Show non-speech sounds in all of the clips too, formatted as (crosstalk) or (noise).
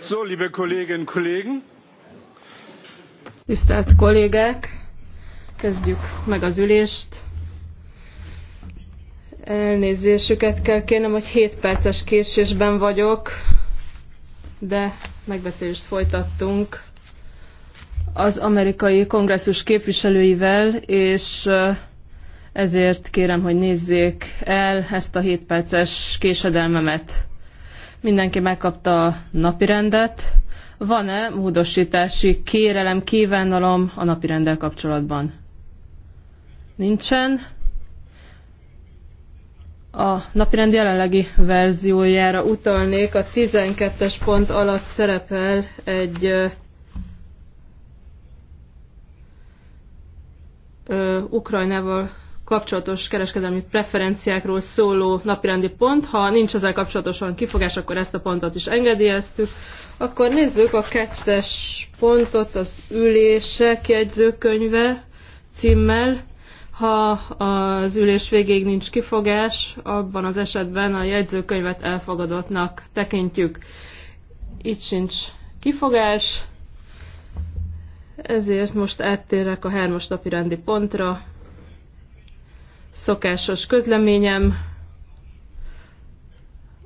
So, liebe Kolleginnen und Kollegen. Tisztelt kollégák, kezdjük meg az ülést. Elnézésüket kell kérnem, hogy 7 perces késésben vagyok, de megbeszélést folytattunk az amerikai kongresszus képviselőivel, és ezért kérem, hogy nézzék el ezt a 7 perces késedelmemet. Mindenki megkapta a napirendet. Van-e módosítási kérelem, kívánalom a napirendel kapcsolatban? Nincsen. A napirend jelenlegi verziójára utalnék. A 12-es pont alatt szerepel egy Ukrajnával kapcsolatos kereskedelmi preferenciákról szóló napirendi pont. Ha nincs ezzel kapcsolatosan kifogás, akkor ezt a pontot is engedélyeztük. Akkor nézzük a kettes pontot, az ülések jegyzőkönyve címmel. Ha az ülés végéig nincs kifogás, abban az esetben a jegyzőkönyvet elfogadottnak tekintjük. Itt sincs kifogás. Ezért most áttérek a hármas napi rendi pontra. Szokásos közleményem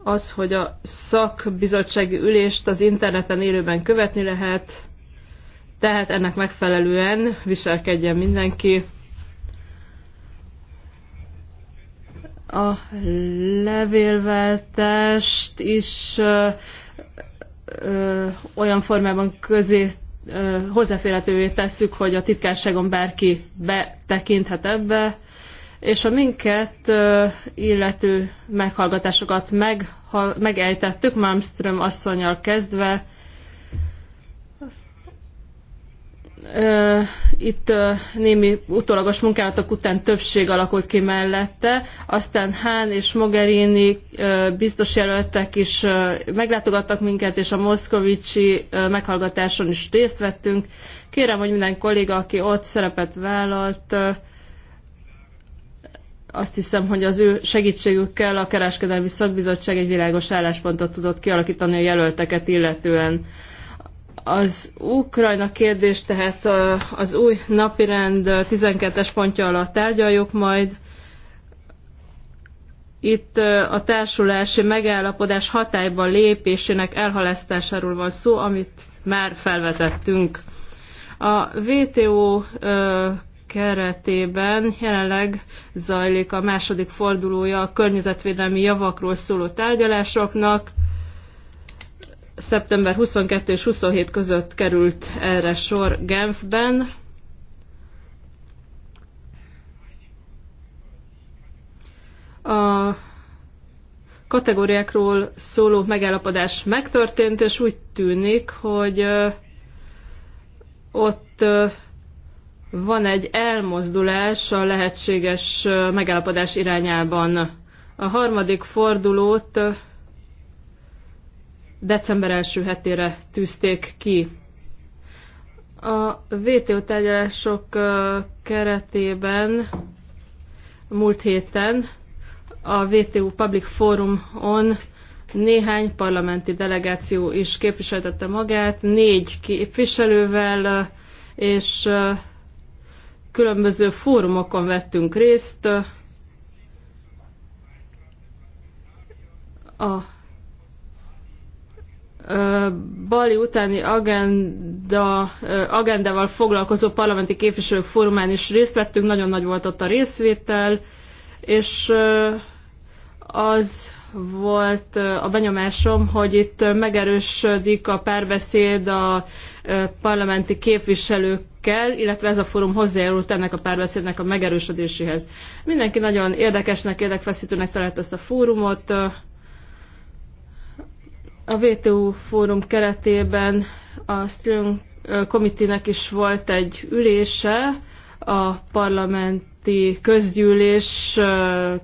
az, hogy a szakbizottsági ülést az interneten élőben követni lehet, tehát ennek megfelelően viselkedjen mindenki. A levélváltást is ö, ö, olyan formában közé hozzáférhetővé tesszük, hogy a titkárságon bárki betekinthet ebbe, és a minket illető meghallgatásokat meg, megejtettük, Malmström asszonyal kezdve, itt némi utolagos munkálatok után többség alakult ki mellette, aztán Hán és Mogherini biztos jelöltek is meglátogattak minket, és a moszkovicsi meghallgatáson is részt vettünk. Kérem, hogy minden kolléga, aki ott szerepet vállalt, azt hiszem, hogy az ő segítségükkel a Kereskedelmi Szakbizottság egy világos álláspontot tudott kialakítani a jelölteket illetően. Az Ukrajna kérdés tehát az új napirend 12-es pontja alatt tárgyaljuk majd. Itt a társulási megállapodás hatályba lépésének elhalasztásáról van szó, amit már felvetettünk. A WTO keretében jelenleg zajlik a második fordulója a környezetvédelmi javakról szóló tárgyalásoknak szeptember 22 és 27 között került erre sor Genfben. A kategóriákról szóló megállapodás megtörtént, és úgy tűnik, hogy ott van egy elmozdulás a lehetséges megállapodás irányában. A harmadik fordulót december első hetére tűzték ki. A VTO tárgyalások keretében múlt héten a VTO Public Forumon néhány parlamenti delegáció is képviseltette magát, négy képviselővel és különböző fórumokon vettünk részt. A Bali utáni agenda, agendával foglalkozó parlamenti képviselők fórumán is részt vettünk, nagyon nagy volt ott a részvétel, és az volt a benyomásom, hogy itt megerősödik a párbeszéd a parlamenti képviselőkkel, illetve ez a fórum hozzájárult ennek a párbeszédnek a megerősödéséhez. Mindenki nagyon érdekesnek, érdekfeszítőnek talált ezt a fórumot, a VTU fórum keretében a Steering Committee-nek is volt egy ülése a parlamenti közgyűlés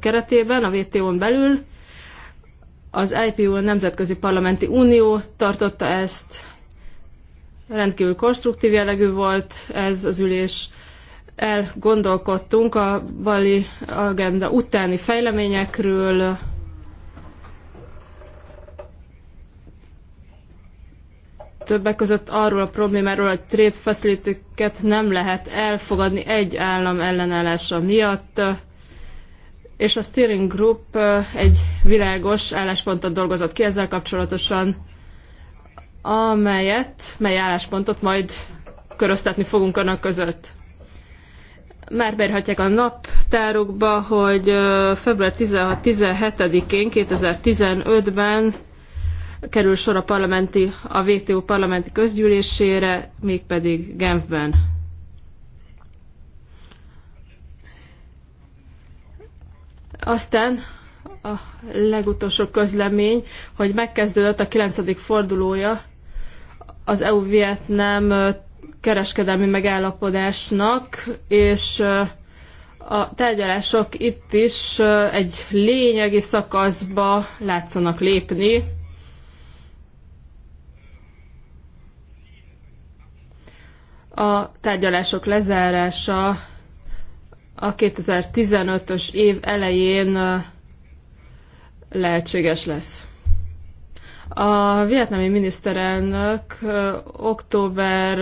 keretében, a vtu n belül. Az IPU, a Nemzetközi Parlamenti Unió tartotta ezt, rendkívül konstruktív jellegű volt ez az ülés. Elgondolkodtunk a Bali agenda utáni fejleményekről, többek között arról a problémáról, hogy trade facility nem lehet elfogadni egy állam ellenállása miatt, és a steering group eh, egy világos álláspontot dolgozott ki ezzel kapcsolatosan, amelyet, mely álláspontot majd köröztetni fogunk önök között. Már beírhatják a naptárukba, hogy eh, február 16-17-én 2015-ben kerül sor a, parlamenti, a WTO parlamenti közgyűlésére, mégpedig Genfben. Aztán a legutolsó közlemény, hogy megkezdődött a 9. fordulója az EU-Vietnám kereskedelmi megállapodásnak, és a tárgyalások itt is egy lényegi szakaszba látszanak lépni, A tárgyalások lezárása a 2015-ös év elején lehetséges lesz. A vietnami miniszterelnök október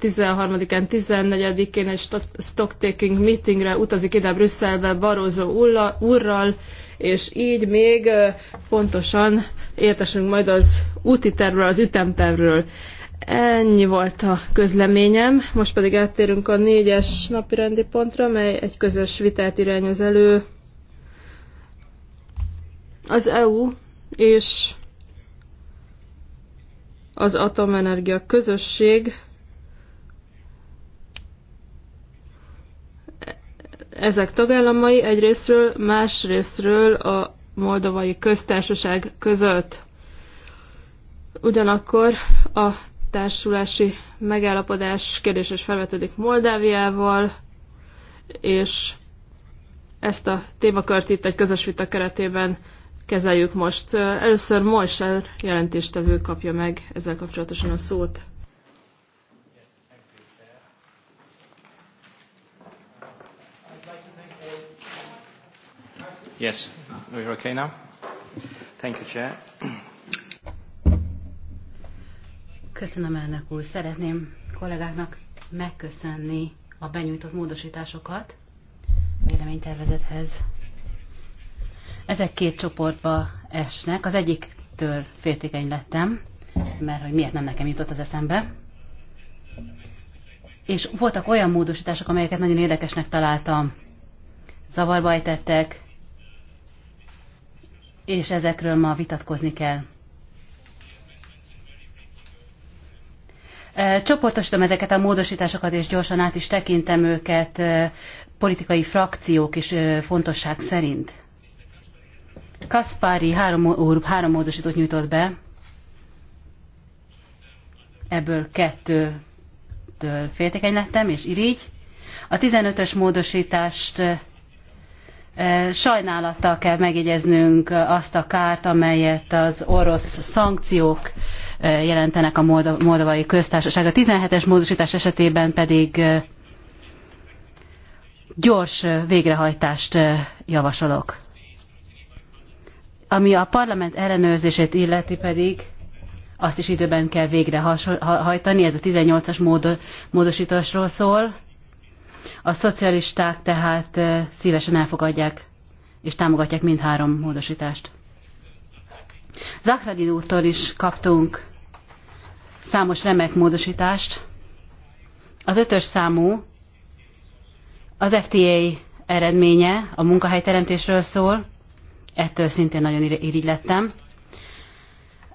13-án, 14-én egy stocktaking meetingre utazik ide Brüsszelbe Barózó úrral, és így még pontosan értesünk majd az úti tervről, az ütemtervről. Ennyi volt a közleményem, most pedig áttérünk a négyes napi rendi pontra, mely egy közös vitát irányoz elő az EU és az atomenergia közösség ezek tagállamai egyrésztről, másrésztről a moldovai köztársaság között. Ugyanakkor a társulási megállapodás kérdéses felvetődik Moldáviával, és ezt a témakört itt egy közös vita keretében kezeljük most. Először Molsár jelentéstevő kapja meg ezzel kapcsolatosan a szót. Yes, we're okay now. Thank you, Chair. Köszönöm elnök úr. Szeretném kollégáknak megköszönni a benyújtott módosításokat véleménytervezethez. Ezek két csoportba esnek. Az egyiktől féltékeny lettem, mert hogy miért nem nekem jutott az eszembe. És voltak olyan módosítások, amelyeket nagyon érdekesnek találtam. Zavarba ejtettek, és ezekről ma vitatkozni kell. Csoportosítom ezeket a módosításokat, és gyorsan át is tekintem őket politikai frakciók is fontosság szerint. Kaspari három, úr három módosítót nyújtott be, ebből kettőtől féltékeny lettem, és irigy. A 15-ös módosítást Sajnálattal kell megjegyeznünk azt a kárt, amelyet az orosz szankciók jelentenek a moldovai köztársaság. A 17-es módosítás esetében pedig gyors végrehajtást javasolok. Ami a parlament ellenőrzését illeti pedig, azt is időben kell végrehajtani, ez a 18-as módosításról szól a szocialisták tehát szívesen elfogadják és támogatják mindhárom módosítást. Zahradin úrtól is kaptunk számos remek módosítást. Az ötös számú az FTA eredménye a munkahelyteremtésről szól, ettől szintén nagyon irigylettem.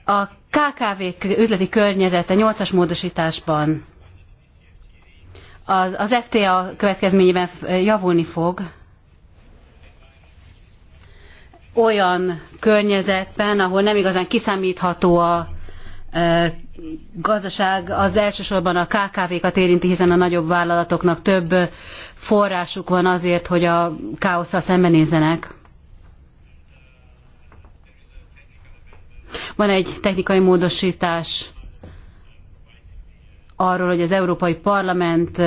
A KKV üzleti környezete 8-as módosításban az, az FTA következményében javulni fog olyan környezetben, ahol nem igazán kiszámítható a e, gazdaság az elsősorban a KKV-kat érinti, hiszen a nagyobb vállalatoknak több forrásuk van azért, hogy a káosszal szembenézzenek. Van egy technikai módosítás arról, hogy az Európai Parlament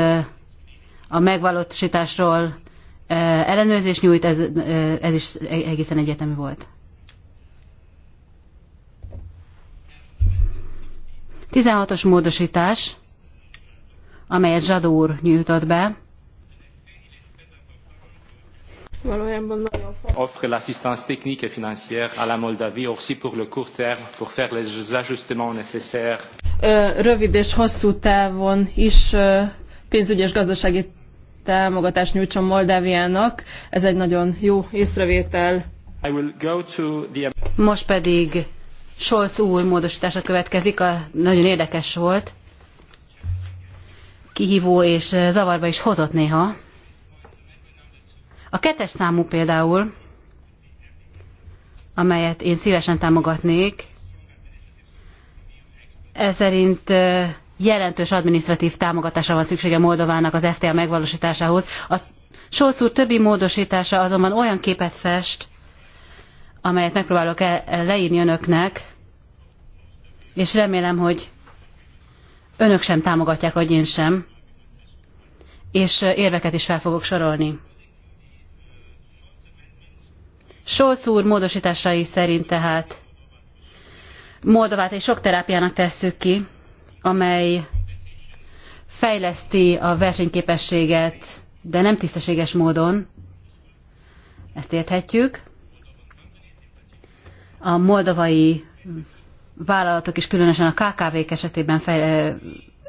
a megvalósításról ellenőrzést nyújt, ez, ez is e-, egészen egyetemi volt. 16-os módosítás, amelyet Zsadó úr nyújtott be, Offre l'assistance technique et financière à la Moldavie aussi pour le court terme pour faire les ajustements nécessaires. Rövid és hosszú távon is pénzügyi és gazdasági támogatást nyújtson Moldáviának. Ez egy nagyon jó észrevétel. The... Most pedig Scholz úr módosítása következik, a, nagyon érdekes volt, kihívó és zavarba is hozott néha. A kettes számú például, amelyet én szívesen támogatnék, ez szerint jelentős adminisztratív támogatásra van szüksége Moldovának az FTA megvalósításához. A Solc úr többi módosítása azonban olyan képet fest, amelyet megpróbálok leírni önöknek, és remélem, hogy önök sem támogatják, vagy én sem, és érveket is fel fogok sorolni. Scholz úr módosításai szerint tehát Moldovát egy sok terápiának tesszük ki, amely fejleszti a versenyképességet, de nem tisztességes módon. Ezt érthetjük. A moldovai vállalatok is különösen a KKV-k esetében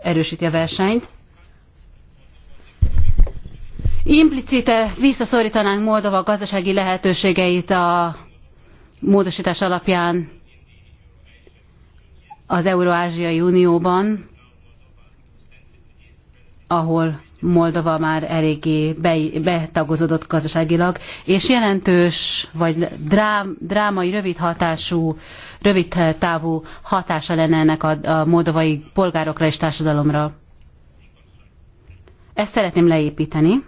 erősíti a versenyt implicite eh, visszaszortanánk Moldova gazdasági lehetőségeit a módosítás alapján az Euróázsiai Unióban, ahol Moldova már eléggé betagozódott gazdaságilag, és jelentős vagy drám, drámai, rövid hatású, rövid távú hatása lenne ennek a, a moldovai polgárokra és társadalomra. Ezt szeretném leépíteni.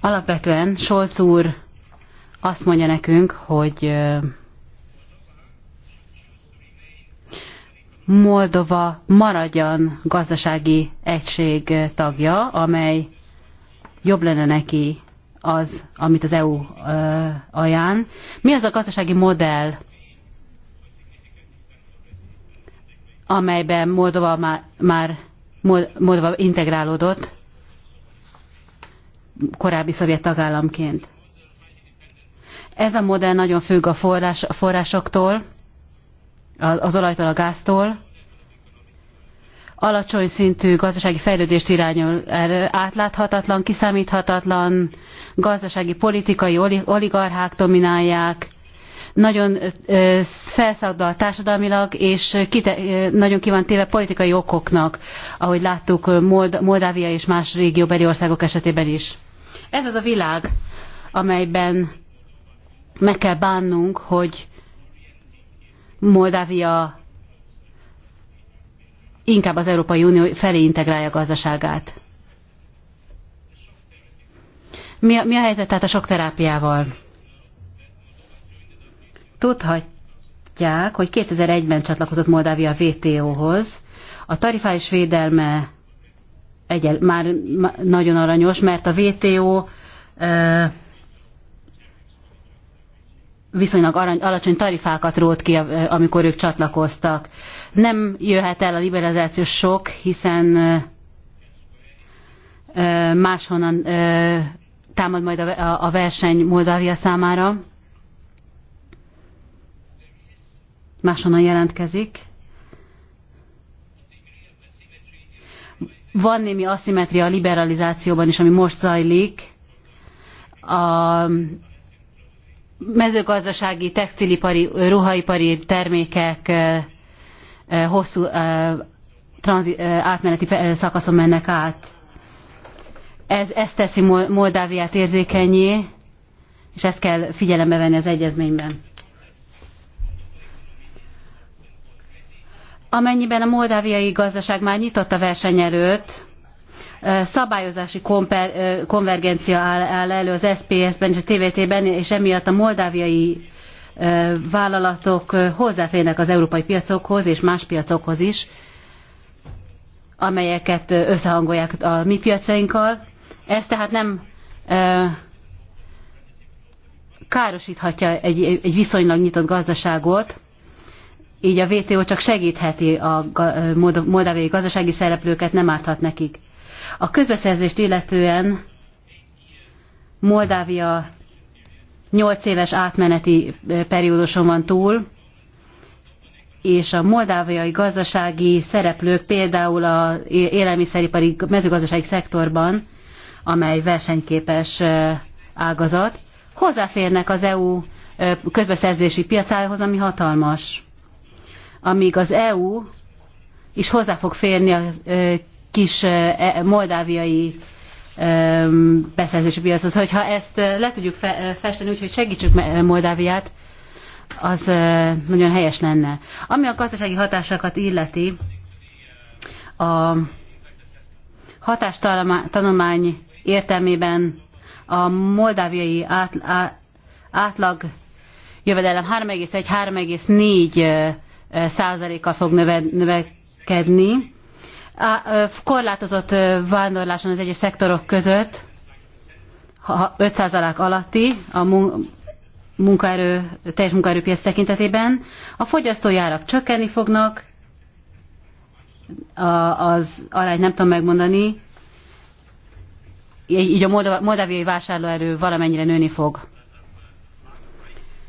Alapvetően Solc úr azt mondja nekünk, hogy Moldova maradjon gazdasági egység tagja, amely jobb lenne neki az, amit az EU ajánl. Mi az a gazdasági modell, amelyben Moldova már, már Moldova integrálódott? korábbi szovjet tagállamként. Ez a modell nagyon függ a, forrás, a forrásoktól, az olajtól, a gáztól. Alacsony szintű gazdasági fejlődést irányol er, átláthatatlan, kiszámíthatatlan, gazdasági politikai oligarchák dominálják, nagyon felszabdal társadalmilag, és kite, nagyon ki van téve politikai okoknak, ahogy láttuk Mold Moldávia és más régióbeli országok esetében is. Ez az a világ, amelyben meg kell bánnunk, hogy Moldávia inkább az Európai Unió felé integrálja gazdaságát. Mi a, mi a helyzet tehát a sok terápiával? Tudhatják, hogy 2001-ben csatlakozott Moldávia a WTO-hoz. A tarifális védelme egyel, már nagyon aranyos, mert a WTO e, viszonylag arany, alacsony tarifákat rót ki, amikor ők csatlakoztak. Nem jöhet el a liberalizációs sok, hiszen e, máshonnan e, támad majd a, a verseny Moldávia számára. máshonnan jelentkezik. Van némi aszimetria a liberalizációban is, ami most zajlik. A mezőgazdasági, textilipari, ruhaipari termékek hosszú tranzi, átmeneti szakaszon mennek át. Ez, ez teszi Moldáviát érzékenyé, és ezt kell figyelembe venni az egyezményben. Amennyiben a moldáviai gazdaság már nyitott a verseny előtt, szabályozási konvergencia áll elő az SPS-ben és a TVT-ben, és emiatt a moldáviai vállalatok hozzáférnek az európai piacokhoz és más piacokhoz is, amelyeket összehangolják a mi piacainkkal. Ez tehát nem károsíthatja egy, egy viszonylag nyitott gazdaságot, így a WTO csak segítheti a moldávai gazdasági szereplőket, nem árthat nekik. A közbeszerzést illetően Moldávia 8 éves átmeneti perióduson van túl, és a moldáviai gazdasági szereplők például az élelmiszeripari mezőgazdasági szektorban, amely versenyképes ágazat, hozzáférnek az EU közbeszerzési piacához, ami hatalmas amíg az EU is hozzá fog férni a kis e, moldáviai beszerzési piachoz. Hogyha ezt le tudjuk festeni úgyhogy segítsük Moldáviát, az nagyon helyes lenne. Ami a gazdasági hatásokat illeti, a hatástanulmány értelmében a moldáviai átlag jövedelem 3,1-3,4 százaléka fog növe, növekedni. A, korlátozott vándorláson az egyes szektorok között, 5 százalék alatti a munkaerő, teljes munkaerőpiac tekintetében, a fogyasztói árak csökkenni fognak, az arány nem tudom megmondani, így a moldaviai vásárlóerő valamennyire nőni fog.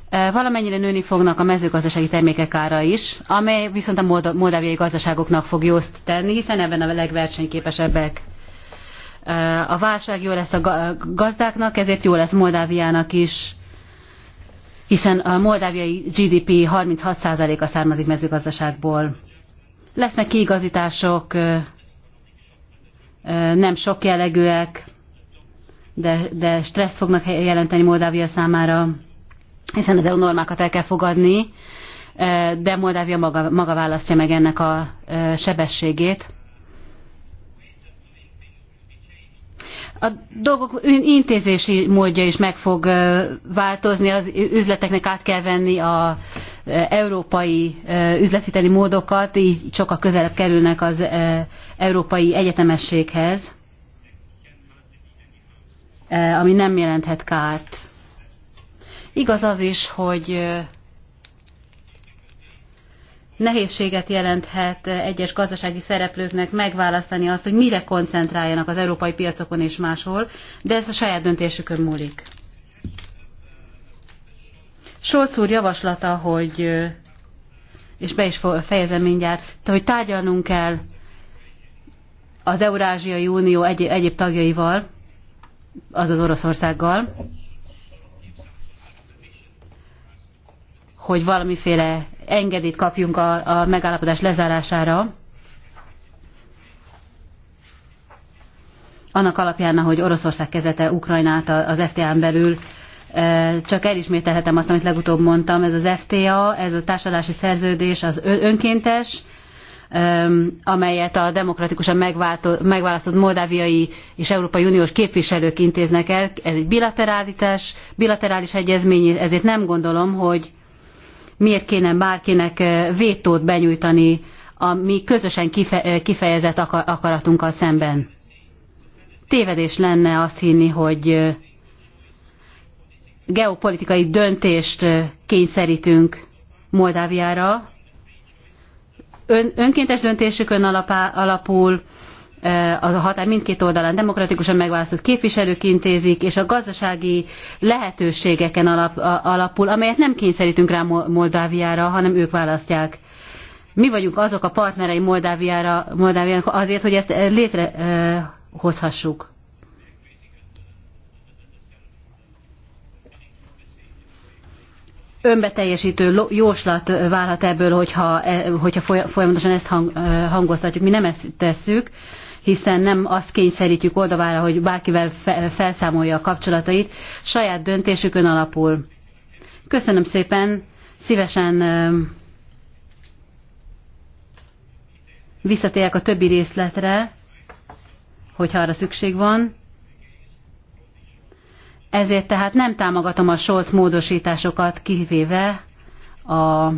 E, valamennyire nőni fognak a mezőgazdasági termékek ára is, amely viszont a moldáviai gazdaságoknak fog jószt tenni, hiszen ebben a legversenyképesebbek. E, a válság jó lesz a gazdáknak, ezért jó lesz Moldáviának is, hiszen a moldáviai GDP 36%-a származik mezőgazdaságból. Lesznek kiigazítások, e, nem sok jellegűek, de, de stresszt fognak jelenteni Moldávia számára hiszen az EU normákat el kell fogadni, e, de Moldávia maga, maga választja meg ennek a e, sebességét. A dolgok intézési módja is meg fog e, változni, az üzleteknek át kell venni a európai üzletviteli módokat, így sokkal közelebb kerülnek az európai egyetemességhez, ami nem jelenthet kárt. Igaz az is, hogy nehézséget jelenthet egyes gazdasági szereplőknek megválasztani azt, hogy mire koncentráljanak az európai piacokon és máshol, de ez a saját döntésükön múlik. Solc úr javaslata, hogy, és be is fejezem mindjárt, hogy tárgyalnunk kell az Eurázsiai Unió egy, egyéb tagjaival, azaz Oroszországgal, hogy valamiféle engedélyt kapjunk a, a megállapodás lezárására. Annak alapján, hogy Oroszország kezete Ukrajnát az FTA-n belül, e, csak elismételhetem azt, amit legutóbb mondtam, ez az FTA, ez a társadalási szerződés, az önkéntes, e, amelyet a demokratikusan megválasztott moldáviai és Európai Uniós képviselők intéznek el. Ez egy bilaterális, bilaterális egyezmény, ezért nem gondolom, hogy miért kéne bárkinek eh, vétót benyújtani a mi közösen kife, eh, kifejezett akaratunkkal szemben. Tévedés lenne azt hinni, hogy eh, geopolitikai döntést kényszerítünk Moldáviára. Ön, önkéntes döntésükön alapá, alapul, a határ mindkét oldalán demokratikusan megválasztott képviselők intézik, és a gazdasági lehetőségeken alap, alapul, amelyet nem kényszerítünk rá Moldáviára, hanem ők választják. Mi vagyunk azok a partnerei Moldáviára, Moldáviának azért, hogy ezt létrehozhassuk. önbeteljesítő jóslat válhat ebből, hogyha, e, hogyha folyamatosan ezt hang, hangoztatjuk. Mi nem ezt tesszük hiszen nem azt kényszerítjük oldalára, hogy bárkivel felszámolja a kapcsolatait, saját döntésükön alapul. Köszönöm szépen, szívesen visszatérek a többi részletre, hogyha arra szükség van. Ezért tehát nem támogatom a Scholz módosításokat, kivéve a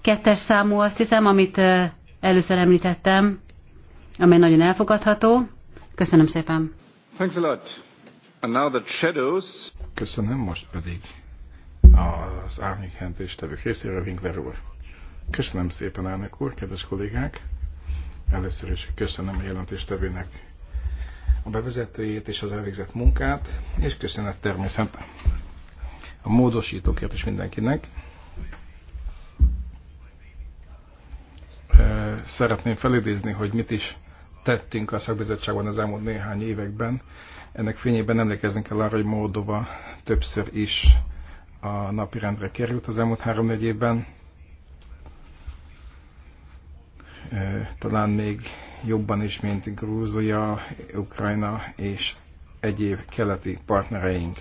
kettes számú, azt hiszem, amit először említettem amely nagyon elfogadható. Köszönöm szépen. Thanks a lot. And now the shadows. Köszönöm, most pedig az tevő készére Winkler úr. Köszönöm szépen, elnök úr, kedves kollégák! Először is köszönöm a jelentéstevőnek a bevezetőjét és az elvégzett munkát, és köszönet természetesen a módosítókért is mindenkinek. Szeretném felidézni, hogy mit is tettünk a szakbizottságban az elmúlt néhány években. Ennek fényében emlékezni kell arra, hogy Moldova többször is a napirendre került az elmúlt három évben. Talán még jobban is, mint Grúzia, Ukrajna és egyéb keleti partnereink.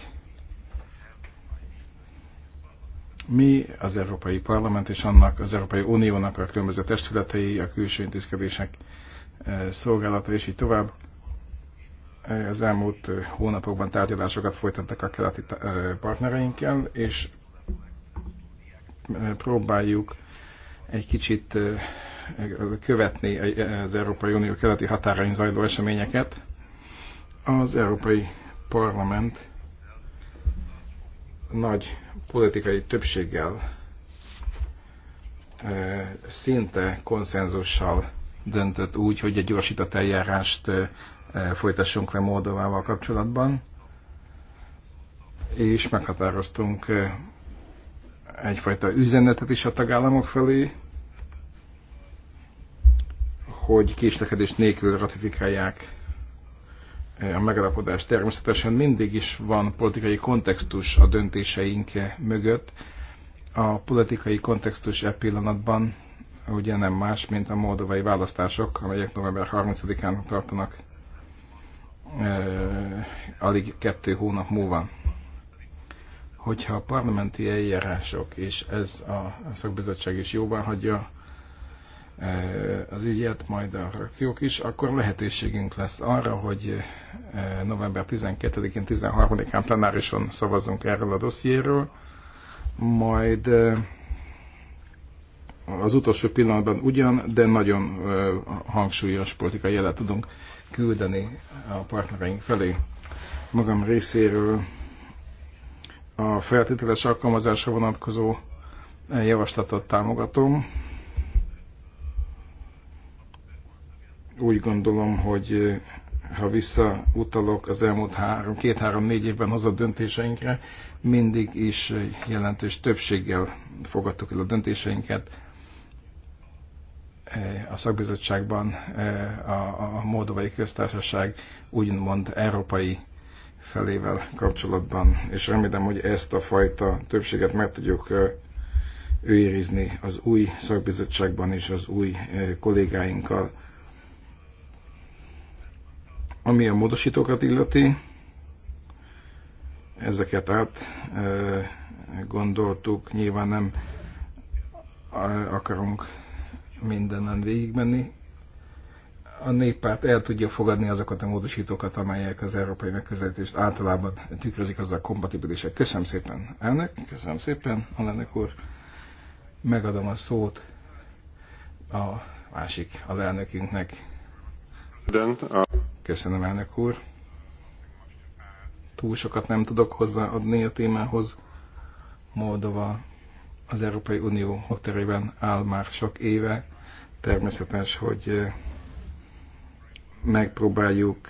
Mi az Európai Parlament és annak az Európai Uniónak a különböző testületei a külső intézkedések szolgálata, és így tovább. Az elmúlt hónapokban tárgyalásokat folytattak a keleti partnereinkkel, és próbáljuk egy kicsit követni az Európai Unió keleti határain zajló eseményeket. Az Európai Parlament nagy politikai többséggel szinte konszenzussal döntött úgy, hogy egy gyorsított eljárást folytassunk le Moldovával kapcsolatban, és meghatároztunk egyfajta üzenetet is a tagállamok felé, hogy késlekedés nélkül ratifikálják a megállapodást. Természetesen mindig is van politikai kontextus a döntéseink mögött. A politikai kontextus e pillanatban ugye nem más, mint a moldovai választások, amelyek november 30-án tartanak euh, alig kettő hónap múlva. Hogyha a parlamenti eljárások, és ez a szakbizottság is jóban hagyja az ügyet, majd a frakciók is, akkor lehetőségünk lesz arra, hogy november 12-én, 13-án plenárison szavazzunk erről a dossziéről, majd az utolsó pillanatban ugyan, de nagyon hangsúlyos politikai jelet tudunk küldeni a partnereink felé. Magam részéről a feltételes alkalmazásra vonatkozó javaslatot támogatom. Úgy gondolom, hogy ha visszautalok az elmúlt három, két-három-négy évben hozott döntéseinkre, mindig is jelentős többséggel fogadtuk el a döntéseinket, a szakbizottságban e, a, a Moldovai Köztársaság úgymond európai felével kapcsolatban, és remélem, hogy ezt a fajta többséget meg tudjuk e, őrizni az új szakbizottságban és az új e, kollégáinkkal. Ami a módosítókat illeti, ezeket át gondoltuk, nyilván nem akarunk mindenen végigmenni. A néppárt el tudja fogadni azokat a módosítókat, amelyek az európai megközelítést általában tükrözik azzal kompatibilisek. Köszönöm szépen, elnök, köszönöm szépen, alelnök úr. Megadom a szót a másik, a elnökünknek. Köszönöm, elnök úr. Túl sokat nem tudok hozzáadni a témához. Moldova az Európai Unió hokterében áll már sok éve. Természetes, hogy megpróbáljuk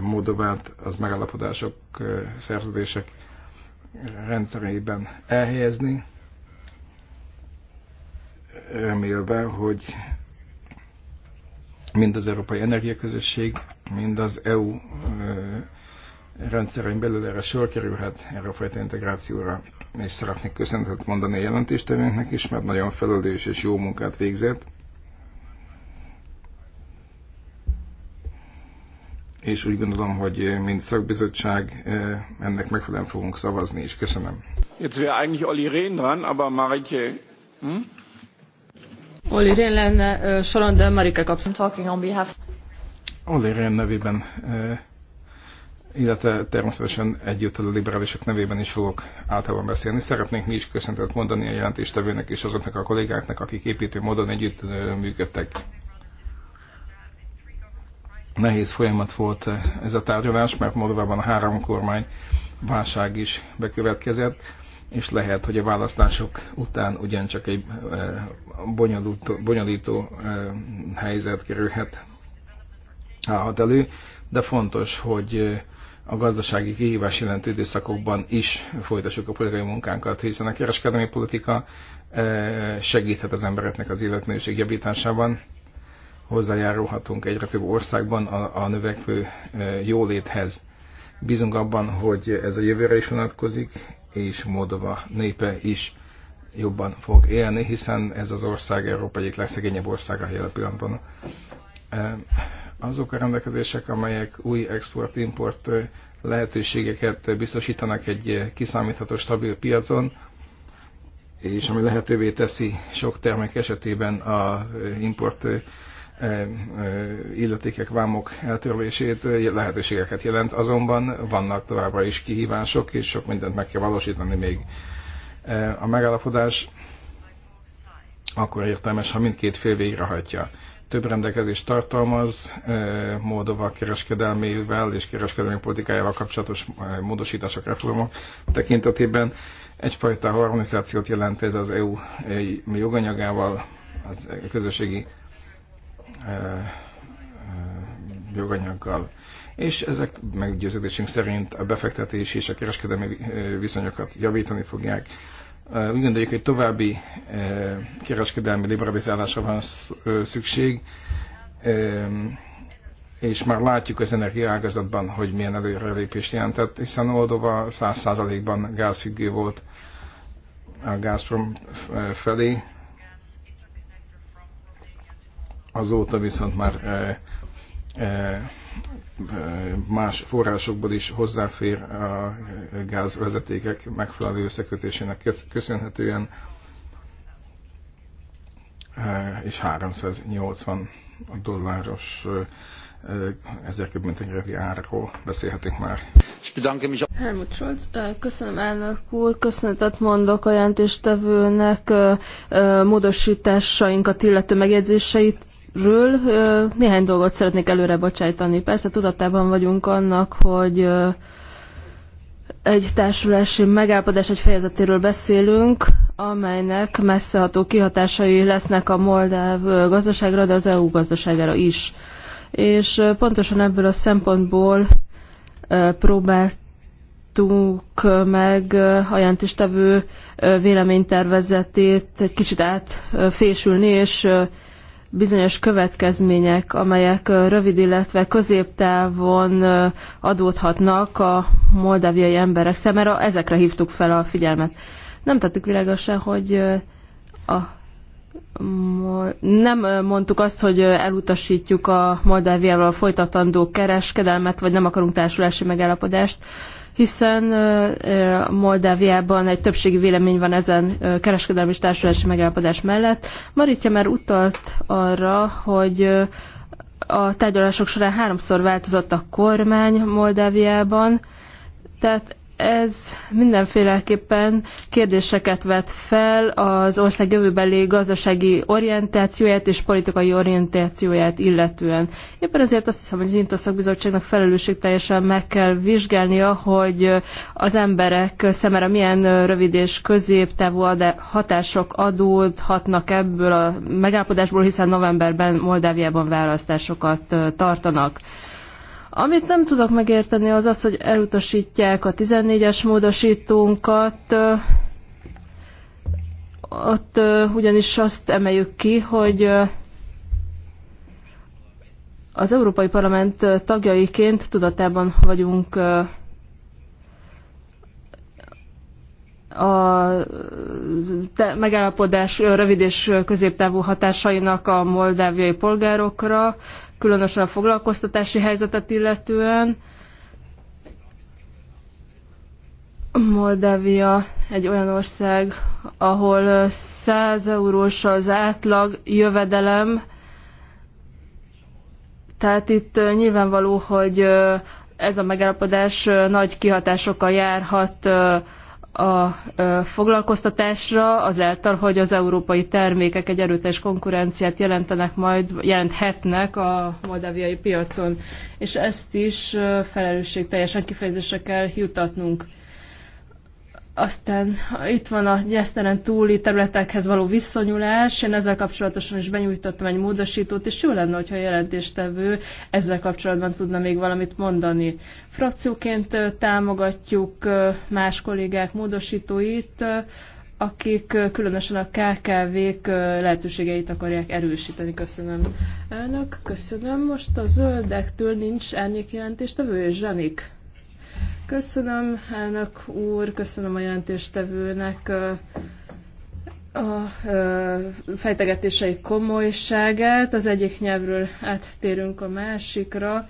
Moldovát az megállapodások, szerződések rendszerében elhelyezni, remélve, hogy mind az Európai Energiaközösség, mind az EU rendszerein belül erre sor kerülhet, erre a fajta integrációra és szeretnék köszönetet mondani a jelentéstevőnknek is, mert nagyon felelős és jó munkát végzett. És úgy gondolom, hogy mint szakbizottság eh, ennek megfelelően fogunk szavazni, és köszönöm. Jetzt wäre eigentlich Olli Rehn dran, aber Marike... Hm? Olli Rehn lenne eh, soron, de Marike kapsz. Talking on behalf... Olli Rehn nevében eh, illetve természetesen együtt a liberálisok nevében is fogok általában beszélni. Szeretnék mi is köszöntet mondani a jelentéstevőnek és azoknak a kollégáknak, akik építő módon együtt működtek. Nehéz folyamat volt ez a tárgyalás, mert Moldovában a három kormány válság is bekövetkezett, és lehet, hogy a választások után ugyancsak egy bonyolító, bonyolító helyzet kerülhet állhat elő, de fontos, hogy a gazdasági kihívás jelentő időszakokban is folytassuk a politikai munkánkat, hiszen a kereskedelmi politika eh, segíthet az embereknek az életminőség javításában, hozzájárulhatunk egyre több országban a, a növekvő eh, jóléthez. Bízunk abban, hogy ez a jövőre is vonatkozik, és Moldova népe is jobban fog élni, hiszen ez az ország Európa egyik legszegényebb országa jelen pillanatban. Eh, azok a rendelkezések, amelyek új export-import lehetőségeket biztosítanak egy kiszámítható, stabil piacon, és ami lehetővé teszi sok termék esetében a import illetékek, vámok eltörlését lehetőségeket jelent, azonban vannak továbbra is kihívások, és sok mindent meg kell valósítani még. A megállapodás akkor értelmes, ha mindkét fél végrehajtja több rendelkezést tartalmaz, e, Moldova kereskedelmével és kereskedelmi politikájával kapcsolatos e, módosítások, reformok tekintetében. Egyfajta harmonizációt jelent ez az EU e, joganyagával, az közösségi joganyaggal. És ezek meggyőződésünk szerint a befektetési és a kereskedelmi viszonyokat javítani fogják úgy gondoljuk, hogy további kereskedelmi liberalizálásra van szükség, és már látjuk az energiaágazatban, hogy milyen előrelépést jelentett, hiszen oldova 100%-ban gázfüggő volt a Gazprom felé, azóta viszont már Eh, más forrásokból is hozzáfér a eh, gázvezetékek megfelelő összekötésének köszönhetően, eh, és 380 dolláros ezért köbbentegredi árról beszélhetünk már. Helmut Scholz, köszönöm elnök úr, köszönetet mondok a jelentéstevőnek módosításainkat illető megjegyzéseit ről néhány dolgot szeretnék előre bocsájtani. Persze tudatában vagyunk annak, hogy egy társulási megállapodás egy fejezetéről beszélünk, amelynek messzeható kihatásai lesznek a moldáv gazdaságra, de az EU gazdaságára is. És pontosan ebből a szempontból próbáltuk meg ajánlattevő véleménytervezetét egy kicsit átfésülni, és bizonyos következmények, amelyek rövid, illetve középtávon adódhatnak a moldáviai emberek számára. Ezekre hívtuk fel a figyelmet. Nem tettük világosan, hogy a nem mondtuk azt, hogy elutasítjuk a Moldáviával folytatandó kereskedelmet, vagy nem akarunk társulási megállapodást, hiszen Moldáviában egy többségi vélemény van ezen kereskedelmi és társulási megállapodás mellett. Maritja már utalt arra, hogy a tárgyalások során háromszor változott a kormány Moldáviában, tehát ez mindenféleképpen kérdéseket vet fel az ország jövőbeli gazdasági orientációját és politikai orientációját illetően. Éppen ezért azt hiszem, hogy az INTA szakbizottságnak teljesen meg kell vizsgálnia, hogy az emberek szemére milyen rövid és középtávú hatások adódhatnak ebből a megállapodásból, hiszen novemberben Moldáviában választásokat tartanak. Amit nem tudok megérteni az az, hogy elutasítják a 14-es módosítónkat, ott ugyanis azt emeljük ki, hogy az Európai Parlament tagjaiként tudatában vagyunk a megállapodás rövid és középtávú hatásainak a moldáviai polgárokra, különösen a foglalkoztatási helyzetet illetően. Moldávia egy olyan ország, ahol 100 eurós az átlag jövedelem, tehát itt nyilvánvaló, hogy ez a megállapodás nagy kihatásokkal járhat a foglalkoztatásra, azáltal, hogy az európai termékek egy erőteljes konkurenciát jelentenek majd, jelenthetnek a moldáviai piacon. És ezt is felelősségteljesen kifejezésre kell jutatnunk. Aztán itt van a nyeszteren túli területekhez való viszonyulás. Én ezzel kapcsolatosan is benyújtottam egy módosítót, és jó lenne, hogyha a jelentéstevő ezzel kapcsolatban tudna még valamit mondani. Frakcióként támogatjuk más kollégák módosítóit, akik különösen a KKV-k lehetőségeit akarják erősíteni. Köszönöm. Elnök, köszönöm. Most a zöldektől nincs elnék jelentéstevő, és Zsanik. Köszönöm, elnök úr, köszönöm a jelentéstevőnek a fejtegetései komolyságát. Az egyik nyelvről áttérünk a másikra.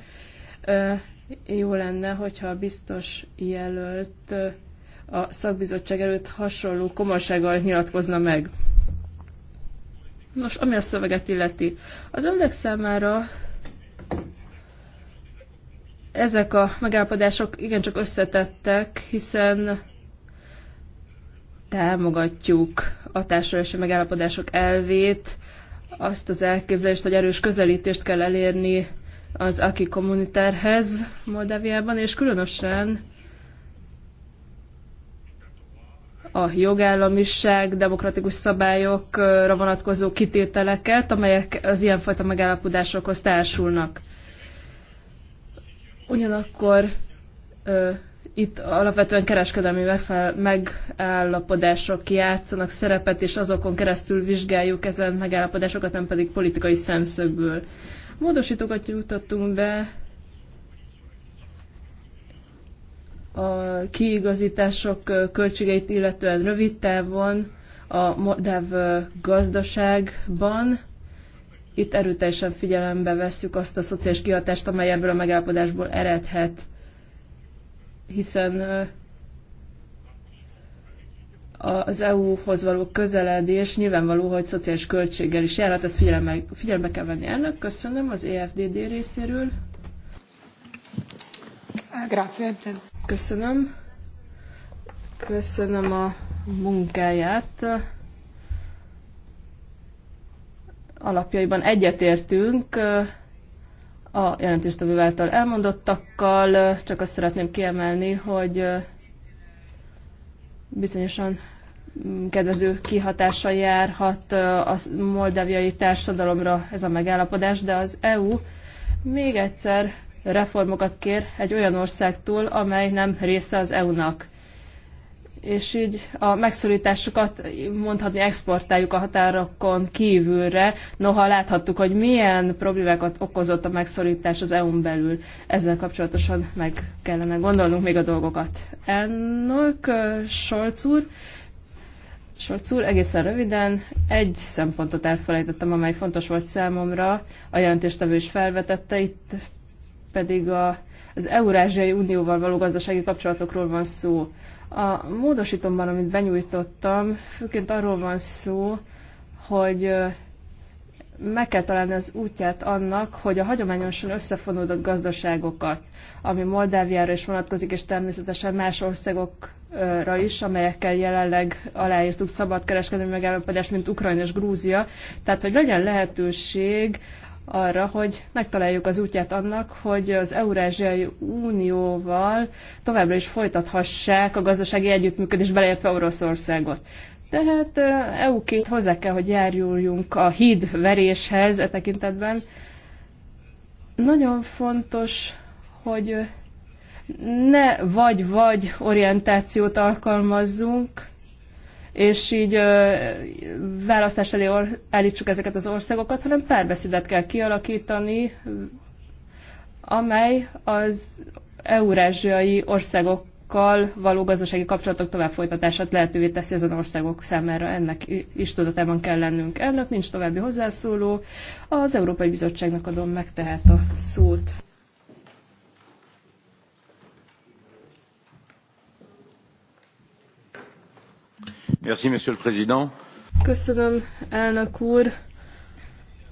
Jó lenne, hogyha a biztos jelölt a szakbizottság előtt hasonló komolysággal nyilatkozna meg. Nos, ami a szöveget illeti. Az önök számára ezek a megállapodások igencsak összetettek, hiszen támogatjuk a társadalmi megállapodások elvét, azt az elképzelést, hogy erős közelítést kell elérni az aki kommunitárhez Moldáviában, és különösen a jogállamiság, demokratikus szabályokra vonatkozó kitételeket, amelyek az ilyenfajta megállapodásokhoz társulnak. Ugyanakkor ö, itt alapvetően kereskedelmi megállapodások kiátszanak szerepet, és azokon keresztül vizsgáljuk ezen megállapodásokat, nem pedig politikai szemszögből. Módosítókat jutottunk be a kiigazítások költségeit illetően rövid távon a modern gazdaságban, itt erőteljesen figyelembe vesszük azt a szociális kihatást, amely ebből a megállapodásból eredhet, hiszen az EU-hoz való közeledés nyilvánvaló, hogy szociális költséggel is járhat, ezt figyelembe, figyelembe kell venni. ennek köszönöm az EFDD részéről. Ah, köszönöm. Köszönöm a munkáját alapjaiban egyetértünk a jelentéstevő által elmondottakkal, csak azt szeretném kiemelni, hogy bizonyosan mm, kedvező kihatása járhat a moldáviai társadalomra ez a megállapodás, de az EU még egyszer reformokat kér egy olyan országtól, amely nem része az EU-nak és így a megszorításokat mondhatni exportáljuk a határokon kívülre, noha láthattuk, hogy milyen problémákat okozott a megszorítás az EU-n belül. Ezzel kapcsolatosan meg kellene gondolnunk még a dolgokat. Ennök, Solc úr, Solc úr, egészen röviden egy szempontot elfelejtettem, amely fontos volt számomra, a jelentéstevő is felvetette, itt pedig a, az Eurázsiai Unióval való gazdasági kapcsolatokról van szó. A módosítomban, amit benyújtottam, főként arról van szó, hogy meg kell találni az útját annak, hogy a hagyományosan összefonódott gazdaságokat, ami Moldáviára is vonatkozik, és természetesen más országokra is, amelyekkel jelenleg aláírtuk szabadkereskedelmi megállapodást, mint Ukrajna és Grúzia. Tehát, hogy legyen lehetőség arra, hogy megtaláljuk az útját annak, hogy az Eurázsiai Unióval továbbra is folytathassák a gazdasági együttműködés beleértve Oroszországot. Tehát EU-ként hozzá kell, hogy járuljunk a híd veréshez e tekintetben. Nagyon fontos, hogy ne vagy-vagy orientációt alkalmazzunk, és így választás elé állítsuk ezeket az országokat, hanem párbeszédet kell kialakítani, amely az eurázsiai országok országokkal való gazdasági kapcsolatok tovább folytatását lehetővé teszi ezen országok számára. Ennek is tudatában kell lennünk. Elnök nincs további hozzászóló. Az Európai Bizottságnak adom meg tehát a szót. Monsieur le Président. Köszönöm, elnök úr.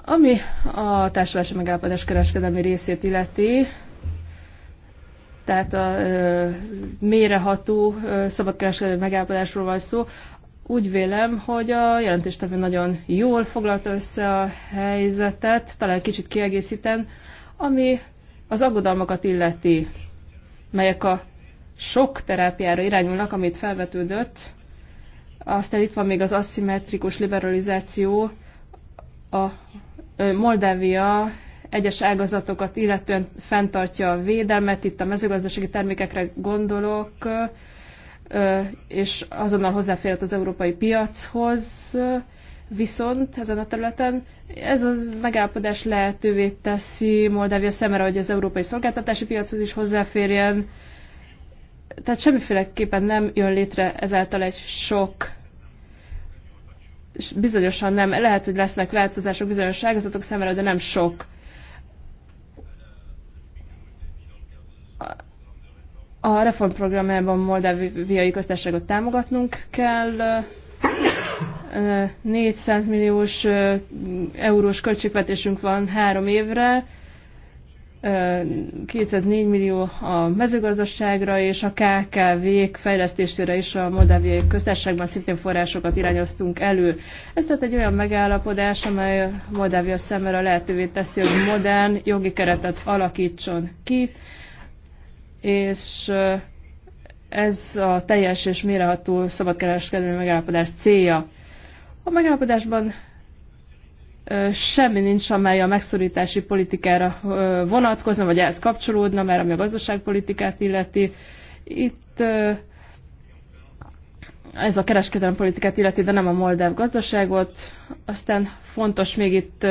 Ami a társulási megállapodás kereskedelmi részét illeti, tehát a ö, mélyreható ö, szabadkereskedelmi megállapodásról van szó, úgy vélem, hogy a jelentéstevő nagyon jól foglalta össze a helyzetet, talán kicsit kiegészíten, ami az aggodalmakat illeti, melyek a sok terápiára irányulnak, amit felvetődött, aztán itt van még az aszimmetrikus liberalizáció, a Moldávia egyes ágazatokat illetően fenntartja a védelmet, itt a mezőgazdasági termékekre gondolok, és azonnal hozzáférhet az európai piachoz, viszont ezen a területen ez az megállapodás lehetővé teszi Moldávia szemére, hogy az európai szolgáltatási piachoz is hozzáférjen, tehát semmiféleképpen nem jön létre ezáltal egy sok és bizonyosan nem, lehet, hogy lesznek változások bizonyos ágazatok számára, de nem sok. A reformprogramjában moldáviai köztársaságot támogatnunk kell. 400 milliós eurós költségvetésünk van három évre, 204 millió a mezőgazdaságra és a KKV-k fejlesztésére is a Moldáviai Köztársaságban szintén forrásokat irányoztunk elő. Ez tehát egy olyan megállapodás, amely Moldávia a lehetővé teszi, hogy modern jogi keretet alakítson ki, és ez a teljes és méreható szabadkereskedelmi megállapodás célja. A megállapodásban semmi nincs, amely a megszorítási politikára vonatkozna, vagy ehhez kapcsolódna, mert ami a gazdaságpolitikát illeti. Itt ez a kereskedelmi politikát illeti, de nem a moldáv gazdaságot. Aztán fontos még itt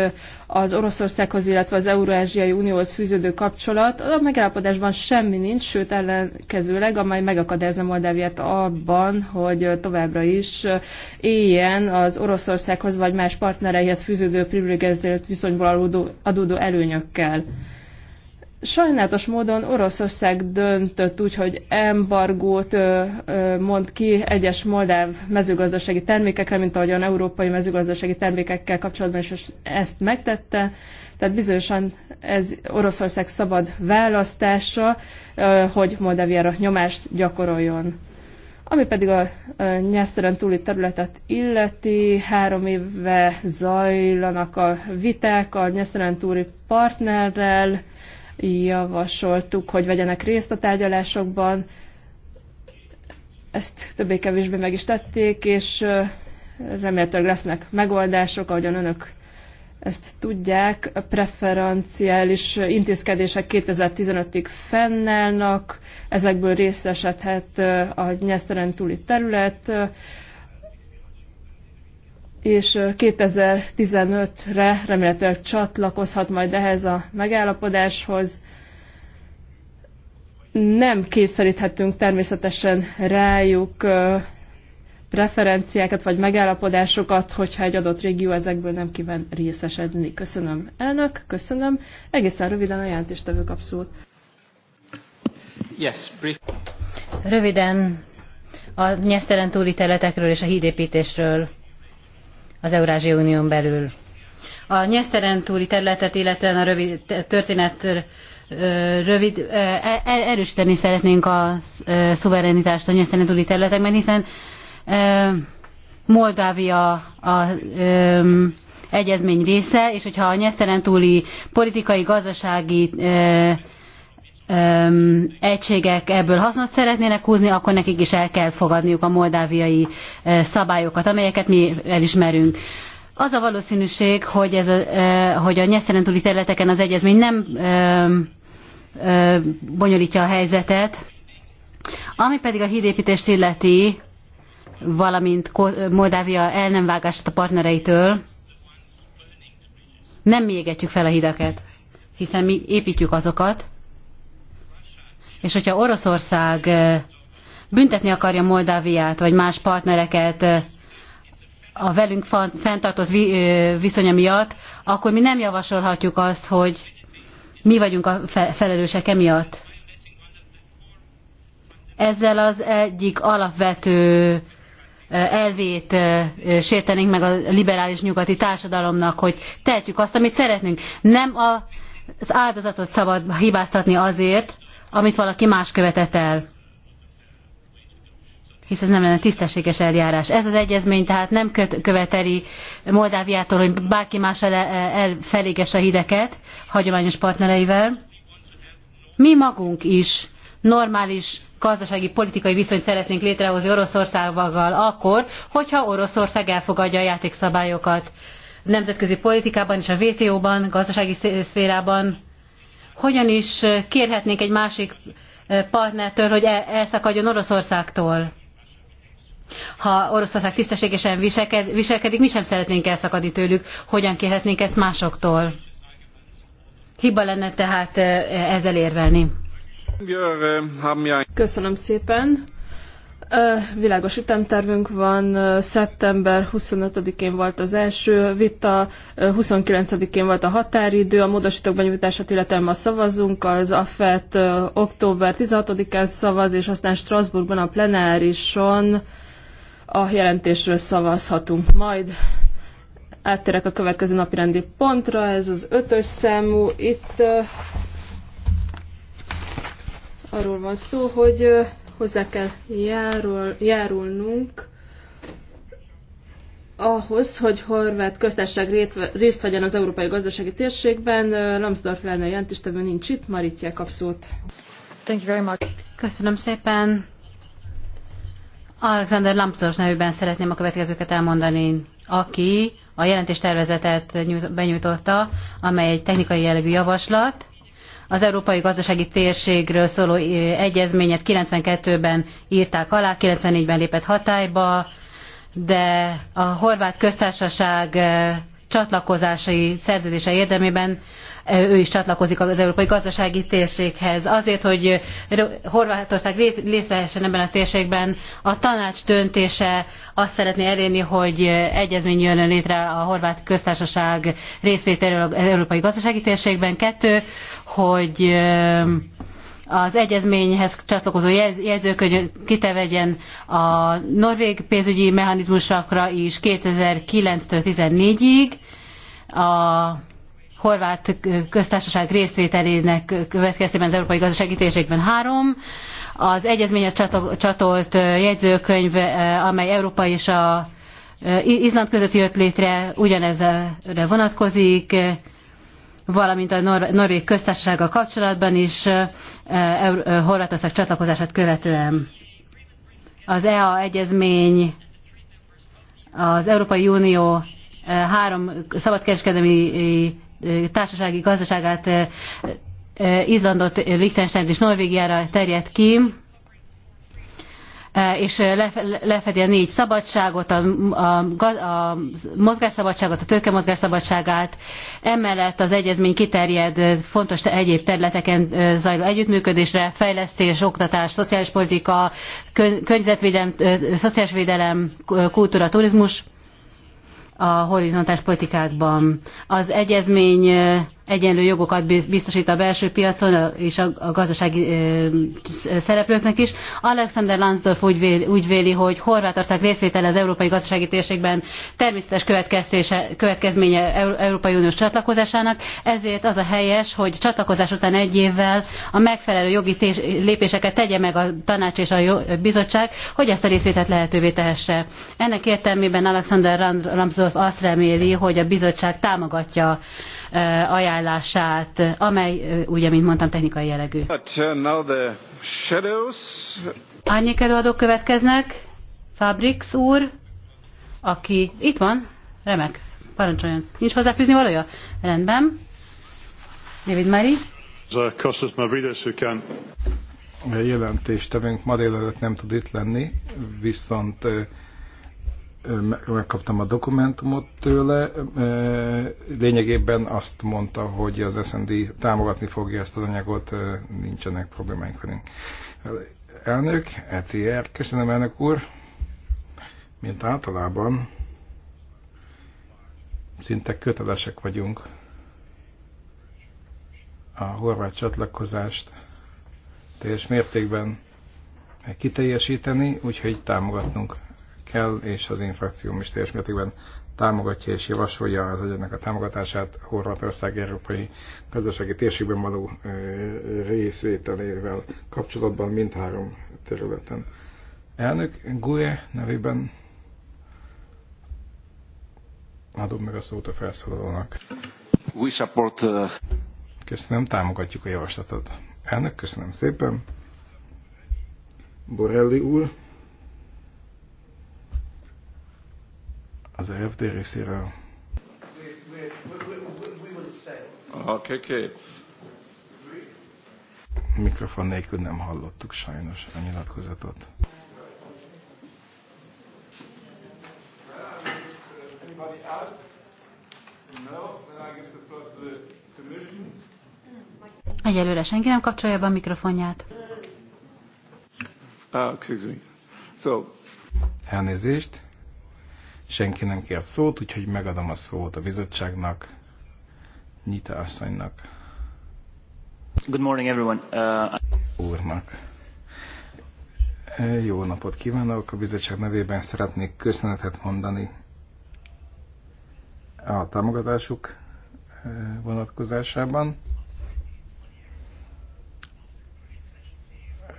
az Oroszországhoz, illetve az Euróázsiai Unióhoz fűződő kapcsolat. A megállapodásban semmi nincs, sőt ellenkezőleg, amely megakadályozna Moldáviát abban, hogy továbbra is éljen az Oroszországhoz vagy más partnereihez fűződő privilegizált viszonyból adódó előnyökkel. Sajnálatos módon Oroszország döntött úgy, hogy embargót mond ki egyes moldáv mezőgazdasági termékekre, mint ahogyan európai mezőgazdasági termékekkel kapcsolatban is ezt megtette. Tehát bizonyosan ez Oroszország szabad választása, hogy Moldáviára nyomást gyakoroljon. Ami pedig a nyeszteren túli területet illeti, három éve zajlanak a viták a nyeszteren túli partnerrel, javasoltuk, hogy vegyenek részt a tárgyalásokban. Ezt többé-kevésbé meg is tették, és remélhetőleg lesznek megoldások, ahogyan önök ezt tudják, a preferenciális intézkedések 2015-ig fennállnak, ezekből részesedhet a nyesztelen túli terület, és 2015-re remélhetőleg csatlakozhat majd ehhez a megállapodáshoz. Nem készíthetünk természetesen rájuk preferenciákat vagy megállapodásokat, hogyha egy adott régió ezekből nem kíván részesedni. Köszönöm, elnök, köszönöm. Egészen röviden a jelentéstevő kap szót. Yes, brief. Röviden a nyesztelen túli területekről és a hídépítésről az Eurázsia Unión belül. A nyeszteren túli területet, illetően a rövid, történet rövid, e, e, erősíteni szeretnénk a szuverenitást a nyeszteren túli területekben, hiszen Moldávia a egyezmény része, és hogyha a nyeszteren túli politikai, gazdasági öm, egységek ebből hasznot szeretnének húzni, akkor nekik is el kell fogadniuk a moldáviai ö, szabályokat, amelyeket mi elismerünk. Az a valószínűség, hogy, ez a, ö, hogy a nyesztelen túli területeken az egyezmény nem ö, ö, bonyolítja a helyzetet, ami pedig a hídépítést illeti, valamint Moldávia el nem vágását a partnereitől, nem mi égetjük fel a hidakat, hiszen mi építjük azokat, és hogyha Oroszország büntetni akarja Moldáviát, vagy más partnereket a velünk fenntartott viszonya miatt, akkor mi nem javasolhatjuk azt, hogy mi vagyunk a felelősek emiatt. Ezzel az egyik alapvető elvét sértenénk meg a liberális nyugati társadalomnak, hogy tehetjük azt, amit szeretnénk. Nem az áldozatot szabad hibáztatni azért, amit valaki más követett el. Hisz ez nem lenne tisztességes eljárás. Ez az egyezmény tehát nem követeli Moldáviától, hogy bárki más e, el, el a hideket hagyományos partnereivel. Mi magunk is normális gazdasági politikai viszonyt szeretnénk létrehozni Oroszországgal akkor, hogyha Oroszország elfogadja a játékszabályokat nemzetközi politikában és a WTO-ban, gazdasági szférában, hogyan is kérhetnénk egy másik eh, partnertől, hogy elszakadjon Oroszországtól. Ha Oroszország tisztességesen viseked, viselkedik, mi sem szeretnénk elszakadni tőlük, hogyan kérhetnénk ezt másoktól. Hiba lenne tehát eh, ezzel érvelni. Köszönöm szépen. Világos ütemtervünk van, szeptember 25-én volt az első vita, 29-én volt a határidő, a módosítók benyújtását illetően ma szavazunk, az AFET október 16-án szavaz, és aztán Strasbourgban a plenárison a jelentésről szavazhatunk majd. Áttérek a következő napi rendi pontra, ez az ötös számú, itt arról van szó, hogy hozzá kell járul, járulnunk ahhoz, hogy Horvát köztársaság részt vegyen az európai gazdasági térségben. Lambsdorff lenne jelentéstevő nincs itt, Maricia kap szót. Thank you very much. Köszönöm szépen. Alexander Lambsdorff nevében szeretném a következőket elmondani, aki a jelentéstervezetet benyújtotta, amely egy technikai jellegű javaslat, az Európai Gazdasági Térségről szóló egyezményet 92-ben írták alá, 94-ben lépett hatályba, de a horvát köztársaság csatlakozásai szerződése érdemében ő is csatlakozik az Európai Gazdasági Térséghez. Azért, hogy Horvátország részt vehessen ebben a térségben, a tanács döntése azt szeretné elérni, hogy egyezmény jön létre a horvát köztársaság részvételéről az Európai Gazdasági Térségben. Kettő, hogy az egyezményhez csatlakozó jegyzőkönyv kitevegyen a norvég pénzügyi mechanizmusokra is 2009-től 14 ig a horvát köztársaság részvételének következtében az európai gazdasági térségben három, az egyezményhez csatolt jegyzőkönyv, amely Európa és a Izland között jött létre, ugyanezre vonatkozik, valamint a Norvég köztársasággal kapcsolatban is Horvátország csatlakozását követően. Az EA egyezmény az Európai Unió három szabadkereskedelmi társasági gazdaságát Izlandot, Liechtenstein és Norvégiára terjed ki, és lefedi a négy szabadságot, a, a, a mozgásszabadságot, a tőkemozgásszabadságát, emellett az egyezmény kiterjed fontos egyéb területeken zajló együttműködésre, fejlesztés, oktatás, szociális politika, környezetvédelem, szociális védelem, kultúra, turizmus a horizontális politikákban. Az egyezmény egyenlő jogokat biztosít a belső piacon és a gazdasági szereplőknek is. Alexander Lansdorf úgy, véli, úgy véli, hogy Horvátország részvétele az európai gazdasági térségben természetes következménye Európai Uniós csatlakozásának, ezért az a helyes, hogy csatlakozás után egy évvel a megfelelő jogi lépéseket tegye meg a tanács és a bizottság, hogy ezt a részvételt lehetővé tehesse. Ennek értelmében Alexander Lansdorf azt reméli, hogy a bizottság támogatja ajánlását, amely ugye, mint mondtam, technikai jellegű. Uh, Árnyék előadók következnek. Fabrix úr, aki itt van, remek, parancsoljon. Nincs hozzáfűzni valója? Rendben. David Mary? jelentést tevünk ma délelőtt nem tud itt lenni, viszont megkaptam a dokumentumot tőle. Lényegében azt mondta, hogy az SND támogatni fogja ezt az anyagot, nincsenek problémáink velünk. Elnök, ECR, köszönöm elnök úr. Mint általában szinte kötelesek vagyunk a horvát csatlakozást teljes mértékben kiteljesíteni, úgyhogy támogatnunk el, és az én frakcióm is teljes mértékben támogatja és javasolja az egyetnek a támogatását Horvátország európai gazdasági térségben való részvételével kapcsolatban mindhárom területen. Elnök Gue nevében adom meg a szót a felszólalónak. We support, uh... Köszönöm, támogatjuk a javaslatot. Elnök, köszönöm szépen. Borelli úr. az EFD részéről. Okay, okay. Mikrofon nélkül nem hallottuk sajnos a nyilatkozatot. Egyelőre senki nem kapcsolja be a mikrofonját. Ah, excuse me. So. Elnézést. Senki nem kért szót, úgyhogy megadom a szót a bizottságnak, Nita asszonynak. Good morning everyone. Uh... Úrnak. Jó napot kívánok! A bizottság nevében szeretnék köszönetet mondani a támogatásuk uh, vonatkozásában.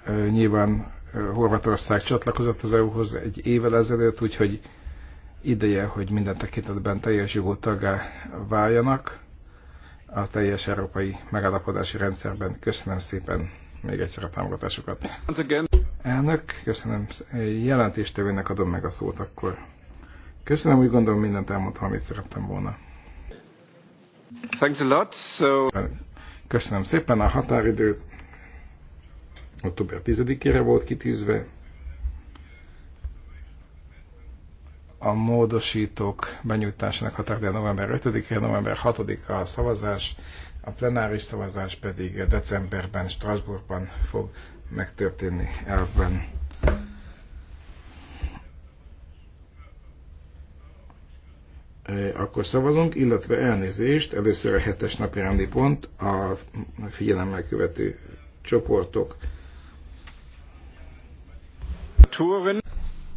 Uh, nyilván uh, Horvátország csatlakozott az EU-hoz egy évvel ezelőtt, úgyhogy ideje, hogy minden tekintetben teljes jogú tagá váljanak a teljes európai megállapodási rendszerben. Köszönöm szépen még egyszer a támogatásukat. Elnök, köszönöm. Jelentéstevőnek adom meg a szót akkor. Köszönöm, úgy gondolom mindent elmondtam, amit szerettem volna. Thanks a lot. So... Köszönöm szépen a határidőt. Október 10-ére volt kitűzve. a módosítók benyújtásának határideje november 5-e, november 6-a a szavazás, a plenáris szavazás pedig decemberben Strasbourgban fog megtörténni elvben. E, akkor szavazunk, illetve elnézést, először a hetes napi rendi pont, a figyelemmel követő csoportok.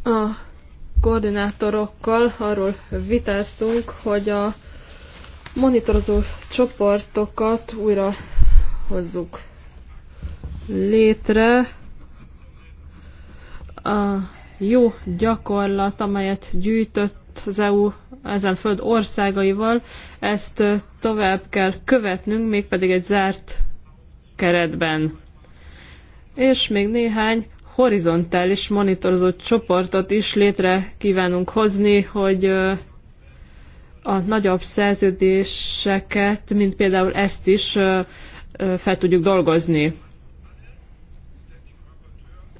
A koordinátorokkal arról vitáztunk, hogy a monitorozó csoportokat újra hozzuk létre. A jó gyakorlat, amelyet gyűjtött az EU ezen föld országaival, ezt tovább kell követnünk, mégpedig egy zárt keretben. És még néhány horizontális monitorozó csoportot is létre kívánunk hozni, hogy a nagyobb szerződéseket, mint például ezt is fel tudjuk dolgozni.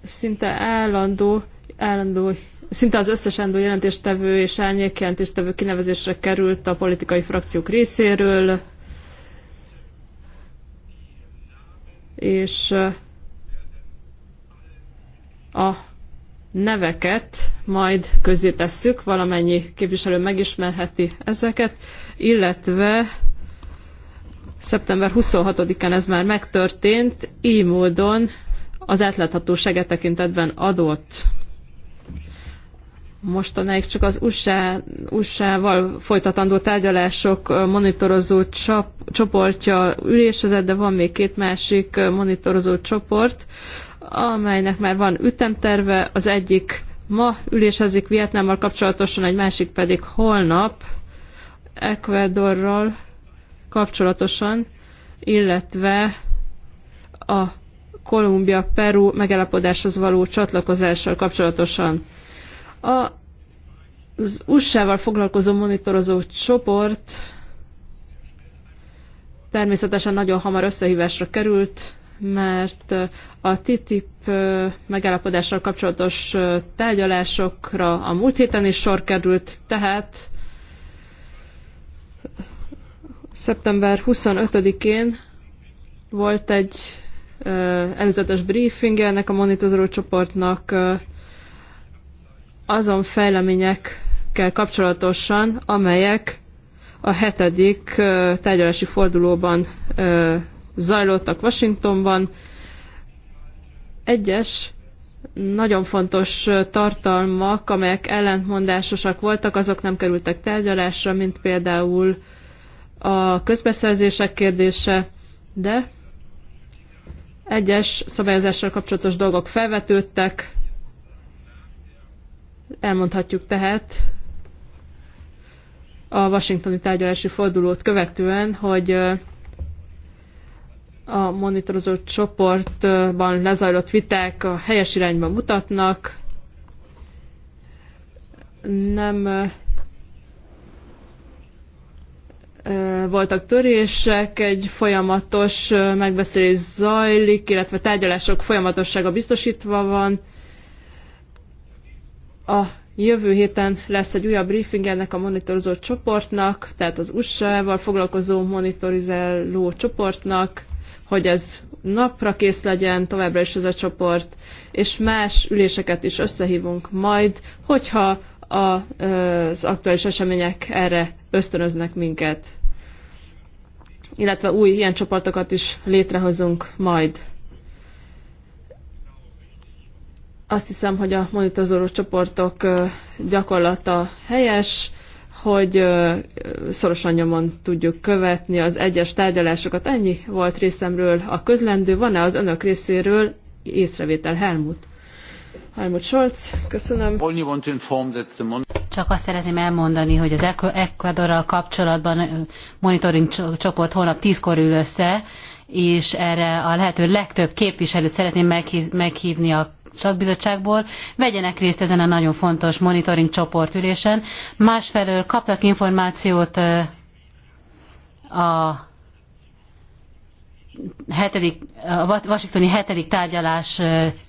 Szinte állandó, állandó szinte az összes állandó jelentéstevő és árnyék jelentéstevő kinevezésre került a politikai frakciók részéről, és a neveket majd közé tesszük, valamennyi képviselő megismerheti ezeket, illetve szeptember 26-án ez már megtörtént, így módon az átláthatósága tekintetben adott mostanáig csak az USA, usa folytatandó tárgyalások monitorozó csap csoportja ülésezett, de van még két másik monitorozó csoport, amelynek már van ütemterve, az egyik ma ülésezik Vietnámmal kapcsolatosan, egy másik pedig holnap Ecuadorral kapcsolatosan, illetve a Kolumbia-Peru megállapodáshoz való csatlakozással kapcsolatosan. A az USA-val foglalkozó monitorozó csoport természetesen nagyon hamar összehívásra került, mert a TTIP megállapodással kapcsolatos tárgyalásokra a múlt héten is sor került, tehát szeptember 25-én volt egy előzetes briefing ennek a monitorozó csoportnak azon fejleményekkel kapcsolatosan, amelyek a hetedik tárgyalási fordulóban zajlottak Washingtonban. Egyes nagyon fontos tartalmak, amelyek ellentmondásosak voltak, azok nem kerültek tárgyalásra, mint például a közbeszerzések kérdése, de egyes szabályozással kapcsolatos dolgok felvetődtek. Elmondhatjuk tehát a washingtoni tárgyalási fordulót követően, hogy a monitorozó csoportban lezajlott viták a helyes irányba mutatnak. Nem voltak törések, egy folyamatos megbeszélés zajlik, illetve tárgyalások folyamatossága biztosítva van. A jövő héten lesz egy újabb briefing ennek a monitorozó csoportnak, tehát az USA-val foglalkozó monitorizáló csoportnak hogy ez napra kész legyen továbbra is ez a csoport, és más üléseket is összehívunk majd, hogyha a, az aktuális események erre ösztönöznek minket. Illetve új ilyen csoportokat is létrehozunk majd. Azt hiszem, hogy a monitorozó csoportok gyakorlata helyes, hogy szorosan nyomon tudjuk követni az egyes tárgyalásokat. Ennyi volt részemről a közlendő. Van-e az önök részéről észrevétel Helmut? Helmut Scholz, köszönöm. Csak azt szeretném elmondani, hogy az Ecuadorral kapcsolatban monitoring csoport holnap tízkor ül össze, és erre a lehető legtöbb képviselőt szeretném meghívni a szakbizottságból vegyenek részt ezen a nagyon fontos monitoring csoportülésen. Másfelől kaptak információt a hetedik, a washingtoni hetedik tárgyalás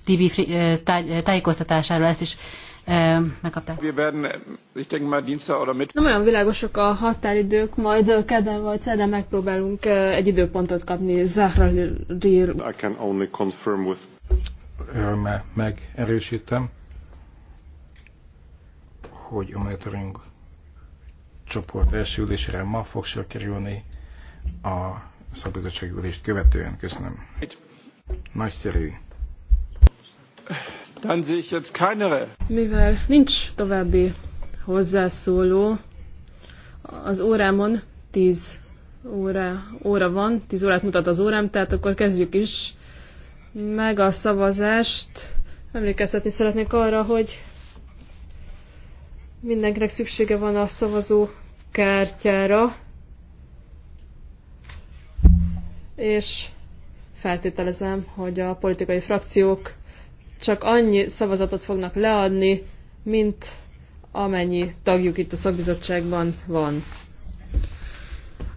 TB tájékoztatásáról ezt is megkapták. Nem olyan világosak a határidők, majd kedden vagy szerdán megpróbálunk egy időpontot kapni Zahra örömmel megerősítem, hogy a monitoring csoport első ülésére ma fog sor kerülni a szakbizottsági ülést követően. Köszönöm. Nagyszerű. Dann sehe ich jetzt keine. Mivel nincs további hozzászóló, az órámon 10 óra, óra van, 10 órát mutat az órám, tehát akkor kezdjük is meg a szavazást. Emlékeztetni szeretnék arra, hogy mindenkinek szüksége van a szavazó kártyára, és feltételezem, hogy a politikai frakciók csak annyi szavazatot fognak leadni, mint amennyi tagjuk itt a szakbizottságban van.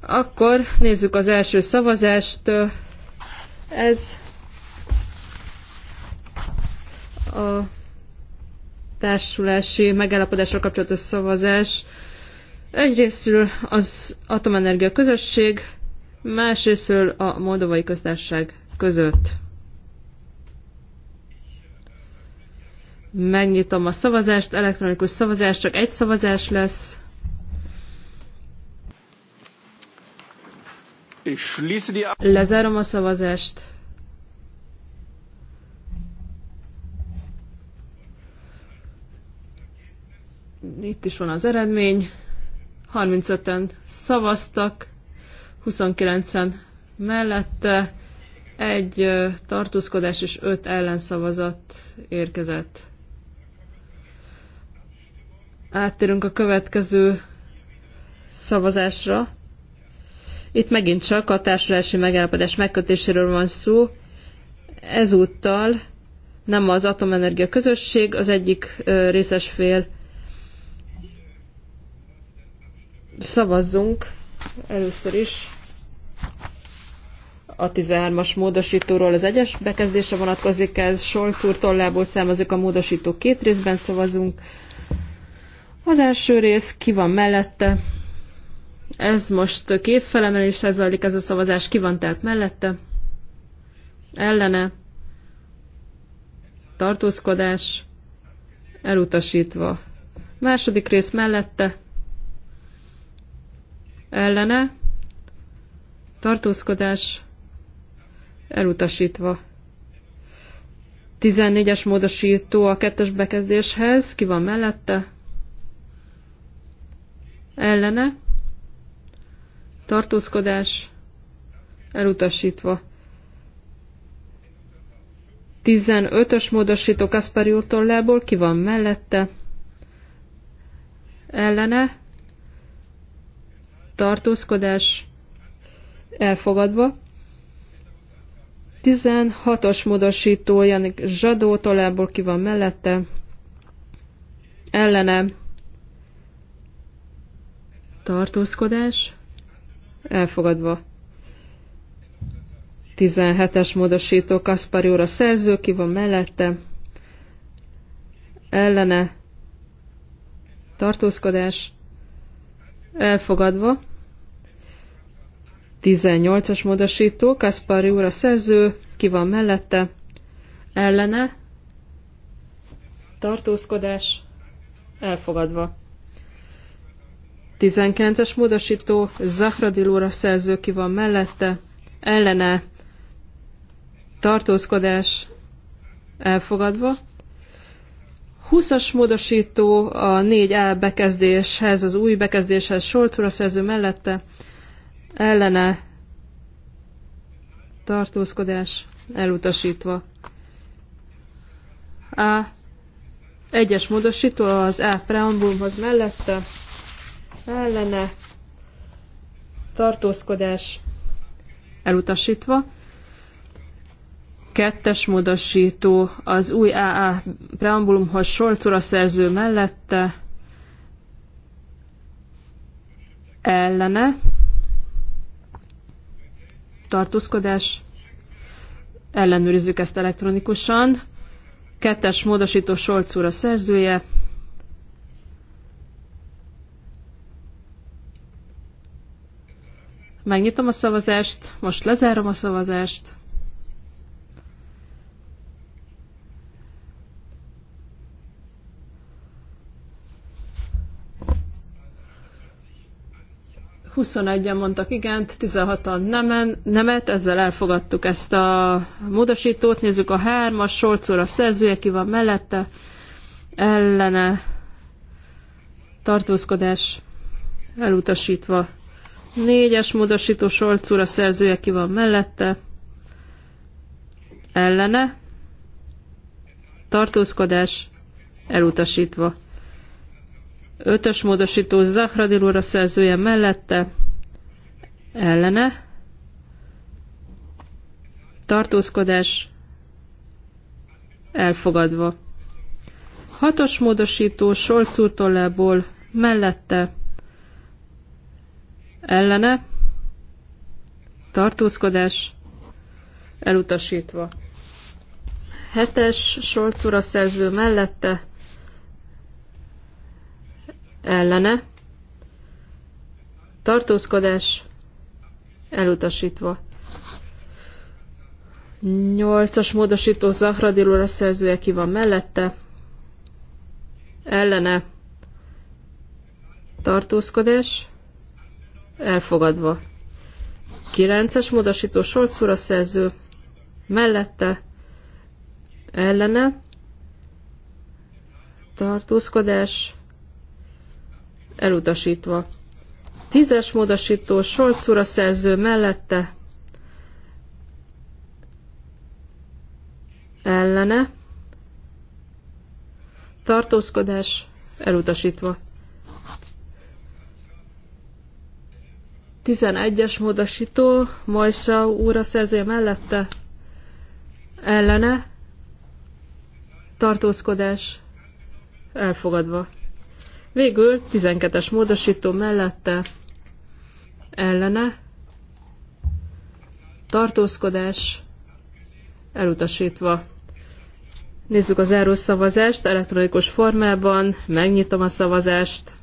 Akkor nézzük az első szavazást. Ez a társulási megállapodásra kapcsolatos szavazás. Egyrésztről az Atomenergia Közösség, másrésztről a Moldovai Köztársaság között. Megnyitom a szavazást, elektronikus szavazás, csak egy szavazás lesz. Lezárom a szavazást. Itt is van az eredmény. 35-en szavaztak, 29-en mellette, egy tartózkodás és öt ellenszavazat érkezett. Áttérünk a következő szavazásra. Itt megint csak a társulási megállapodás megkötéséről van szó. Ezúttal nem az atomenergia közösség, az egyik részes fél Szavazzunk először is a 13-as módosítóról az egyes bekezdése vonatkozik, ez Solc úr tollából származik a módosító két részben szavazunk. Az első rész ki van mellette, ez most kézfelemeléssel zajlik ez a szavazás, ki van telt mellette, ellene, tartózkodás, elutasítva. Második rész mellette, ellene, tartózkodás elutasítva. 14-es módosító a kettes bekezdéshez, ki van mellette, ellene, tartózkodás elutasítva. 15-ös módosító Kaspari úrtollából, ki van mellette, ellene, tartózkodás elfogadva. 16-os módosító Janik Zsadó tolából ki van mellette, ellene tartózkodás elfogadva. 17-es módosító Kaspari úr a szerző, ki van mellette, ellene tartózkodás Elfogadva. 18-as módosító, Kaspari úr a szerző, ki van mellette, ellene, tartózkodás, elfogadva. 19-es módosító, Zahradil úr a szerző, ki van mellette, ellene, tartózkodás, elfogadva. 20-as módosító a 4A bekezdéshez, az új bekezdéshez Solcura szerző mellette ellene tartózkodás elutasítva. A egyes módosító az A preambulumhoz mellette ellene tartózkodás elutasítva. Kettes módosító az új AA preambulumhoz Solcor szerző mellette ellene tartózkodás. Ellenőrizzük ezt elektronikusan. Kettes módosító Solc szerzője. Megnyitom a szavazást, most lezárom a szavazást. 21-en mondtak igent, 16-an nemen, nemet, ezzel elfogadtuk ezt a módosítót. Nézzük a hármas, Solcóra a szerzője, ki van mellette, ellene tartózkodás elutasítva. Négyes módosító Solcóra szerzője, ki van mellette, ellene tartózkodás elutasítva. Ötös módosító Zahradil úr a szerzője mellette, ellene, tartózkodás elfogadva. Hatos módosító Solc úrtollából mellette, ellene, tartózkodás elutasítva. Hetes Solc a szerző mellette, ellene, tartózkodás elutasítva. Nyolcas módosító Zahradilóra szerzője ki van mellette, ellene, tartózkodás elfogadva. Kilences módosító Solcúra szerző mellette, ellene, tartózkodás elutasítva. Tízes módosító Solc szerző mellette ellene tartózkodás elutasítva. 11-es módosító Majsa úra szerzője mellette ellene tartózkodás elfogadva. Végül 12-es módosító mellette ellene tartózkodás elutasítva. Nézzük az záró szavazást elektronikus formában, megnyitom a szavazást.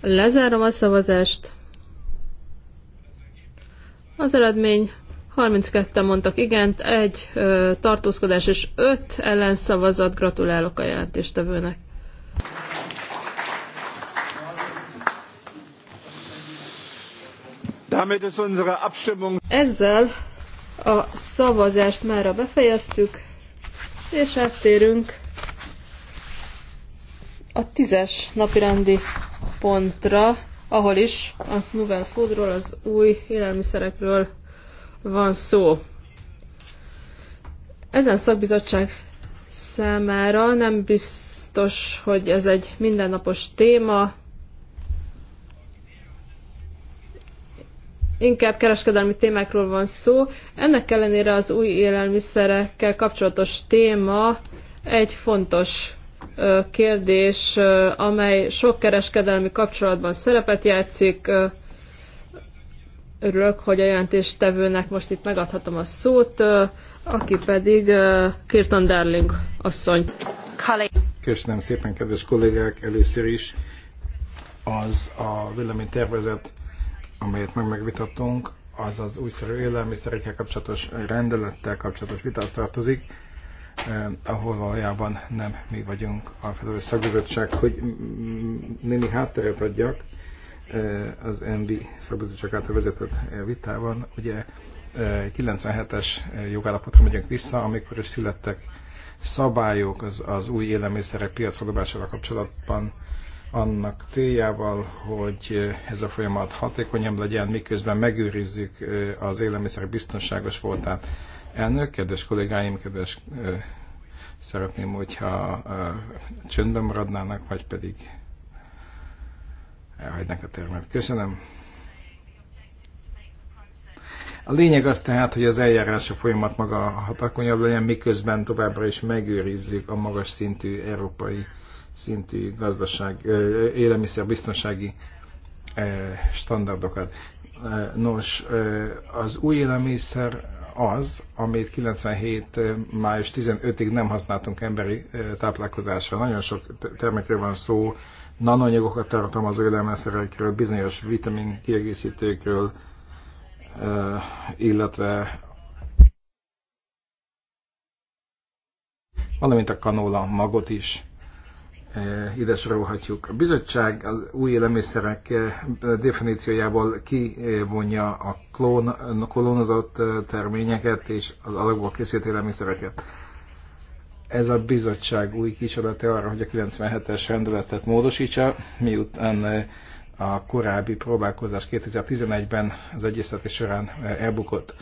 Lezárom a szavazást. Az eredmény 32-en mondtak igent, egy ö, tartózkodás és öt ellenszavazat. Gratulálok a jelentéstevőnek. Ezzel a szavazást mára befejeztük, és áttérünk a tízes napirendi pontra, ahol is a Nouvelle Foodról, az új élelmiszerekről van szó. Ezen szakbizottság számára nem biztos, hogy ez egy mindennapos téma. Inkább kereskedelmi témákról van szó. Ennek ellenére az új élelmiszerekkel kapcsolatos téma egy fontos kérdés, amely sok kereskedelmi kapcsolatban szerepet játszik, Örülök, hogy a jelentéstevőnek most itt megadhatom a szót, aki pedig Kirtan Darling asszony. Köszönöm szépen, kedves kollégák! Először is az a véleménytervezet, amelyet meg megvitattunk, az az újszerű élelmiszerekkel kapcsolatos rendelettel kapcsolatos vitához tartozik, eh, ahol valójában nem mi vagyunk a felelős szakbizottság, hogy némi hátteret adjak Eh, az NB csak által vezetett eh, vitában, ugye 97-es eh, jogállapotra megyünk vissza, amikor is születtek szabályok az, az új élelmiszerek piacfogadásával kapcsolatban annak céljával, hogy ez a folyamat hatékonyabb legyen, miközben megőrizzük az élelmiszerek biztonságos voltát. Elnök, kedves kollégáim, kedves szeretném, hogyha csöndben maradnának, vagy pedig elhagynak a termet. Köszönöm. A lényeg az tehát, hogy az a folyamat maga hatakonyab legyen, miközben továbbra is megőrizzük a magas szintű európai szintű gazdaság, élelmiszerbiztonsági standardokat. Nos, az új élelmiszer az, amit 97. május 15-ig nem használtunk emberi táplálkozásra. Nagyon sok termékről van szó, nananyagokat tartalmazó élelmiszerekről, bizonyos vitamin kiegészítőkről, illetve valamint a kanóla magot is ide sorolhatjuk. A bizottság az új élelmiszerek definíciójából kivonja a klón, klónozott terményeket és az alakból készült élelmiszereket ez a bizottság új kísérlete arra, hogy a 97-es rendeletet módosítsa, miután eh, a korábbi próbálkozás 2011-ben az egyeztetés során eh, elbukott.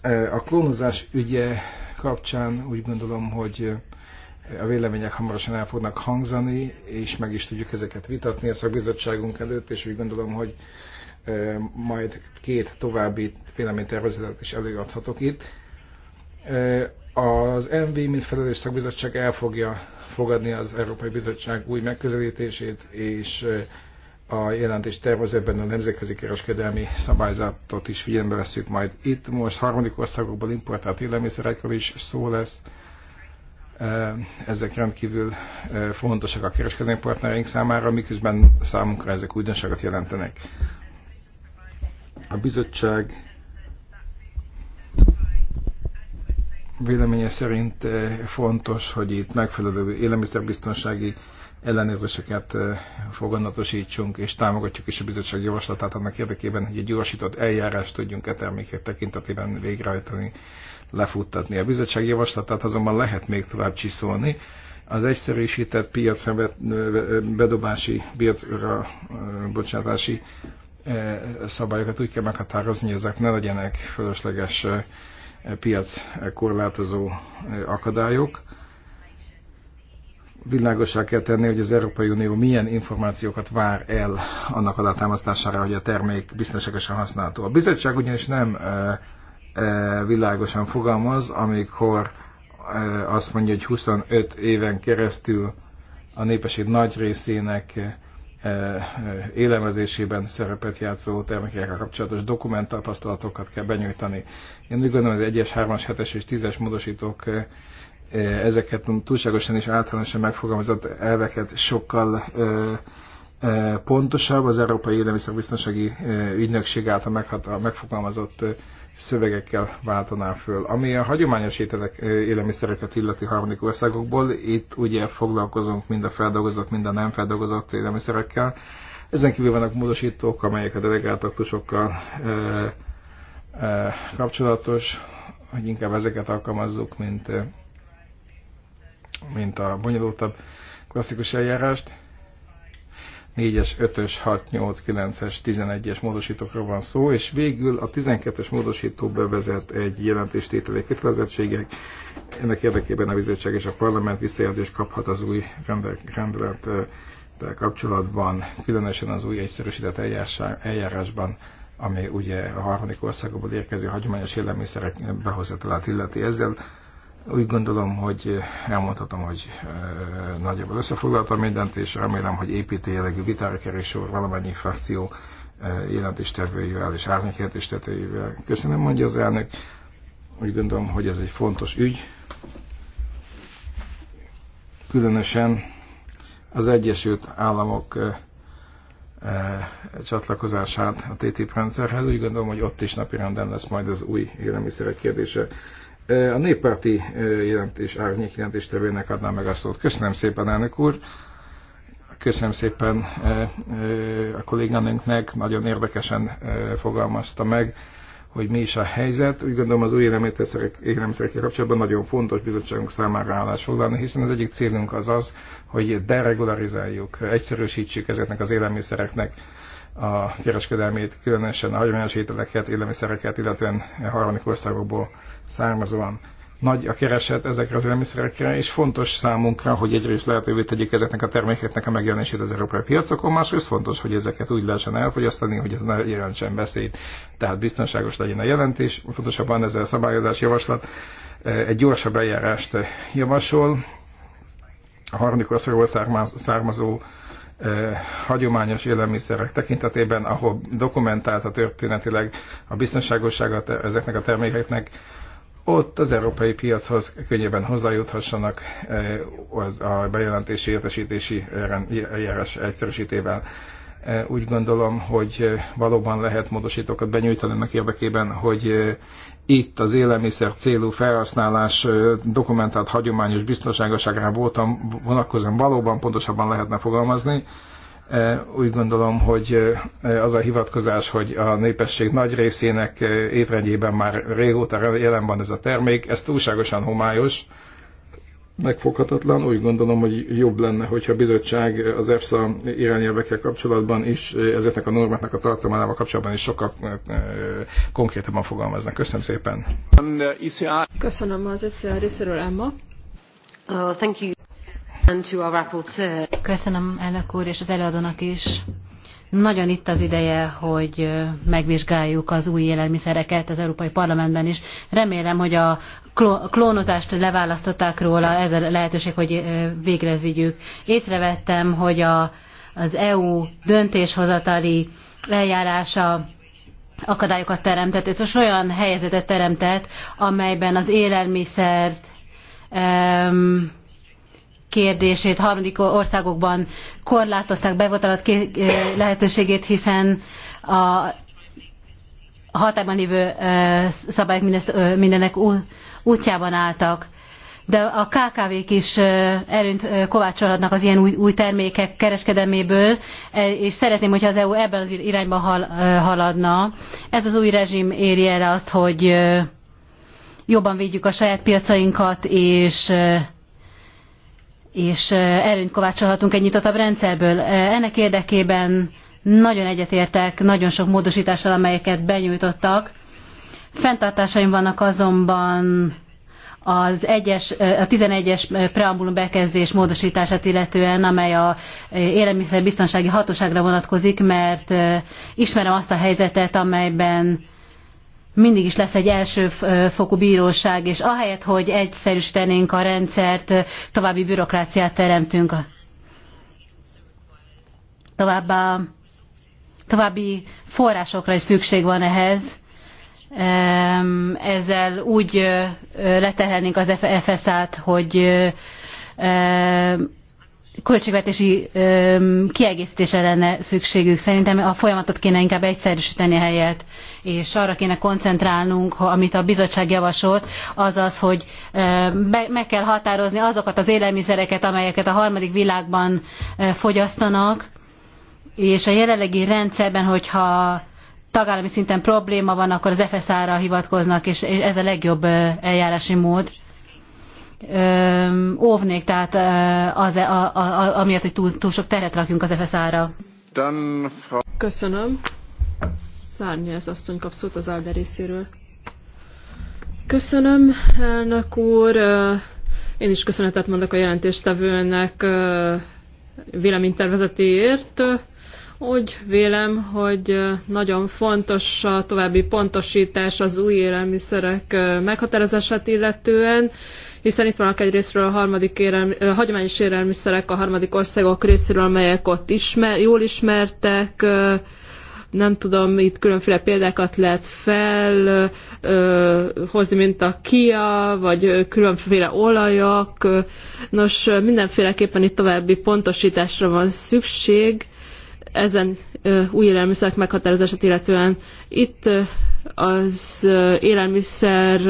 Eh, a klónozás ügye kapcsán úgy gondolom, hogy a vélemények hamarosan el fognak hangzani, és meg is tudjuk ezeket vitatni a szakbizottságunk előtt, és úgy gondolom, hogy majd két további véleménytervezetet is előadhatok itt az MV, mint felelős szakbizottság el fogja fogadni az Európai Bizottság új megközelítését, és eh, a jelentés tervezetben a nemzetközi kereskedelmi szabályzatot is figyelembe veszük majd. Itt most harmadik országokból importált élelmiszerekről is szó lesz. Eh, ezek rendkívül eh, fontosak a kereskedelmi partnereink számára, miközben számunkra ezek újdonságot jelentenek. A bizottság Véleménye szerint eh, fontos, hogy itt megfelelő élelmiszerbiztonsági ellenőrzéseket eh, foganatosítsunk, és támogatjuk is a bizottság javaslatát annak érdekében, hogy egy gyorsított eljárást tudjunk e termékek tekintetében végrehajtani, lefuttatni. A bizottság javaslatát azonban lehet még tovább csiszolni. Az egyszerűsített piac eh, bedobási, piacra bocsátási szabályokat úgy kell meghatározni, hogy ezek ne legyenek fölösleges piac korlátozó akadályok. Világosá kell tenni, hogy az Európai Unió milyen információkat vár el annak alátámasztására, hogy a termék biztonságosan használható. A bizottság ugyanis nem e, e, világosan fogalmaz, amikor e, azt mondja, hogy 25 éven keresztül a népesség nagy részének élemezésében szerepet játszó termékekkel kapcsolatos dokumenttapasztalatokat kell benyújtani. Én úgy gondolom, hogy egyes 1-es, 3-as, 7-es és 10-es módosítók ezeket túlságosan és általánosan megfogalmazott elveket sokkal pontosabb az Európai Élelmiszerbiztonsági Ügynökség által megfogalmazott szövegekkel váltaná föl. Ami a hagyományos ételek, élelmiszereket illeti harmadik országokból, itt ugye foglalkozunk mind a feldolgozott, mind a nem feldolgozott élelmiszerekkel. Ezen kívül vannak módosítók, amelyek a delegált aktusokkal e, e, kapcsolatos, hogy inkább ezeket alkalmazzuk, mint, mint a bonyolultabb klasszikus eljárást. 4-es, 5-ös, 6, 8, 9-es, 11-es módosítókról van szó, és végül a 12-es módosító bevezet egy jelentéstételi kötelezettségek. Ennek érdekében a bizottság és a parlament visszajelzést kaphat az új rendelettel kapcsolatban, különösen az új egyszerűsített eljárásban ami ugye a harmadik országokból érkező hagyományos élelmiszerek behozatalát illeti. Ezzel úgy gondolom, hogy eh, elmondhatom, hogy eh, nagyjából összefoglaltam mindent, és remélem, hogy építő jellegű vitára kerül sor valamennyi frakció eh, jelentéstevőjével és árnyék Köszönöm, mondja az elnök. Úgy gondolom, hogy ez egy fontos ügy. Különösen az Egyesült Államok csatlakozását a TTIP rendszerhez. Úgy gondolom, hogy ott is napirenden lesz majd az új élelmiszerek kérdése. A néppárti jelentés, árnyék jelentéstevőnek adnám meg a szót. Köszönöm szépen, elnök úr! Köszönöm szépen a kolléganőnknek, nagyon érdekesen fogalmazta meg, hogy mi is a helyzet. Úgy gondolom az új élelmiszerekkel kapcsolatban nagyon fontos bizottságunk számára állásfoglalni, hiszen az egyik célunk az az, hogy deregularizáljuk, egyszerűsítsük ezeknek az élelmiszereknek a kereskedelmét, különösen a hagyományos ételeket, élelmiszereket, illetően harmadik országokból származóan. Nagy a kereset ezekre az élelmiszerekre, és fontos számunkra, hogy egyrészt lehetővé tegyék ezeknek a termékeknek a megjelenését az európai piacokon, másrészt fontos, hogy ezeket úgy lehessen elfogyasztani, hogy ez ne jelentsen veszélyt, tehát biztonságos legyen a jelentés. Fontosabban ez a szabályozás javaslat eh, egy gyorsabb eljárást javasol, a harmadik országból származó hagyományos élelmiszerek tekintetében, ahol dokumentált a történetileg a biztonságosságot ezeknek a termékeknek, ott az európai piachoz könnyebben hozzájuthassanak az a bejelentési értesítési eljárás egyszerűsítével. Úgy gondolom, hogy valóban lehet módosítókat benyújtani ennek érdekében, hogy itt az élelmiszer célú felhasználás dokumentált hagyományos biztonságoságra voltam, vonatkozóan valóban pontosabban lehetne fogalmazni. Úgy gondolom, hogy az a hivatkozás, hogy a népesség nagy részének étrendjében már régóta jelen van ez a termék, ez túlságosan homályos megfoghatatlan. Úgy gondolom, hogy jobb lenne, hogyha a bizottság az EFSA irányelvekkel kapcsolatban is, ezeknek a normáknak a tartalmával kapcsolatban is sokkal konkrétabban fogalmaznak. Köszönöm szépen. Köszönöm az ECR részéről, Emma. Uh, thank you. And to our Köszönöm elnök úr és az előadónak is nagyon itt az ideje, hogy megvizsgáljuk az új élelmiszereket az Európai Parlamentben is. Remélem, hogy a klónozást leválasztották róla, ez a lehetőség, hogy végre Észrevettem, hogy a, az EU döntéshozatali eljárása akadályokat teremtett, és most olyan helyzetet teremtett, amelyben az élelmiszert um, kérdését harmadik országokban korlátozták bevotalat eh, lehetőségét, hiszen a hatályban lévő eh, szabályok mindenek útjában álltak. De a KKV-k is erőnt kovácsolhatnak az ilyen új, új termékek kereskedelméből, e, és szeretném, hogyha az EU ebben az irányba hal, haladna. Ez az új rezsim éri el azt, hogy jobban védjük a saját piacainkat, és és eh, előnyt kovácsolhatunk egy nyitottabb rendszerből. Eh, ennek érdekében nagyon egyetértek nagyon sok módosítással, amelyeket benyújtottak. Fentartásaim vannak azonban az egyes, eh, a 11-es preambulum bekezdés módosítását illetően, amely a élelmiszerbiztonsági hatóságra vonatkozik, mert ismerem azt a helyzetet, amelyben mindig is lesz egy elsőfokú bíróság, és ahelyett, hogy egyszerűsítenénk a rendszert, további bürokráciát teremtünk. Továbbá, további forrásokra is szükség van ehhez. Ezzel úgy letehelnénk az FSA-t, hogy költségvetési ö, kiegészítésre lenne szükségük. Szerintem a folyamatot kéne inkább egyszerűsíteni a helyet, és arra kéne koncentrálnunk, amit a bizottság javasolt, azaz, hogy ö, be, meg kell határozni azokat az élelmiszereket, amelyeket a harmadik világban ö, fogyasztanak, és a jelenlegi rendszerben, hogyha tagállami szinten probléma van, akkor az FSA-ra hivatkoznak, és ez a legjobb eljárási mód óvnék, tehát az, e- a, a, amiatt, hogy túl, túl sok teret rakjunk az FSA-ra. Köszönöm. Szárnyi ez asszony kap szót az Alder részéről. Köszönöm, elnök úr. Én is köszönetet mondok a jelentéstevőnek véleménytervezetéért. Úgy vélem, hogy nagyon fontos a további pontosítás az új élelmiszerek meghatározását illetően hiszen itt vannak egyrésztről a harmadik érelmi, a hagyományos élelmiszerek a harmadik országok részéről, amelyek ott ismer, jól ismertek, nem tudom, itt különféle példákat lehet felhozni, mint a kia, vagy különféle olajak. Nos, mindenféleképpen itt további pontosításra van szükség ezen új élelmiszerek meghatározását illetően. Itt az élelmiszer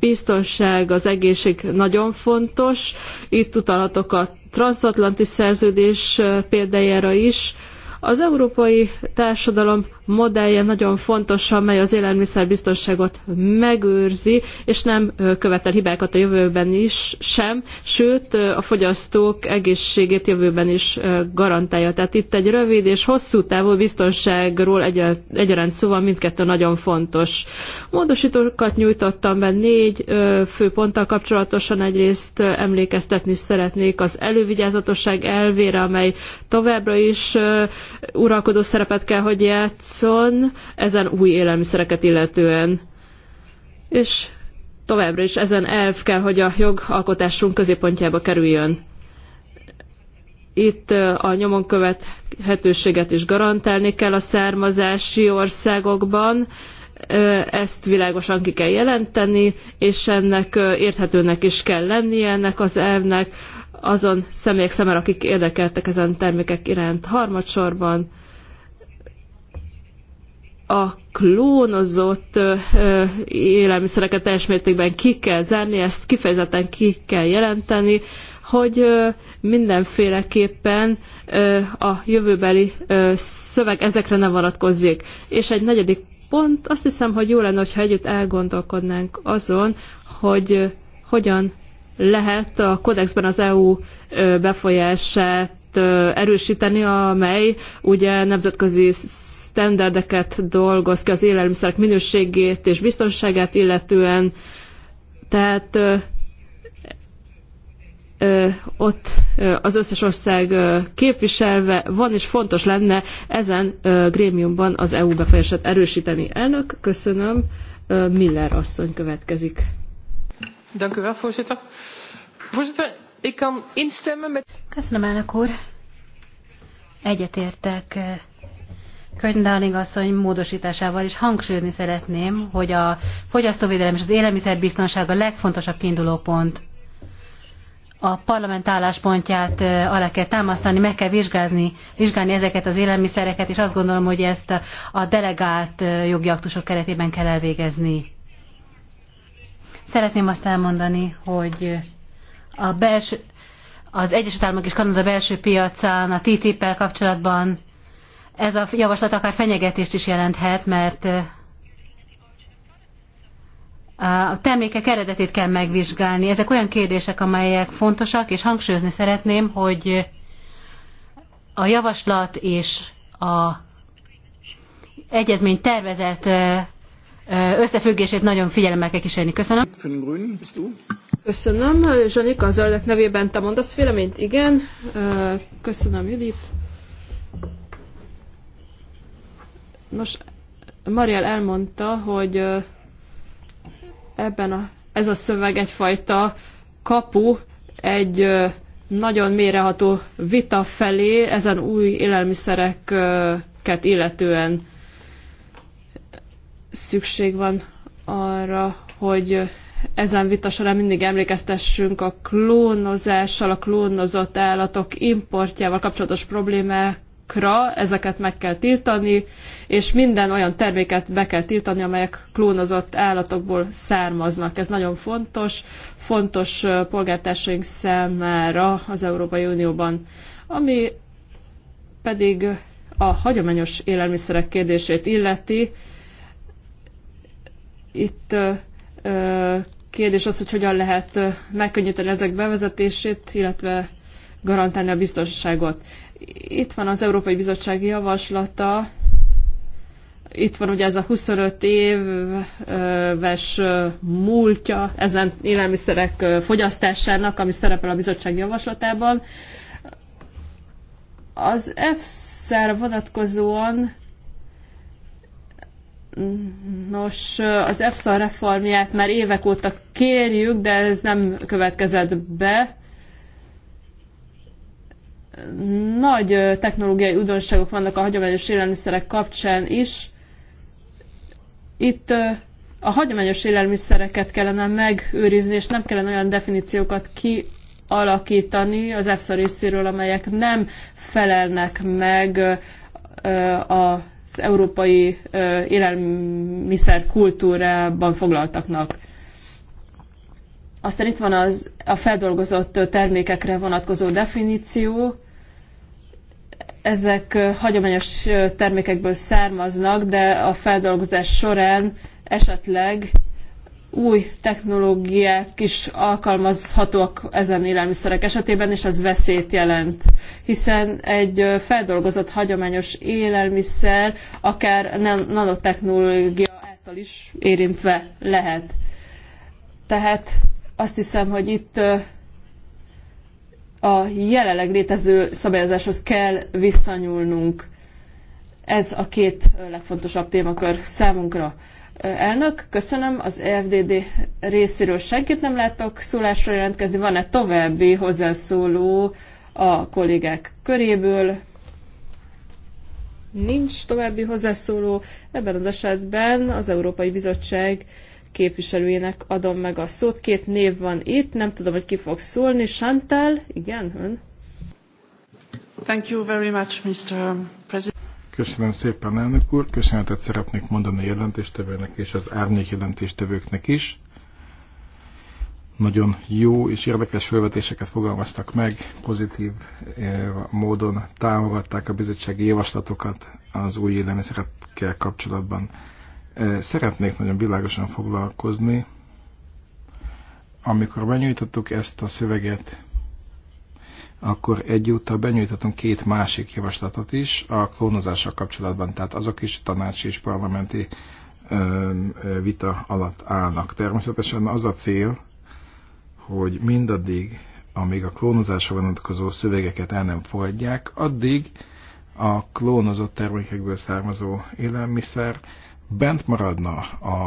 biztonság, az egészség nagyon fontos. Itt utalhatok a transatlanti szerződés példájára is, az európai társadalom modellje nagyon fontos, amely az élelmiszerbiztonságot megőrzi, és nem követel hibákat a jövőben is sem, sőt a fogyasztók egészségét jövőben is garantálja. Tehát itt egy rövid és hosszú távú biztonságról egyaránt szó van, mindkettő nagyon fontos. Módosítókat nyújtottam be négy fő ponttal kapcsolatosan egyrészt emlékeztetni szeretnék az elővigyázatosság elvére, amely továbbra is uralkodó szerepet kell, hogy játszon ezen új élelmiszereket illetően. És továbbra is ezen elv kell, hogy a jogalkotásunk középpontjába kerüljön. Itt a nyomon követhetőséget is garantálni kell a származási országokban, ezt világosan ki kell jelenteni, és ennek érthetőnek is kell lennie ennek az elvnek, azon személyek szemére, akik érdekeltek ezen termékek iránt. Harmadsorban a klónozott élelmiszereket teljes mértékben ki kell zárni, ezt kifejezetten ki kell jelenteni, hogy mindenféleképpen a jövőbeli szöveg ezekre ne vonatkozzék. És egy negyedik pont, azt hiszem, hogy jó lenne, hogyha együtt elgondolkodnánk azon, hogy hogyan lehet a kodexben az EU befolyását erősíteni, amely ugye nemzetközi sztenderdeket dolgoz ki az élelmiszerek minőségét és biztonságát illetően. Tehát ö, ö, ott ö, az összes ország ö, képviselve van, és fontos lenne ezen ö, grémiumban az EU befolyását erősíteni. Elnök, köszönöm. Ö, Miller asszony következik. Dank Voorzitter, ik kan instemmen met... Köszönöm, elnök úr. Egyetértek eh, Könyv Darling asszony módosításával is hangsúlyozni szeretném, hogy a fogyasztóvédelem és az élelmiszerbiztonság a legfontosabb kiindulópont. A parlament álláspontját eh, alá kell támasztani, meg kell vizsgálni, vizsgálni ezeket az élelmiszereket, és azt gondolom, hogy ezt a delegált eh, jogi aktusok keretében kell elvégezni. Szeretném azt elmondani, hogy a belső, az Egyesült Államok és Kanada belső piacán, a TTIP-el kapcsolatban ez a javaslat akár fenyegetést is jelenthet, mert a termékek eredetét kell megvizsgálni. Ezek olyan kérdések, amelyek fontosak, és hangsúlyozni szeretném, hogy a javaslat és a egyezmény tervezett összefüggését nagyon figyelemmel kell kísérni. Köszönöm. Köszönöm. Zsanika a zöldek nevében te mondasz véleményt? Igen. Köszönöm, Judit. Nos, Mariel elmondta, hogy ebben a, ez a szöveg egyfajta kapu egy nagyon méreható vita felé ezen új élelmiszereket illetően szükség van arra, hogy ezen vita során mindig emlékeztessünk a klónozással, a klónozott állatok importjával kapcsolatos problémákra, ezeket meg kell tiltani, és minden olyan terméket be kell tiltani, amelyek klónozott állatokból származnak. Ez nagyon fontos, fontos polgártársaink számára az Európai Unióban. Ami pedig a hagyományos élelmiszerek kérdését illeti, itt Kérdés az, hogy hogyan lehet megkönnyíteni ezek bevezetését, illetve garantálni a biztonságot. Itt van az Európai bizottsági javaslata, itt van ugye ez a 25 éves múltja ezen élelmiszerek fogyasztásának, ami szerepel a bizottsági javaslatában. Az EFSZ-re vonatkozóan Nos, az EFSA reformját már évek óta kérjük, de ez nem következett be. Nagy technológiai újdonságok vannak a hagyományos élelmiszerek kapcsán is. Itt a hagyományos élelmiszereket kellene megőrizni, és nem kellene olyan definíciókat kialakítani az EFSA részéről, amelyek nem felelnek meg a az európai élelmiszer kultúrában foglaltaknak. Aztán itt van az, a feldolgozott termékekre vonatkozó definíció. Ezek hagyományos termékekből származnak, de a feldolgozás során esetleg új technológiák is alkalmazhatóak ezen élelmiszerek esetében, és ez veszélyt jelent. Hiszen egy feldolgozott hagyományos élelmiszer akár nanotechnológia által is érintve lehet. Tehát azt hiszem, hogy itt a jelenleg létező szabályozáshoz kell visszanyúlnunk. Ez a két legfontosabb témakör számunkra. Elnök, köszönöm. Az EFDD részéről senkit nem látok szólásra jelentkezni. Van-e további hozzászóló a kollégák köréből? Nincs további hozzászóló. Ebben az esetben az Európai Bizottság képviselőjének adom meg a szót. Két név van itt, nem tudom, hogy ki fog szólni. Chantal, igen, ön. Thank you very much, Mr. President. Köszönöm szépen, elnök úr. Köszönetet szeretnék mondani a jelentéstevőnek és az árnyék jelentéstevőknek is. Nagyon jó és érdekes felvetéseket fogalmaztak meg, pozitív eh, módon támogatták a bizottsági javaslatokat az új élelmiszerekkel kapcsolatban. Eh, szeretnék nagyon világosan foglalkozni. Amikor benyújtottuk ezt a szöveget, akkor egyúttal benyújtatunk két másik javaslatot is a klónozással kapcsolatban, tehát azok is tanácsi és parlamenti vita alatt állnak. Természetesen az a cél, hogy mindaddig, amíg a klónozásra vonatkozó szövegeket el nem fogadják, addig a klónozott termékekből származó élelmiszer bent maradna a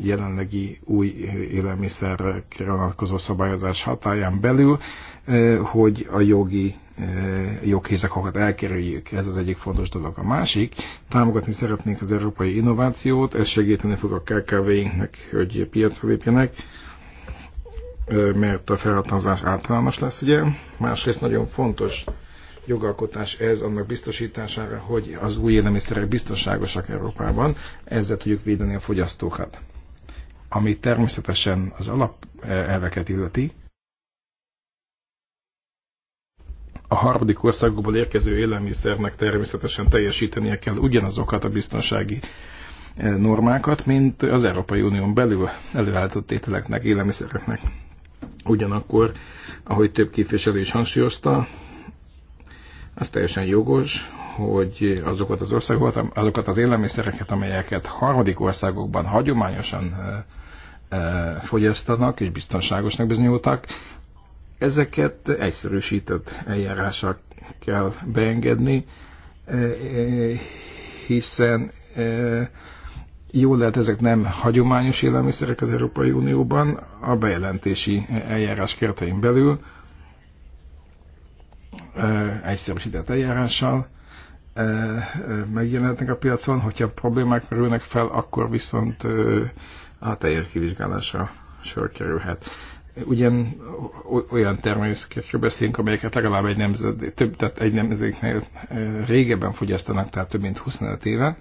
jelenlegi új élelmiszerekre vonatkozó szabályozás hatáján belül, eh, hogy a jogi eh, joghézakokat elkerüljük. Ez az egyik fontos dolog. A másik, támogatni szeretnénk az európai innovációt, ez segíteni fog a KKV-inknek, hogy piacra lépjenek, eh, mert a felhatalmazás általános lesz, ugye. Másrészt nagyon fontos jogalkotás ez annak biztosítására, hogy az új élelmiszerek biztonságosak Európában, ezzel tudjuk védeni a fogyasztókat. Ami természetesen az alapelveket eh, illeti, a harmadik országokból érkező élelmiszernek természetesen teljesítenie kell ugyanazokat a biztonsági eh, normákat, mint az Európai Unión belül előállított ételeknek, élelmiszereknek. Ugyanakkor, ahogy több képviselő is hangsúlyozta, az teljesen jogos, hogy azokat az országokat, azokat az élelmiszereket, amelyeket harmadik országokban hagyományosan fogyasztanak és biztonságosnak bizonyultak, ezeket egyszerűsített eljárással kell beengedni, hiszen jó lehet, ezek nem hagyományos élelmiszerek az Európai Unióban, a bejelentési eljárás keretein belül, egyszerűsített eljárással megjelenhetnek a piacon, hogyha problémák merülnek fel, akkor viszont a teljes kivizsgálásra sor kerülhet. Ugyan olyan természekről beszélünk, amelyeket legalább egy nemzet, több, tehát egy nemzedéknél régebben fogyasztanak, tehát több mint 25 éve,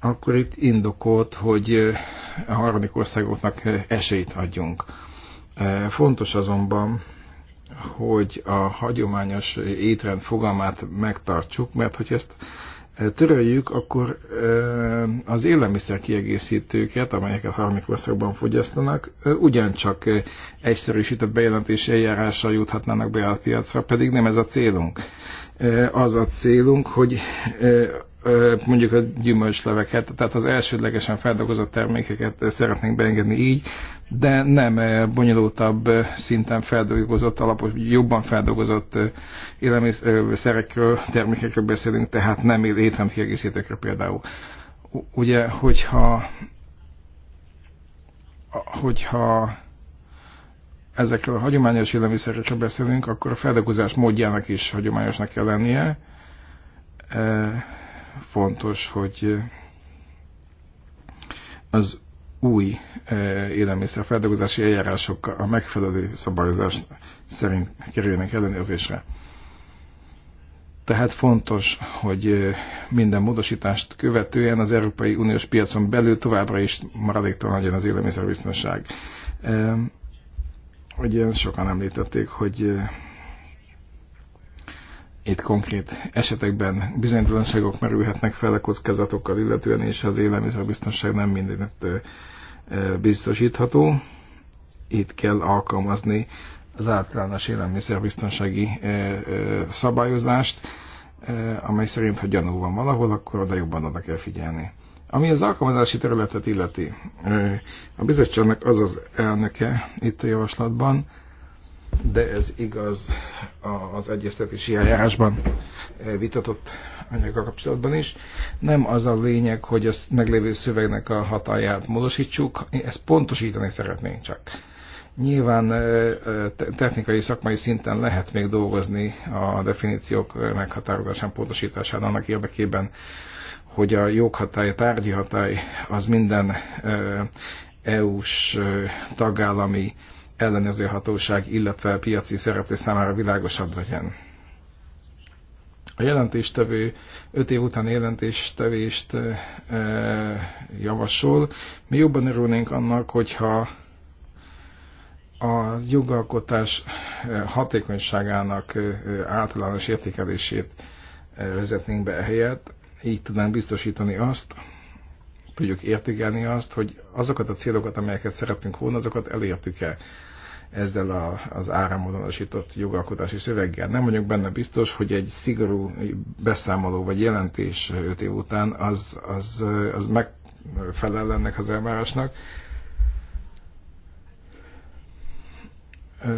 akkor itt indokolt, hogy a harmadik országoknak esélyt adjunk. Fontos azonban, hogy a hagyományos étrend fogalmát megtartsuk, mert hogy ezt eh, töröljük, akkor eh, az élelmiszer kiegészítőket, amelyeket harmadik országban fogyasztanak, eh, ugyancsak egyszerűsített bejelentési eljárással juthatnának be a piacra, pedig nem ez a célunk. Az a célunk, hogy mondjuk a gyümölcsleveket, tehát az elsődlegesen feldolgozott termékeket szeretnénk beengedni így, de nem bonyolultabb szinten feldolgozott, alapos, jobban feldolgozott élelmiszerekről, termékekről beszélünk, tehát nem étrendkiegészítőkről például. Ugye, hogyha hogyha ezekről a hagyományos élelmiszerekről beszélünk, akkor a feldolgozás módjának is hagyományosnak kell lennie, fontos, hogy az új élelmiszerfeldolgozási eljárások a megfelelő szabályozás szerint kerüljenek ellenőrzésre. Tehát fontos, hogy minden módosítást követően az Európai Uniós piacon belül továbbra is maradéktalan legyen az élelmiszerbiztonság. Ugye sokan említették, hogy itt konkrét esetekben bizonytalanságok merülhetnek fel a kockázatokkal illetően, és az élelmiszerbiztonság nem mindent biztosítható. Itt kell alkalmazni az általános élelmiszerbiztonsági szabályozást, amely szerint, ha gyanú van valahol, akkor oda jobban oda kell figyelni. Ami az alkalmazási területet illeti, a bizottságnak az az elnöke itt a javaslatban, de ez igaz az egyeztetési eljárásban eh, vitatott anyagok kapcsolatban is. Nem az a lényeg, hogy a meglévő szövegnek a hatáját módosítsuk, ezt pontosítani szeretnénk csak. Nyilván eh, eh, technikai, szakmai szinten lehet még dolgozni a definíciók meghatározásán, pontosításán annak érdekében, hogy a joghatály, tárgyi hatály az minden EU-s tagállami ellenőrző hatóság, illetve piaci szereplő számára világosabb legyen. A jelentéstevő 5 év után jelentéstevést e, javasol. Mi jobban örülnénk annak, hogyha a jogalkotás hatékonyságának általános értékelését vezetnénk be ehelyett, így tudnánk biztosítani azt, tudjuk értékelni azt, hogy azokat a célokat, amelyeket szeretnénk volna, azokat elértük-e ezzel a, az áramodonosított jogalkotási szöveggel. Nem vagyok benne biztos, hogy egy szigorú beszámoló vagy jelentés 5 év után az, az, az megfelel ennek az elvárásnak.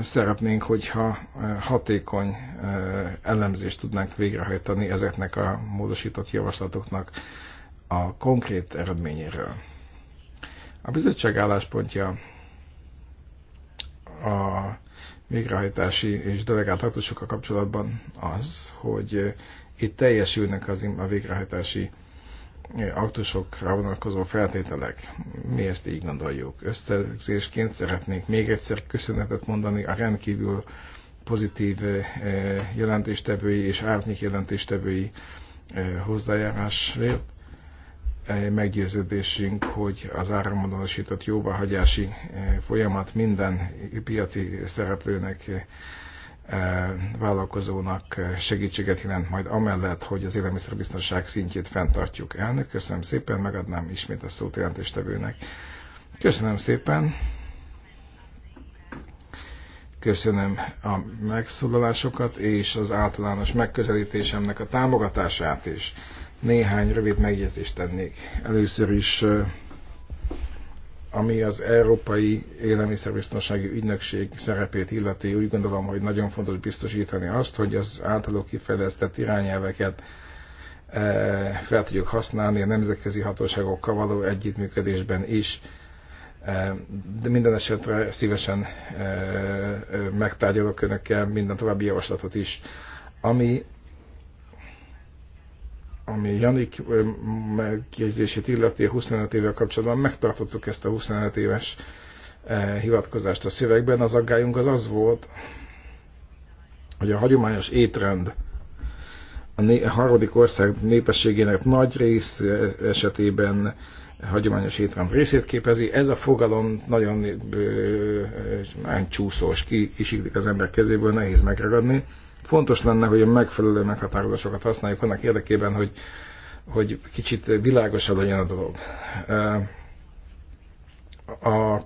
Szeretnénk, hogyha hatékony elemzést tudnánk végrehajtani ezeknek a módosított javaslatoknak a konkrét eredményéről. A bizottság álláspontja a végrehajtási és delegált hatósokkal kapcsolatban az, hogy itt teljesülnek az a végrehajtási eh, aktusokra vonatkozó feltételek. Mi ezt így gondoljuk. Összegzésként szeretnék még egyszer köszönetet mondani a rendkívül pozitív eh, jelentéstevői és árnyék jelentéstevői eh, hozzájárásért meggyőződésünk, hogy az áramvonalasított jóváhagyási eh, folyamat minden piaci szereplőnek, eh, vállalkozónak eh, segítséget jelent majd amellett, hogy az élelmiszerbiztonság szintjét fenntartjuk. Elnök, köszönöm szépen, megadnám ismét a szót jelentéstevőnek. Köszönöm szépen. Köszönöm a megszólalásokat és az általános megközelítésemnek a támogatását is. Néhány rövid megjegyzést tennék. Először is, ami az Európai Élelmiszerbiztonsági Ügynökség szerepét illeti, úgy gondolom, hogy nagyon fontos biztosítani azt, hogy az általuk kifejlesztett irányelveket fel tudjuk használni a nemzetközi hatóságokkal való együttműködésben is de minden esetre szívesen megtárgyalok önökkel minden további javaslatot is. Ami ami Janik megjegyzését illeti a 25 éve kapcsolatban, megtartottuk ezt a 25 éves e, hivatkozást a szövegben. Az aggályunk az az volt, hogy a hagyományos étrend a, harmadik ország népességének nagy rész e, esetében hagyományos étrend részét képezi. Ez a fogalom nagyon, csúszós, kisiklik az ember kezéből, nehéz megragadni Fontos lenne, hogy a megfelelő meghatározásokat használjuk annak érdekében, hogy, hogy kicsit világosabb legyen a dolog. A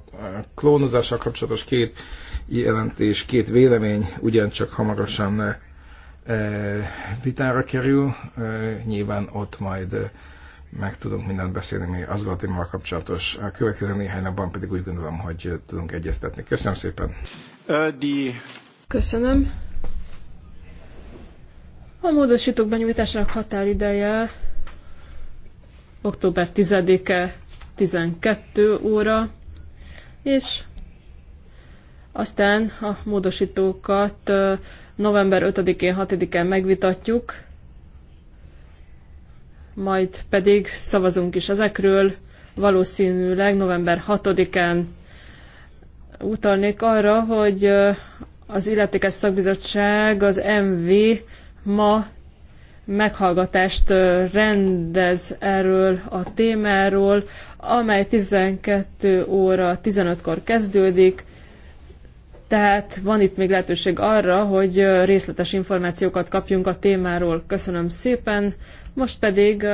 klónozással kapcsolatos két jelentés, két vélemény ugyancsak hamarosan vitára kerül, nyilván ott majd meg tudunk mindent beszélni, mi az a témával kapcsolatos. A következő néhány napban pedig úgy gondolom, hogy tudunk egyeztetni. Köszönöm szépen! Köszönöm. A módosítók benyújtásának határideje október 10-e 12 óra, és aztán a módosítókat november 5-én, 6-án megvitatjuk, majd pedig szavazunk is ezekről, valószínűleg november 6-án utalnék arra, hogy az illetékes szakbizottság, az MV ma meghallgatást rendez erről a témáról, amely 12 óra 15-kor kezdődik, tehát van itt még lehetőség arra, hogy részletes információkat kapjunk a témáról. Köszönöm szépen. Most pedig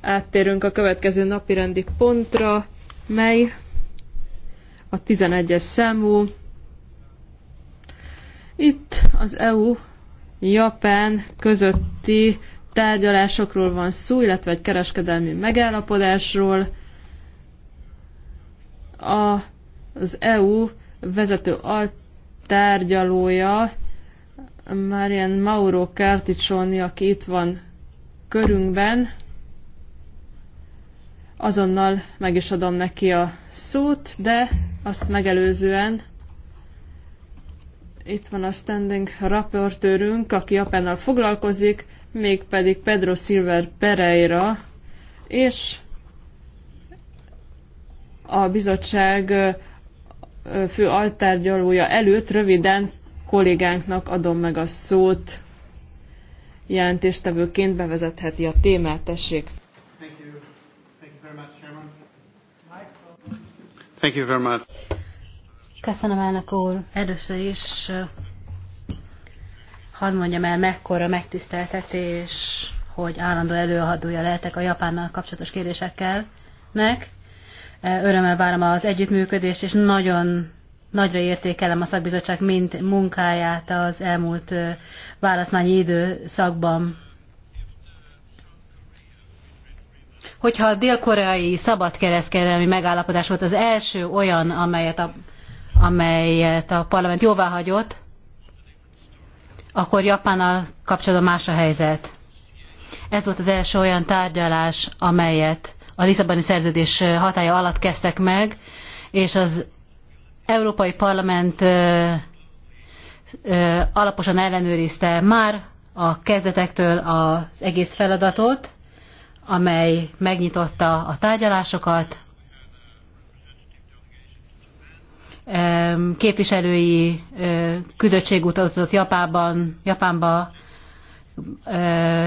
áttérünk a következő napirendi pontra, mely a 11-es számú. Itt az EU Japán közötti tárgyalásokról van szó, illetve egy kereskedelmi megállapodásról. A, az EU vezető altárgyalója Marian Mauro Carticcioni, aki itt van körünkben, azonnal meg is adom neki a szót, de azt megelőzően itt van a standing raportőrünk, aki Japánnal foglalkozik, mégpedig Pedro Silver Pereira, és a bizottság fő altárgyalója előtt röviden kollégánknak adom meg a szót, jelentéstevőként bevezetheti a témát, tessék. Thank you. Thank you very much, Chairman. Thank you very much. Köszönöm, elnök úr. Először is uh, hadd mondjam el, mekkora megtiszteltetés, hogy állandó előadója lehetek a Japánnal kapcsolatos kérdésekkel. Nek. Uh, örömmel várom az együttműködést, és nagyon nagyra értékelem a szakbizottság mint munkáját az elmúlt uh, válaszmányi időszakban. Hogyha a dél-koreai szabadkereskedelmi megállapodás volt az első olyan, amelyet a amelyet a parlament jóváhagyott, akkor Japánnal kapcsolatban más a helyzet. Ez volt az első olyan tárgyalás, amelyet a Lisszaboni szerződés hatája alatt kezdtek meg, és az Európai Parlament alaposan ellenőrizte már a kezdetektől az egész feladatot, amely megnyitotta a tárgyalásokat, képviselői küldöttség utazott Japánban, Japánba,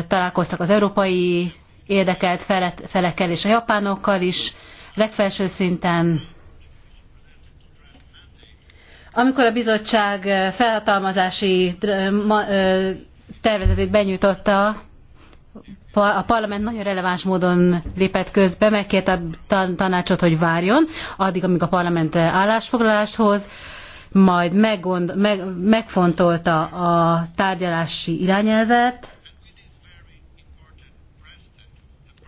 találkoztak az európai érdekelt felekkel és a japánokkal is, legfelső szinten. Amikor a bizottság felhatalmazási tervezetét benyújtotta, a parlament nagyon releváns módon lépett közbe, megkérte a tanácsot, hogy várjon, addig, amíg a parlament állásfoglalást hoz, majd meggond, meg, megfontolta a tárgyalási irányelvet,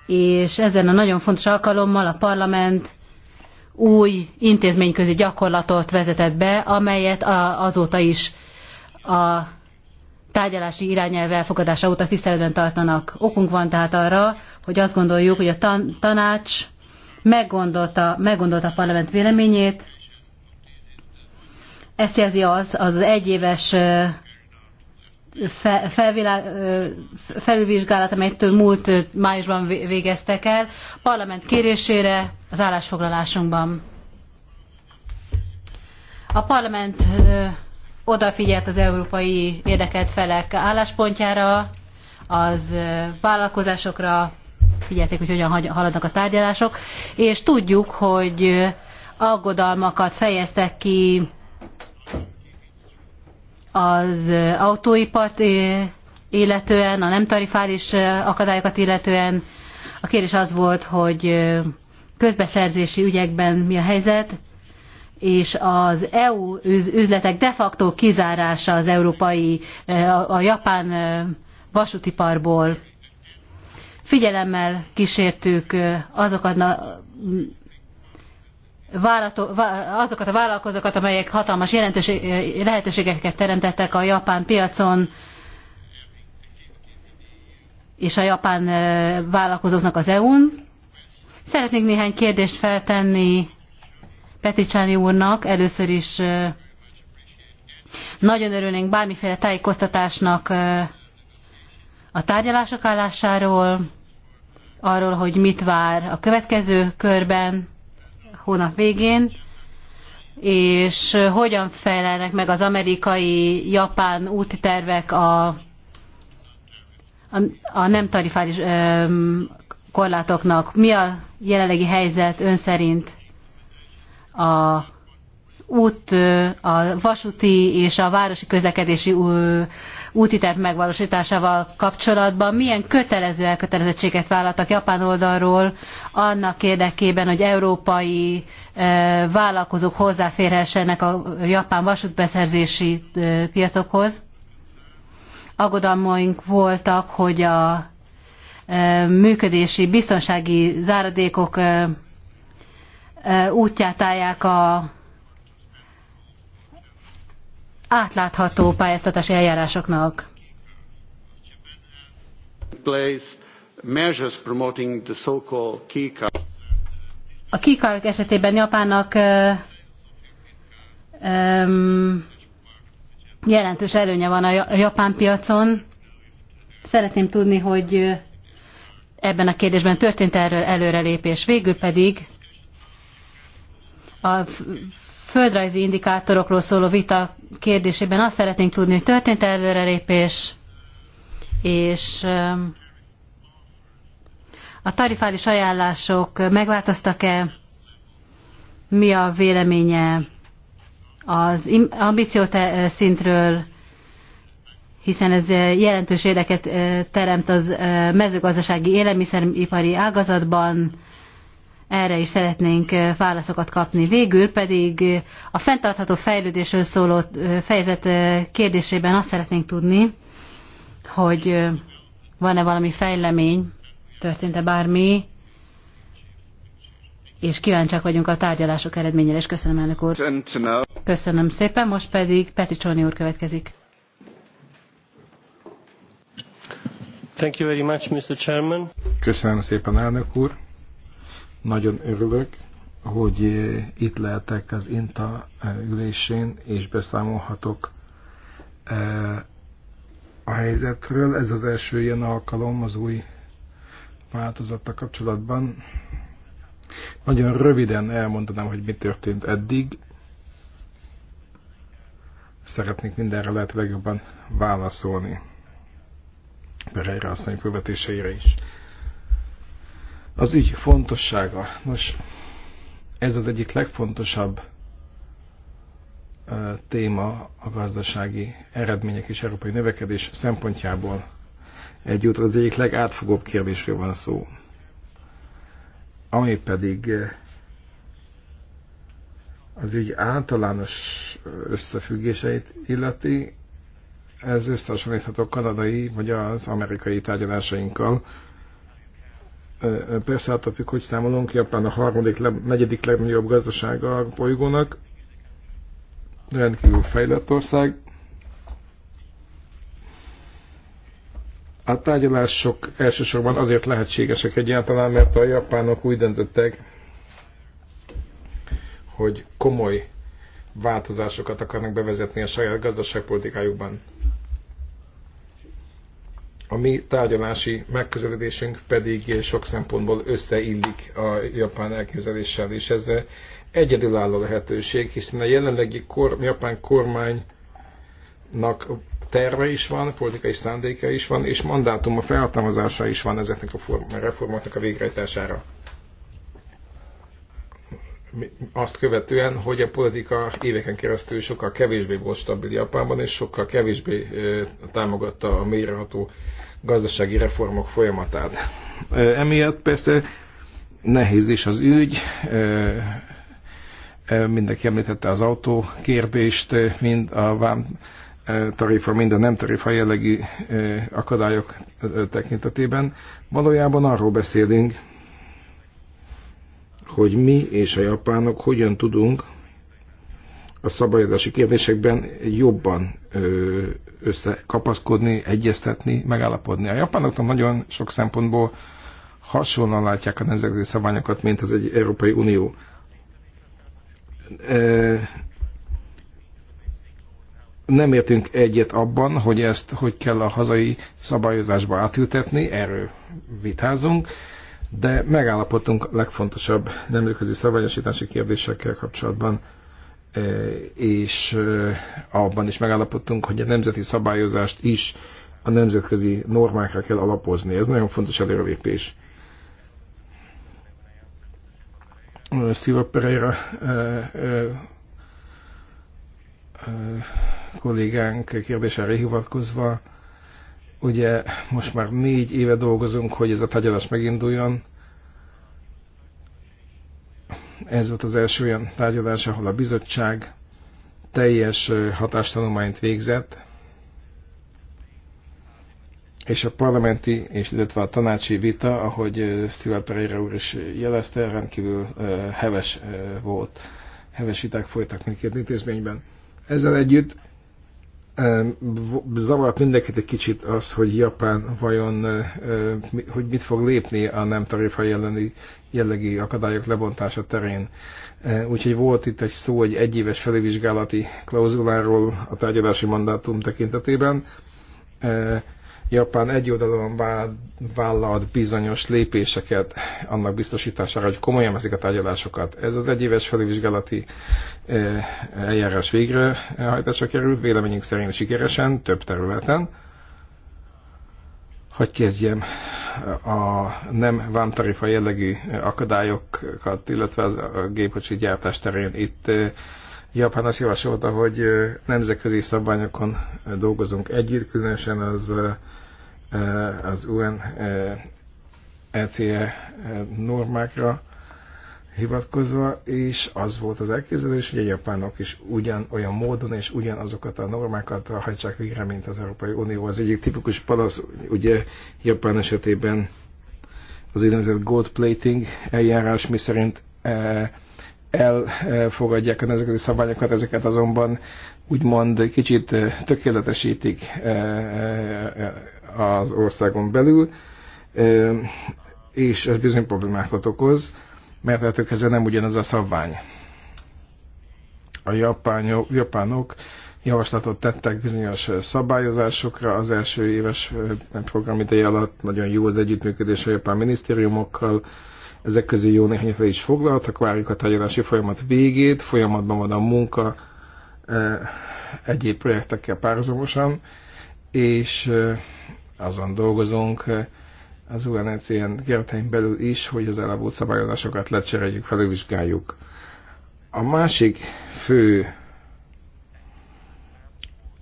és ezen a nagyon fontos alkalommal a parlament új intézményközi gyakorlatot vezetett be, amelyet azóta is a tárgyalási irányelv elfogadása óta tiszteletben tartanak. Okunk van tehát arra, hogy azt gondoljuk, hogy a tan tanács meggondolta, meggondolta a parlament véleményét. Ezt jelzi az, az egyéves felvilá, felülvizsgálat, amelyet múlt májusban végeztek el, parlament kérésére az állásfoglalásunkban. A parlament odafigyelt az európai érdekelt felek álláspontjára, az vállalkozásokra, figyelték, hogy hogyan haladnak a tárgyalások, és tudjuk, hogy aggodalmakat fejeztek ki az autóipart illetően, a nem tarifális akadályokat illetően. A kérdés az volt, hogy közbeszerzési ügyekben mi a helyzet, és az EU üzletek de facto kizárása az európai, e, a japán e, vasútiparból. Figyelemmel kísértük e, azokat a azokat a vállalkozókat, amelyek hatalmas lehetőségeket teremtettek a japán piacon, és a japán vállalkozóknak az EU-n. Szeretnék néhány kérdést feltenni Peticsáni úrnak. Először is nagyon örülnénk bármiféle tájékoztatásnak a tárgyalások állásáról, arról, hogy mit vár a következő körben, hónap végén, és hogyan felelnek meg az amerikai-japán úti tervek a, a, a nem tarifális korlátoknak. Mi a jelenlegi helyzet ön szerint? a út, a vasúti és a városi közlekedési úti terv megvalósításával kapcsolatban milyen kötelező elkötelezettséget vállaltak Japán oldalról annak érdekében, hogy európai vállalkozók hozzáférhessenek a japán vasútbeszerzési piacokhoz. Aggodalmaink voltak, hogy a működési biztonsági záradékok útját állják a átlátható pályáztatási eljárásoknak. A kikark esetében Japánnak jelentős előnye van a japán piacon. Szeretném tudni, hogy ebben a kérdésben történt erről előrelépés. Végül pedig a földrajzi indikátorokról szóló vita kérdésében azt szeretnénk tudni, hogy történt -e előrelépés, és a tarifális ajánlások megváltoztak-e, mi a véleménye az ambíció szintről, hiszen ez jelentős érdeket teremt az mezőgazdasági élelmiszeripari ágazatban, erre is szeretnénk válaszokat kapni. Végül pedig a fenntartható fejlődésről szóló fejezet kérdésében azt szeretnénk tudni, hogy van-e valami fejlemény, történt-e bármi, és kíváncsiak vagyunk a tárgyalások eredményére, és köszönöm elnök úr. Köszönöm szépen, most pedig Peti Csóni úr következik. Thank you very much, Mr. Chairman. Köszönöm szépen, elnök úr. Nagyon örülök, hogy eh, itt lehetek az INTA eh, ülésén, és beszámolhatok eh, a helyzetről. Ez az első ilyen alkalom az új változata kapcsolatban. Nagyon röviden elmondanám, hogy mi történt eddig. Szeretnék mindenre lehet legjobban válaszolni. Pereira asszony felvetéseire is. Az ügy fontossága. Nos, ez az egyik legfontosabb téma a gazdasági eredmények és európai növekedés szempontjából. Egyúttal az egyik legátfogóbb kérdésről van szó, ami pedig az ügy általános összefüggéseit illeti, ez összehasonlítható kanadai vagy az amerikai tárgyalásainkkal, persze attól függ, hogy számolunk, Japán a harmadik, negyedik legnagyobb gazdasága a bolygónak, rendkívül fejlett ország. A tárgyalások elsősorban azért lehetségesek egyáltalán, mert a japánok úgy döntöttek, hogy komoly változásokat akarnak bevezetni a saját gazdaságpolitikájukban. A mi tárgyalási megközelítésünk pedig sok szempontból összeillik a japán elképzeléssel, és ez egyedülálló lehetőség, hiszen a jelenlegi kor, japán kormánynak terve is van, politikai szándéka is van, és mandátum a felhatalmazása is van ezeknek a reformoknak a végrehajtására azt követően, hogy a politika éveken keresztül sokkal kevésbé volt stabil Japánban, és sokkal kevésbé támogatta a mélyreható gazdasági reformok folyamatát. Emiatt persze nehéz is az ügy, mindenki említette az autó kérdést, mind a vám tarifa, mind a nem tarifa jellegű akadályok tekintetében. Valójában arról beszélünk, hogy mi és a japánok hogyan tudunk a szabályozási kérdésekben jobban összekapaszkodni, egyeztetni, megállapodni. A japánoknak nagyon sok szempontból hasonlóan látják a nemzetközi szabályokat, mint az egy Európai Unió. Nem értünk egyet abban, hogy ezt hogy kell a hazai szabályozásba átültetni, erről vitázunk de megállapodtunk legfontosabb nemzetközi szabványosítási kérdésekkel kapcsolatban, eh, és eh, abban is megállapodtunk, hogy a nemzeti szabályozást is a nemzetközi normákra kell alapozni. Ez nagyon fontos előrelépés. Szíva Pereira eh, kollégánk kérdésére hivatkozva Ugye most már négy éve dolgozunk, hogy ez a tárgyalás meginduljon. Ez volt az első olyan tárgyalás, ahol a bizottság teljes hatástanulmányt végzett, és a parlamenti, és illetve a tanácsi vita, ahogy Steve Pereira úr is jelezte, rendkívül heves volt. Heves viták folytak mindkét intézményben. Ezzel együtt zavart mindenkit egy kicsit az, hogy Japán vajon, hogy mit fog lépni a nem tarifa jelleni, jellegi akadályok lebontása terén. Úgyhogy volt itt egy szó egy egyéves felévizsgálati klauzuláról a tárgyalási mandátum tekintetében. Japán egyoldalúan vállalt bizonyos lépéseket annak biztosítására, hogy komolyan veszik a tárgyalásokat. Ez az egyéves felvizsgálati eh, eljárás végrehajtásra került, véleményünk szerint sikeresen, több területen. Hogy kezdjem a nem vámtarifa jellegű akadályokat, illetve az a gépkocsi gyártás terén itt eh, Japán azt javasolta, hogy nemzetközi szabványokon dolgozunk együtt, különösen az, az UN ECE e, normákra hivatkozva, és az volt az elképzelés, hogy a japánok is ugyan olyan módon és ugyanazokat a normákat hajtsák végre, mint az Európai Unió. Az egyik tipikus panasz, ugye Japán esetében az úgynevezett gold plating eljárás, mi szerint elfogadják a nemzetközi szabályokat, ezeket azonban úgymond kicsit tökéletesítik az országon belül, és ez bizony problémákat okoz, mert hát ettől kezdve nem ugyanaz a szabvány. A japánok, japánok javaslatot tettek bizonyos szabályozásokra az első éves program ideje alatt, nagyon jó az együttműködés a japán minisztériumokkal, ezek közül jó néhány fel is foglaltak, várjuk a tárgyalási folyamat végét, folyamatban van a munka egyéb projektekkel párhuzamosan, és azon dolgozunk az UNHCN keretein belül is, hogy az elavult szabályozásokat lecseréljük, felülvizsgáljuk. A másik fő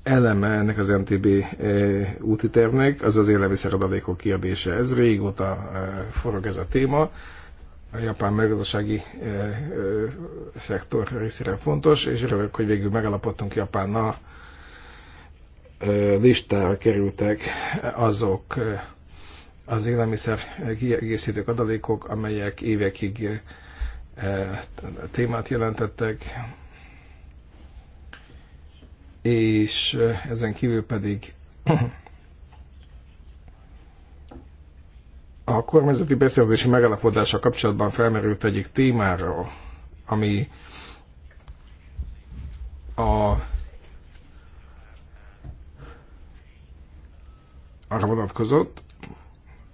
eleme ennek az MTB úti tervnek az az élelmiszeradalékok kérdése. Ez régóta forog ez a téma a japán e, szektor részére fontos, és örülök, hogy végül megalapodtunk Japánnal. Eh, Listára kerültek azok az élelmiszer kiegészítők adalékok, amelyek évekig témát jelentettek, és ezen kívül pedig A kormányzati beszerzési megalapodása kapcsolatban felmerült egyik témára, ami a arra vonatkozott,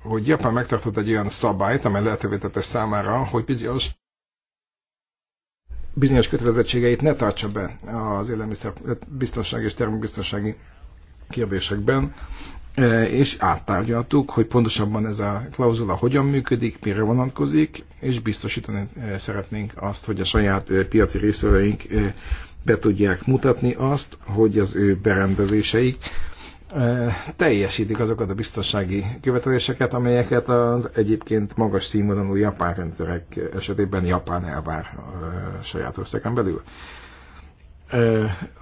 hogy Japán megtartott egy olyan szabályt, amely lehetővé tette számára, hogy bizonyos, bizonyos kötelezettségeit ne tartsa be az élelmiszer biztonsági és termékbiztonsági kérdésekben és áttárgyaltuk, hogy pontosabban ez a klauzula hogyan működik, mire vonatkozik, és biztosítani szeretnénk azt, hogy a saját piaci részvevőink be tudják mutatni azt, hogy az ő berendezéseik teljesítik azokat a biztonsági követeléseket, amelyeket az egyébként magas színvonalú japán rendszerek esetében Japán elvár saját országán belül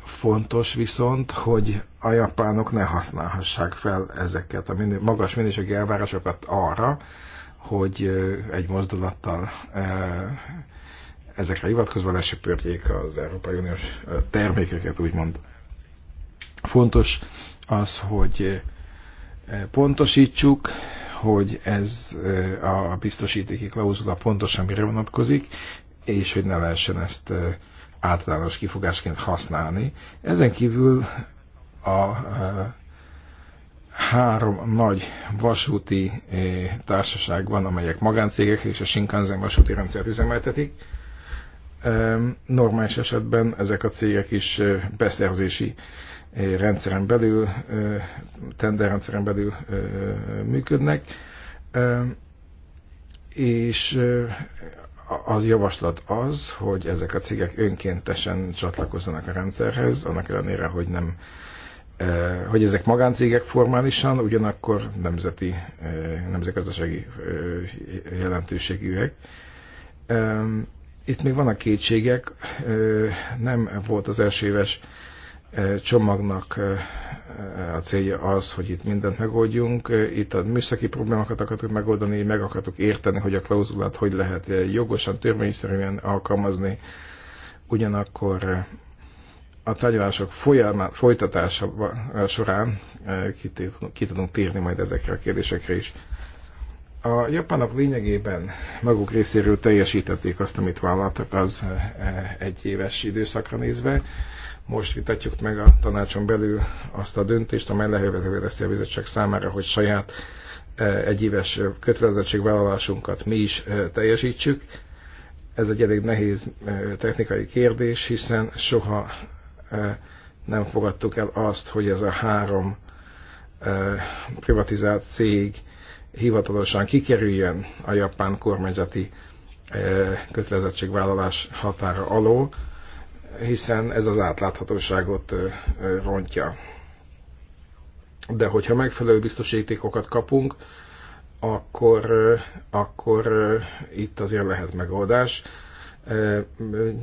fontos viszont, hogy a japánok ne használhassák fel ezeket a minő, magas minőségi elvárásokat arra, hogy egy mozdulattal ezekre hivatkozva lesöpörjék az Európai Uniós termékeket, úgymond. Fontos az, hogy pontosítsuk, hogy ez a biztosítéki klauzula pontosan mire vonatkozik, és hogy ne lehessen ezt általános kifogásként használni. Ezen kívül a eh, három nagy vasúti eh, társaság van, amelyek magáncégek és a Shinkansen vasúti rendszert üzemeltetik. Normális esetben ezek a cégek is eh, beszerzési rendszeren belül, tenderrendszeren belül működnek, és az javaslat az, hogy ezek a cégek önkéntesen csatlakozzanak a rendszerhez, annak ellenére, hogy nem eh, hogy ezek magáncégek formálisan, ugyanakkor nemzeti, eh, nemzetgazdasági eh, jelentőségűek. Itt még vannak kétségek, nem volt az első éves E, csomagnak e, e, a célja az, hogy itt mindent megoldjunk. Itt a műszaki problémákat akartuk megoldani, meg akartuk érteni, hogy a klauzulát hogy lehet jogosan, törvényszerűen alkalmazni. Ugyanakkor a tárgyalások folytatása során ki tudunk térni majd ezekre a kérdésekre is. A japánok lényegében maguk részéről teljesítették azt, amit vállaltak az egy éves időszakra nézve. Most vitatjuk meg a tanácson belül azt a döntést, amely lehetővé teszi a bizottság számára, hogy saját e, egyéves kötelezettségvállalásunkat mi is e, teljesítsük. Ez egy elég nehéz e, technikai kérdés, hiszen soha nem fogadtuk el azt, hogy ez a három privatizált cég hivatalosan kikerüljön a japán kormányzati kötelezettségvállalás határa alól hiszen ez az átláthatóságot rontja. De hogyha megfelelő biztosítékokat kapunk, akkor, akkor itt azért lehet megoldás.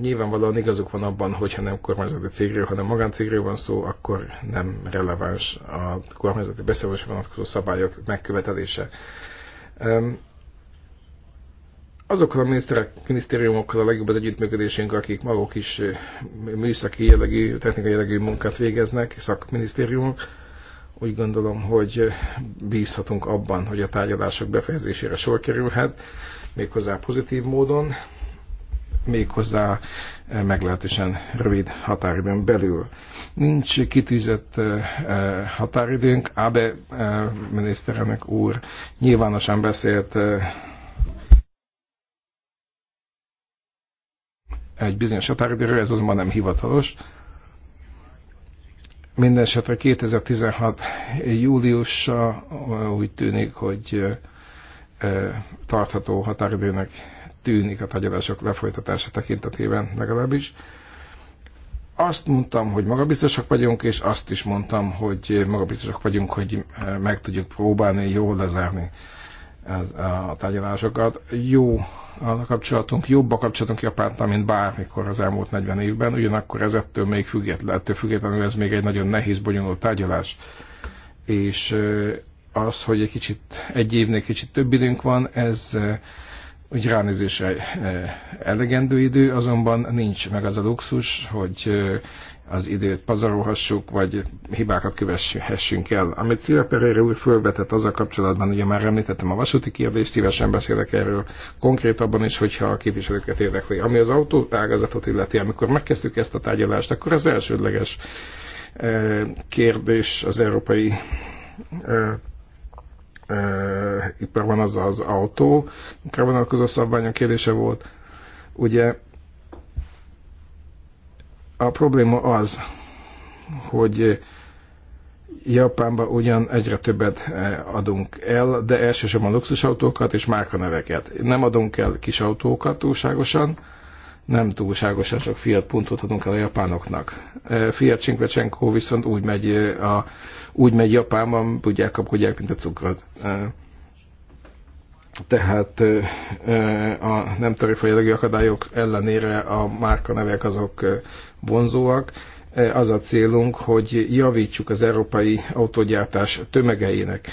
Nyilvánvalóan igazuk van abban, hogyha nem kormányzati cégről, hanem magáncégről van szó, akkor nem releváns a kormányzati beszélésre vonatkozó szabályok megkövetelése azokkal a miniszterek, minisztériumokkal a legjobb az együttműködésünk, akik maguk is eh, műszaki jellegű, technikai jellegű munkát végeznek, szakminisztériumok. Úgy gondolom, hogy eh, bízhatunk abban, hogy a tárgyalások befejezésére sor kerülhet, méghozzá pozitív módon, méghozzá eh, meglehetősen rövid határidőn belül. Nincs kitűzött határidőnk, Abe miniszterelnök úr nyilvánosan beszélt egy bizonyos határidőre, ez azonban nem hivatalos. Mindenesetre 2016. júliusa úgy tűnik, hogy tartható határidőnek tűnik a tárgyalások lefolytatása tekintetében legalábbis. Azt mondtam, hogy magabiztosak vagyunk, és azt is mondtam, hogy magabiztosak vagyunk, hogy meg tudjuk próbálni jól lezárni az, a tárgyalásokat. Jó a kapcsolatunk, jobb a kapcsolatunk Japánnal, mint bármikor az elmúlt 40 évben, ugyanakkor ez ettől még független, ettől függetlenül ez még egy nagyon nehéz, bonyolult tárgyalás. És az, hogy egy kicsit, egy évnél kicsit több időnk van, ez úgy ránézésre eh, elegendő idő, azonban nincs meg az a luxus, hogy eh, az időt pazarolhassuk, vagy hibákat kövessünk el. Amit Szilva Pereira úr fölvetett az a kapcsolatban, ugye már említettem a vasúti kérdést, szívesen beszélek erről konkrétabban is, hogyha a képviselőket érdekli. Ami az autóágazatot illeti, amikor megkezdtük ezt a tárgyalást, akkor az elsődleges eh, kérdés az európai van az az autó, vonatkozó a kérdése volt. Ugye a probléma az, hogy Japánba ugyan egyre többet adunk el, de elsősorban luxusautókat és márkaneveket. Nem adunk el kis autókat túlságosan, nem túlságosan sok Fiat pontot adunk el a japánoknak. Fiat Csinkvecsenkó viszont úgy megy, a, úgy megy Japánban, úgy elkapkodják, mint a cukrot. Tehát a nem tarifajelegi akadályok ellenére a márkanevek azok vonzóak. Az a célunk, hogy javítsuk az európai autógyártás tömegeinek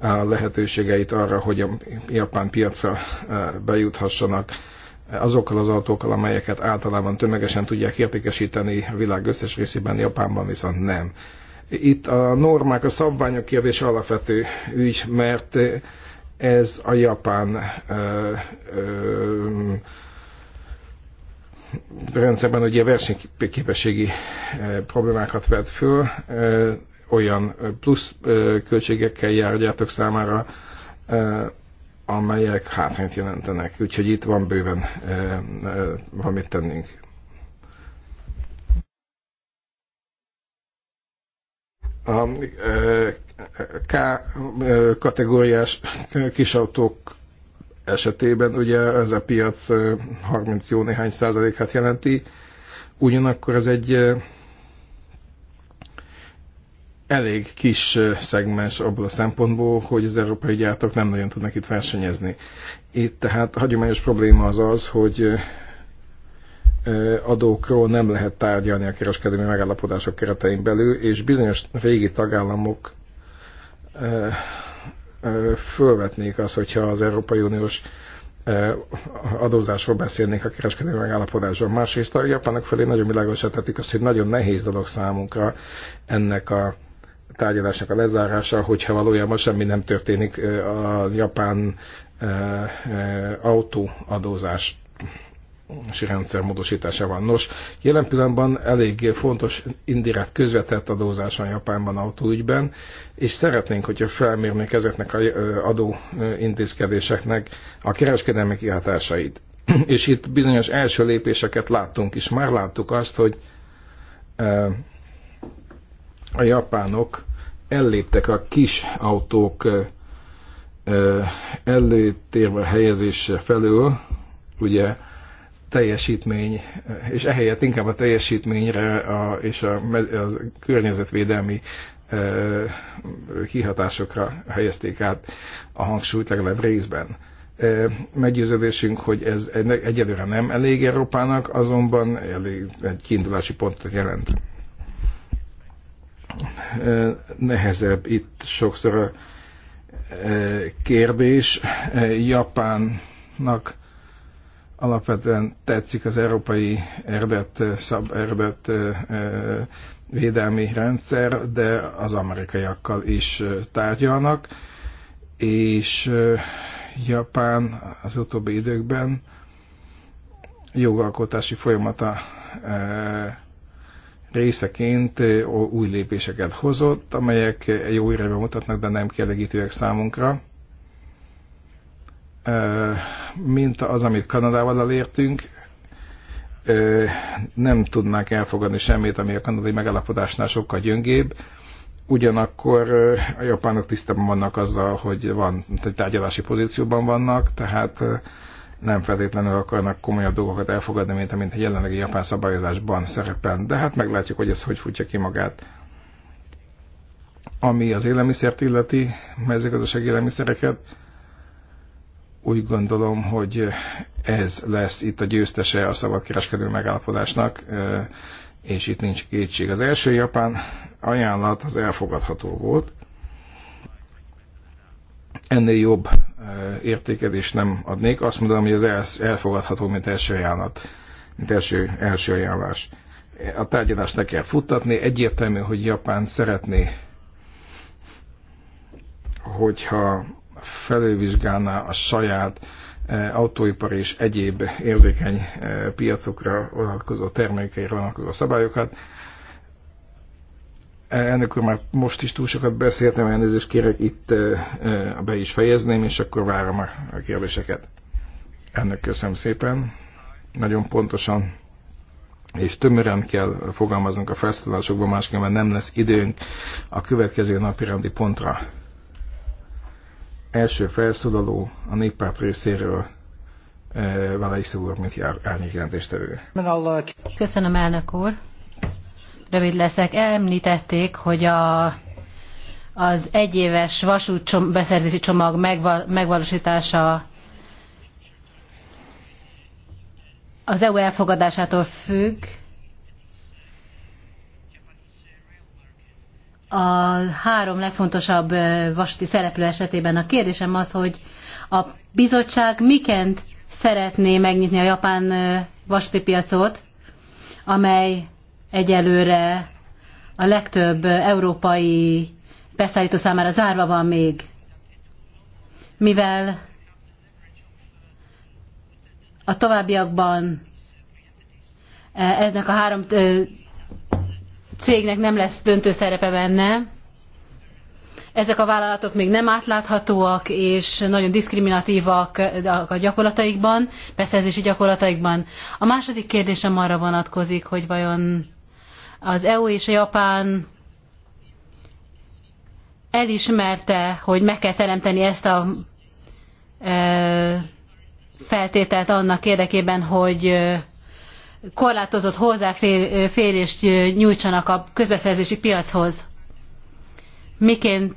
a lehetőségeit arra, hogy a japán piacra bejuthassanak azokkal az autókkal, amelyeket általában tömegesen tudják értékesíteni a világ összes részében, Japánban viszont nem. Itt a normák, a szabványok kérdése alapvető ügy, mert ez a japán ö, ö, rendszerben ugye versenyképességi problémákat vet föl, olyan plusz költségekkel jár a gyártók számára, amelyek hátrányt jelentenek. Úgyhogy itt van bőven eh, eh, valamit tennünk. A eh, K kategóriás kisautók esetében ugye ez a piac 30 jó néhány százalékát jelenti, ugyanakkor ez egy elég kis szegmens abból a szempontból, hogy az európai gyártók nem nagyon tudnak itt versenyezni. Itt tehát a hagyományos probléma az az, hogy adókról nem lehet tárgyalni a kereskedelmi megállapodások keretein belül, és bizonyos régi tagállamok fölvetnék azt, hogyha az Európai Uniós adózásról beszélnék a kereskedelmi megállapodásról. Másrészt a japánok felé nagyon világosan tették azt, hogy nagyon nehéz dolog számunkra ennek a tárgyalásnak a lezárása, hogyha valójában semmi nem történik a japán autóadózás rendszer módosításával. Nos, jelen pillanatban elég fontos indirekt közvetett adózás van Japánban autóügyben, és szeretnénk, hogyha felmérnék ezeknek a adó intézkedéseknek a kereskedelmi kihatásait. (clears throat) és itt bizonyos első lépéseket láttunk és Már láttuk azt, hogy a japánok elléptek a kis autók előtérve helyezése felől, ugye teljesítmény, és ehelyett inkább a teljesítményre a, és a, a környezetvédelmi e, kihatásokra helyezték át a hangsúlyt legalább részben. E, meggyőződésünk, hogy ez egyelőre nem elég Európának, azonban elég egy kiindulási pontot jelent nehezebb. Itt sokszor a kérdés. Japánnak alapvetően tetszik az európai erdet, szab erdet védelmi rendszer, de az amerikaiakkal is tárgyalnak, és Japán az utóbbi időkben jogalkotási folyamata részeként új lépéseket hozott, amelyek jó irányba mutatnak, de nem kielégítőek számunkra. Mint az, amit Kanadával elértünk, nem tudnánk elfogadni semmit, ami a kanadai megállapodásnál sokkal gyöngébb. Ugyanakkor a japánok tisztában vannak azzal, hogy van, tárgyalási pozícióban vannak, tehát nem feltétlenül akarnak komolyabb dolgokat elfogadni, mint amint a jelenlegi japán szabályozásban szerepel. De hát meglátjuk, hogy ez hogy futja ki magát. Ami az élelmiszert illeti, mezőgazdasági élelmiszereket, úgy gondolom, hogy ez lesz itt a győztese a szabadkereskedő megállapodásnak, és itt nincs kétség. Az első japán ajánlat az elfogadható volt, Ennél jobb értékedést nem adnék. Azt mondom, hogy ez elfogadható, mint első ajánlat, mint első, első ajánlás. A tárgyalást le kell futtatni. Egyértelmű, hogy Japán szeretné, hogyha felővizsgálná a saját autóipar és egyéb érzékeny piacokra vonatkozó termékeire vonatkozó szabályokat, Elnök úr, már most is túl sokat beszéltem, elnézést kérek, itt be is fejezném, és akkor várom a kérdéseket. Ennek köszönöm szépen. Nagyon pontosan és tömören kell fogalmaznunk a felszólalásokban, mert nem lesz időnk a következő napirendi pontra. Első felszólaló a néppárt részéről Valai Szúr, mint árnyékjelentéstevő. Köszönöm, elnök úr rövid leszek. Említették, hogy a, az egyéves vasút beszerzési csomag megva, megvalósítása az EU elfogadásától függ. A három legfontosabb vasúti szereplő esetében a kérdésem az, hogy a bizottság miként szeretné megnyitni a japán vasúti piacot, amely egyelőre a legtöbb európai beszállító számára zárva van még, mivel a továbbiakban e, ennek a három e, cégnek nem lesz döntő szerepe benne. Ezek a vállalatok még nem átláthatóak, és nagyon diszkriminatívak a gyakorlataikban, beszerzési gyakorlataikban. A második kérdésem arra vonatkozik, hogy vajon az EU és Japán elismerte, hogy meg kell teremteni ezt a e, feltételt annak érdekében, hogy e, korlátozott hozzáférést e, nyújtsanak a közbeszerzési piachoz. Miként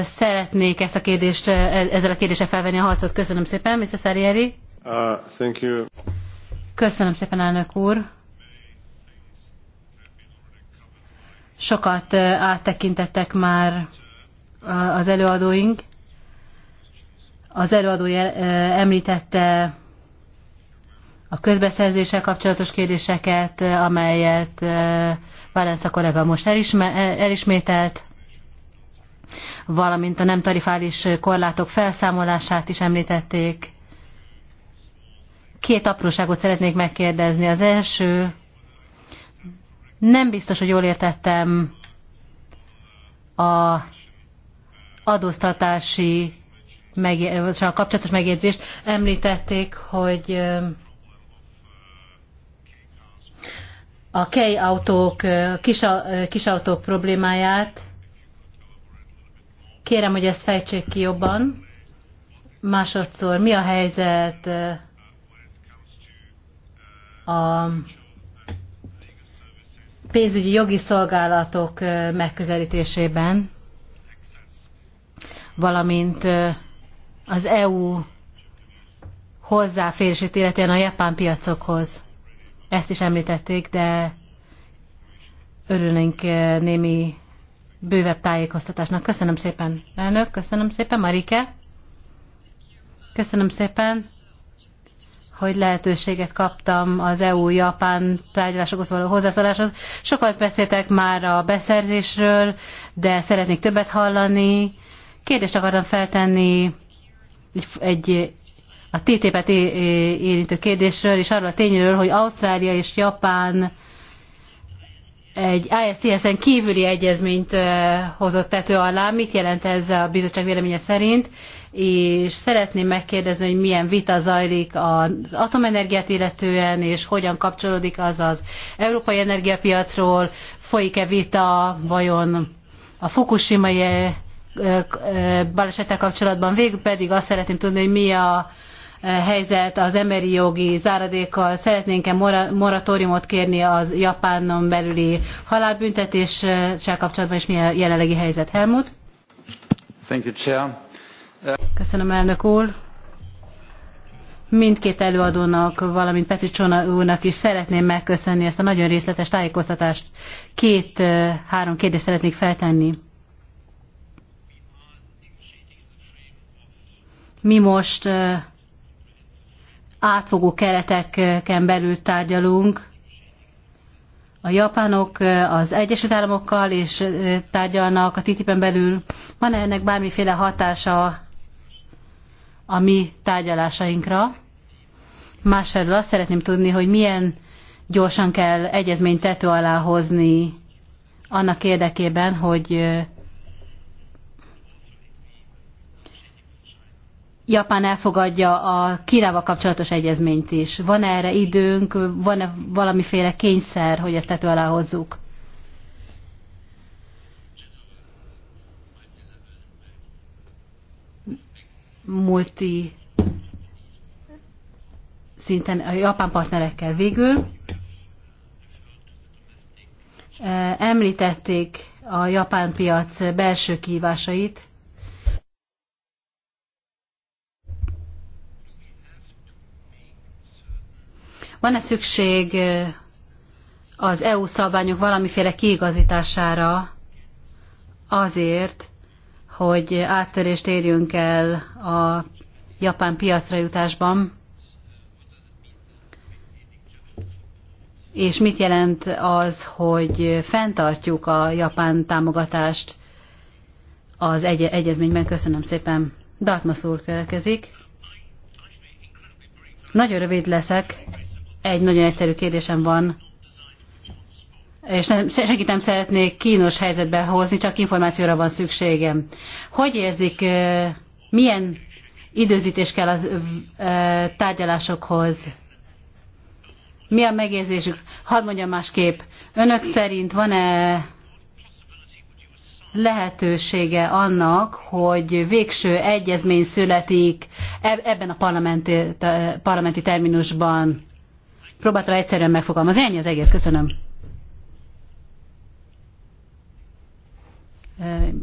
szeretnék ezt a kérdést, ezzel a kérdéssel felvenni a harcot? Köszönöm szépen, Mr. Sarieri. Uh, thank you. Köszönöm szépen, elnök úr. sokat áttekintettek már az előadóink. Az előadó említette a közbeszerzéssel kapcsolatos kérdéseket, amelyet Valensza kollega most e, elismételt, valamint a nem tarifális korlátok felszámolását is említették. Két apróságot szeretnék megkérdezni. Az első, nem biztos, hogy jól értettem a adóztatási vagy a kapcsolatos megjegyzést. Említették, hogy a kei autók, kis, kis autók problémáját. Kérem, hogy ezt fejtsék ki jobban. Másodszor, mi a helyzet a pénzügyi jogi szolgálatok megközelítésében, valamint az EU hozzáférését illetően a japán piacokhoz. Ezt is említették, de örülnénk némi bővebb tájékoztatásnak. Köszönöm szépen, elnök, köszönöm szépen, Marike. Köszönöm szépen hogy lehetőséget kaptam az EU-Japán tárgyalásokhoz való hozzászóláshoz. Sokat beszéltek már a beszerzésről, de szeretnék többet hallani. Kérdést akartam feltenni egy, a ttp et érintő kérdésről, és arról a tényről, hogy Ausztrália és Japán egy ISTS-en kívüli egyezményt hozott tető alá. Mit jelent ez a bizottság véleménye szerint? és szeretném megkérdezni, hogy milyen vita zajlik az atomenergiát illetően, és hogyan kapcsolódik az az európai energiapiacról, folyik-e vita, vajon a fukushimai eh, eh, balesetek kapcsolatban. Végül pedig azt szeretném tudni, hogy mi a eh, helyzet az emberi jogi záradékkal. Szeretnénk-e moratóriumot kérni az Japánon belüli halálbüntetéssel kapcsolatban, és mi a jelenlegi helyzet, Helmut? Thank you, Chair. Köszönöm, elnök úr. Mindkét előadónak, valamint Petri Csona úrnak is szeretném megköszönni ezt a nagyon részletes tájékoztatást. Két-három kérdést szeretnék feltenni. Mi most átfogó kereteken belül tárgyalunk, a japánok az Egyesült Államokkal is tárgyalnak a TTIP-en belül. Van -e ennek bármiféle hatása a mi tárgyalásainkra. Másfelől azt szeretném tudni, hogy milyen gyorsan kell egyezményt tető alá hozni annak érdekében, hogy Japán elfogadja a Kínával kapcsolatos egyezményt is. Van -e erre időnk, van-e valamiféle kényszer, hogy ezt tető alá hozzuk? multi szinten a japán partnerekkel végül. E, említették a japán piac belső kihívásait. Van-e szükség e, az EU szabványok valamiféle kiigazítására azért, hogy áttörést érjünk el a japán piacra jutásban, és mit jelent az, hogy fenntartjuk a japán támogatást az egy egyezményben. Köszönöm szépen. Dartmouth úr következik. Nagyon rövid leszek. Egy nagyon egyszerű kérdésem van és nem, senkit nem szeretnék kínos helyzetbe hozni, csak információra van szükségem. Hogy érzik, milyen időzítés kell a tárgyalásokhoz? Mi a megérzésük? Hadd mondjam másképp. Önök szerint van-e lehetősége annak, hogy végső egyezmény születik e-, ebben a parlamenti, parlamenti terminusban? Próbáltam egyszerűen megfogalmazni. Ennyi az egész. Köszönöm.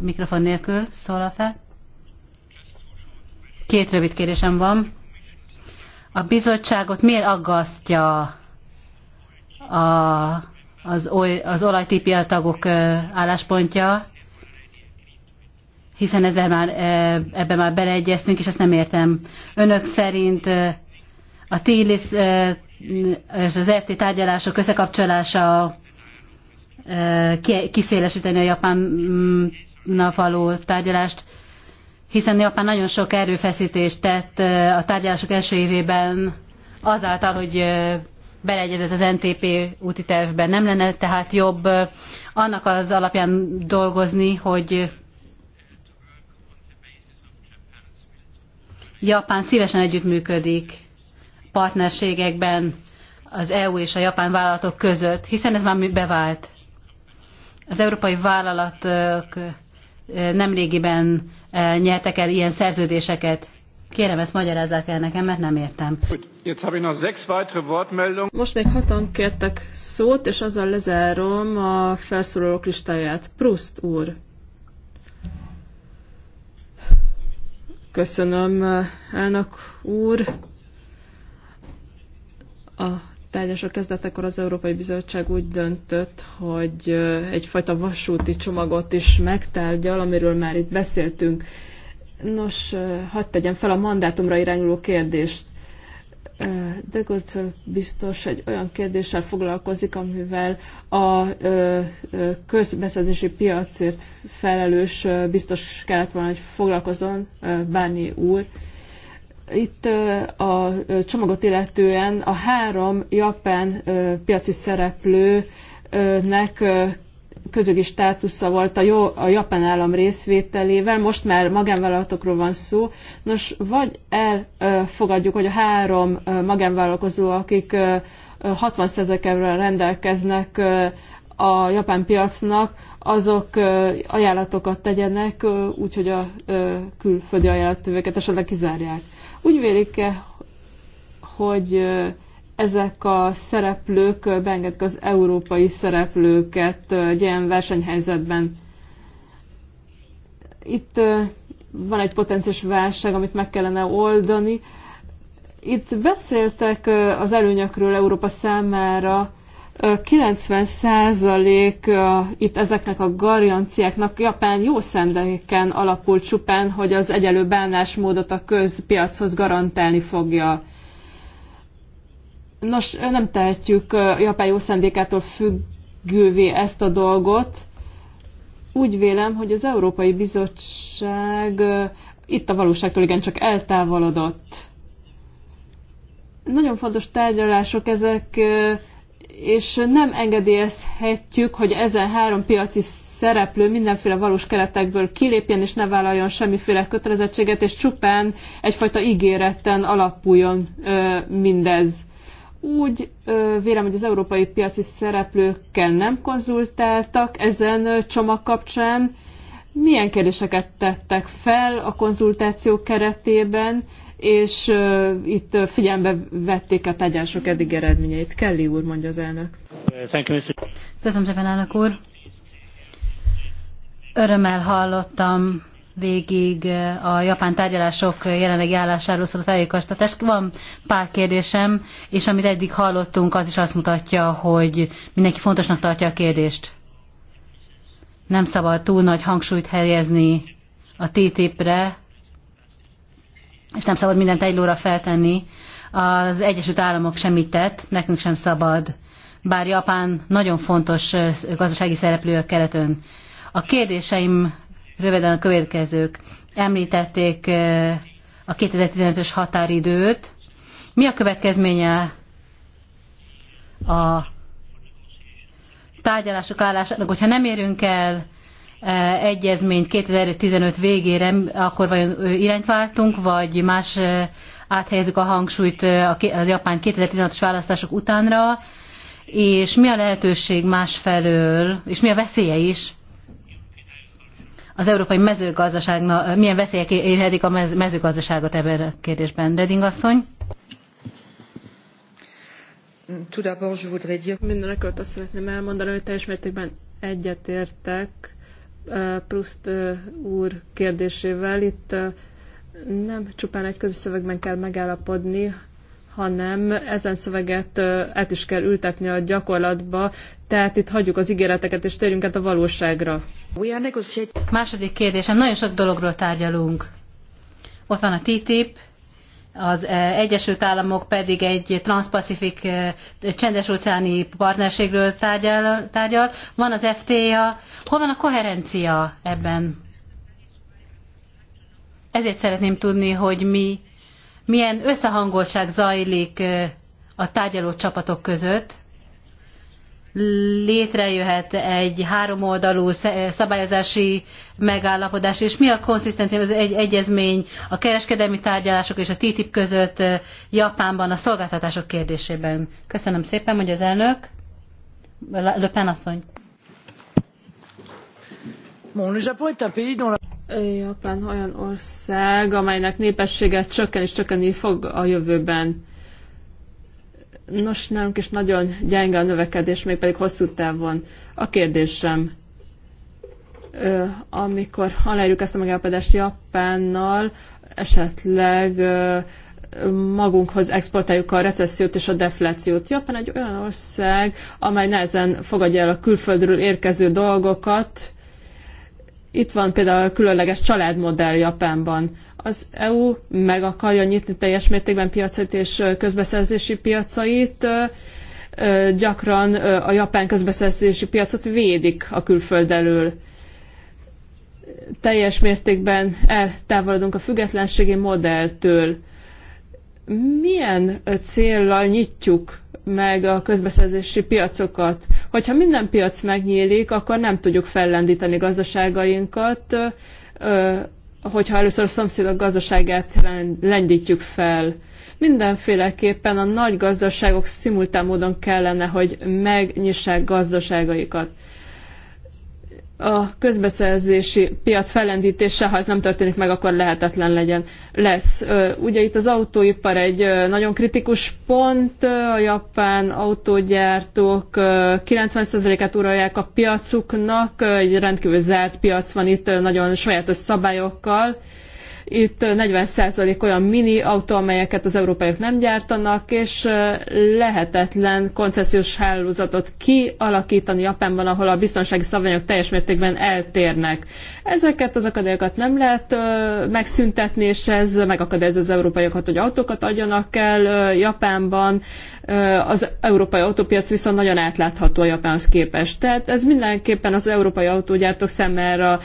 mikrofon nélkül szólal fel. Két rövid kérdésem van. A bizottságot miért aggasztja a, az, oly, az olajtipia tagok álláspontja, hiszen ezzel már, ebben már beleegyeztünk, és ezt nem értem. Önök szerint a TILIS és az FT tárgyalások összekapcsolása kiszélesíteni a Japánnal való tárgyalást, hiszen Japán nagyon sok erőfeszítést tett a tárgyalások első évében azáltal, hogy beleegyezett az NTP úti tervben. Nem lenne tehát jobb annak az alapján dolgozni, hogy Japán szívesen együttműködik partnerségekben az EU és a japán vállalatok között, hiszen ez már bevált. Az európai vállalatok nemrégiben nyertek el ilyen szerződéseket. Kérem, ezt magyarázzák el nekem, mert nem értem. Most még hatan kértek szót, és azzal lezárom a felszólalók listáját. Proust úr. Köszönöm, elnök úr. A tárgyás a kezdetekor az Európai Bizottság úgy döntött, hogy egyfajta vasúti csomagot is megtárgyal, amiről már itt beszéltünk. Nos, hadd tegyem fel a mandátumra irányuló kérdést. De Gorcol biztos egy olyan kérdéssel foglalkozik, amivel a közbeszerzési piacért felelős biztos kellett volna, hogy foglalkozon Báni úr. Itt a csomagot illetően a három japán piaci szereplőnek közögi státusza volt a, jó, a japán állam részvételével, most már magánvállalatokról van szó. Nos, vagy elfogadjuk, hogy a három magánvállalkozó, akik 60%-ra rendelkeznek a japán piacnak, azok ajánlatokat tegyenek, úgyhogy a külföldi ajánlatövőket esetleg kizárják. Úgy vélik-e, hogy ezek a szereplők beengedik az európai szereplőket egy ilyen versenyhelyzetben? Itt van egy potenciális válság, amit meg kellene oldani. Itt beszéltek az előnyökről Európa számára, 90% itt ezeknek a garanciáknak Japán jó szendeken alapult, csupán, hogy az egyelő bánásmódot a közpiachoz garantálni fogja. Nos, nem tehetjük Japán jó szendékától függővé ezt a dolgot. Úgy vélem, hogy az Európai Bizottság itt a valóságtól igencsak eltávolodott. Nagyon fontos tárgyalások ezek és nem engedélyezhetjük, hogy ezen három piaci szereplő mindenféle valós keretekből kilépjen, és ne vállaljon semmiféle kötelezettséget, és csupán egyfajta ígéretten alapuljon ö, mindez. Úgy ö, vélem, hogy az európai piaci szereplőkkel nem konzultáltak ezen csomag kapcsán. Milyen kérdéseket tettek fel a konzultáció keretében, és itt figyelembe vették a tárgyalások eddig eredményeit. Kelly úr, mondja az elnök. Köszönöm szépen, elnök úr. Örömmel hallottam végig a japán tárgyalások jelenlegi állásáról szóló tájékoztatást. Van pár kérdésem, és amit eddig hallottunk, az is azt mutatja, hogy mindenki fontosnak tartja a kérdést. Nem szabad túl nagy hangsúlyt helyezni a TTIP-re, és nem szabad mindent egy lóra feltenni. Az Egyesült Államok semmit tett, nekünk sem szabad, bár Japán nagyon fontos gazdasági szereplő a keretön. A kérdéseim röviden a következők. Említették a 2015-ös határidőt. Mi a következménye a tárgyalások állásának, hogyha nem érünk el Eh, egyezményt 2015 végére, akkor vajon irányt váltunk, vagy más eh, áthelyezzük a hangsúlyt eh, a japán 2016-os választások utánra, és mi a lehetőség másfelől, és mi a veszélye is az európai mezőgazdaságnak, milyen veszélyek érhetik a mezőgazdaságot ebben a kérdésben. Reding asszony? Mindenekről azt szeretném elmondani, hogy teljes mértékben egyetértek Proust úr kérdésével. Itt nem csupán egy közös szövegben kell megállapodni, hanem ezen szöveget át is kell ültetni a gyakorlatba, tehát itt hagyjuk az ígéreteket és térjünk át a valóságra. Második kérdésem, nagyon sok dologról tárgyalunk. Ott van a TTIP, az eh, Egyesült Államok pedig egy transzpacifik eh, csendes-óceáni partnerségről tárgyal, tárgyal. Van az FTA. Hol van a koherencia ebben? Ezért szeretném tudni, hogy mi, milyen összehangoltság zajlik eh, a tárgyaló csapatok között, létrejöhet egy háromoldalú szabályozási megállapodás, és mi a konszisztencia az egy egyezmény a kereskedelmi tárgyalások és a TTIP között eh, Japánban a szolgáltatások kérdésében. Köszönöm szépen, hogy az elnök. Löpen asszony. Japán olyan ország, amelynek népessége csökken és csökkenni fog a jövőben. Nos, nálunk is nagyon gyenge a növekedés, pedig hosszú távon. A kérdésem, amikor aláírjuk ezt a megállapodást Japánnal, esetleg magunkhoz exportáljuk a recessziót és a deflációt. Japán egy olyan ország, amely nehezen fogadja el a külföldről érkező dolgokat. Itt van például a különleges családmodell Japánban. Az EU meg akarja nyitni teljes mértékben piacait és közbeszerzési piacait, gyakran a japán közbeszerzési piacot védik a külföld elől. Teljes mértékben eltávolodunk a függetlenségi modelltől. Milyen céllal nyitjuk meg a közbeszerzési piacokat? Hogyha minden piac megnyílik, akkor nem tudjuk fellendíteni gazdaságainkat, hogyha először a szomszédok gazdaságát lendítjük fel. Mindenféleképpen a nagy gazdaságok szimultán módon kellene, hogy megnyissák gazdaságaikat a közbeszerzési piac fellendítése, ha ez nem történik meg, akkor lehetetlen legyen, lesz. Ugye itt az autóipar egy nagyon kritikus pont, a japán autógyártók 90%-át uralják a piacuknak, egy rendkívül zárt piac van itt nagyon sajátos szabályokkal, itt 40% olyan mini autó, amelyeket az európaiak nem gyártanak, és lehetetlen koncesziós hálózatot kialakítani Japánban, ahol a biztonsági szabványok teljes mértékben eltérnek. Ezeket az akadályokat nem lehet megszüntetni, és ez megakadályozza az európaiakat, hogy autókat adjanak el Japánban az európai autópiac viszont nagyon átlátható a Japánhoz képest. Tehát ez mindenképpen az európai autógyártók számára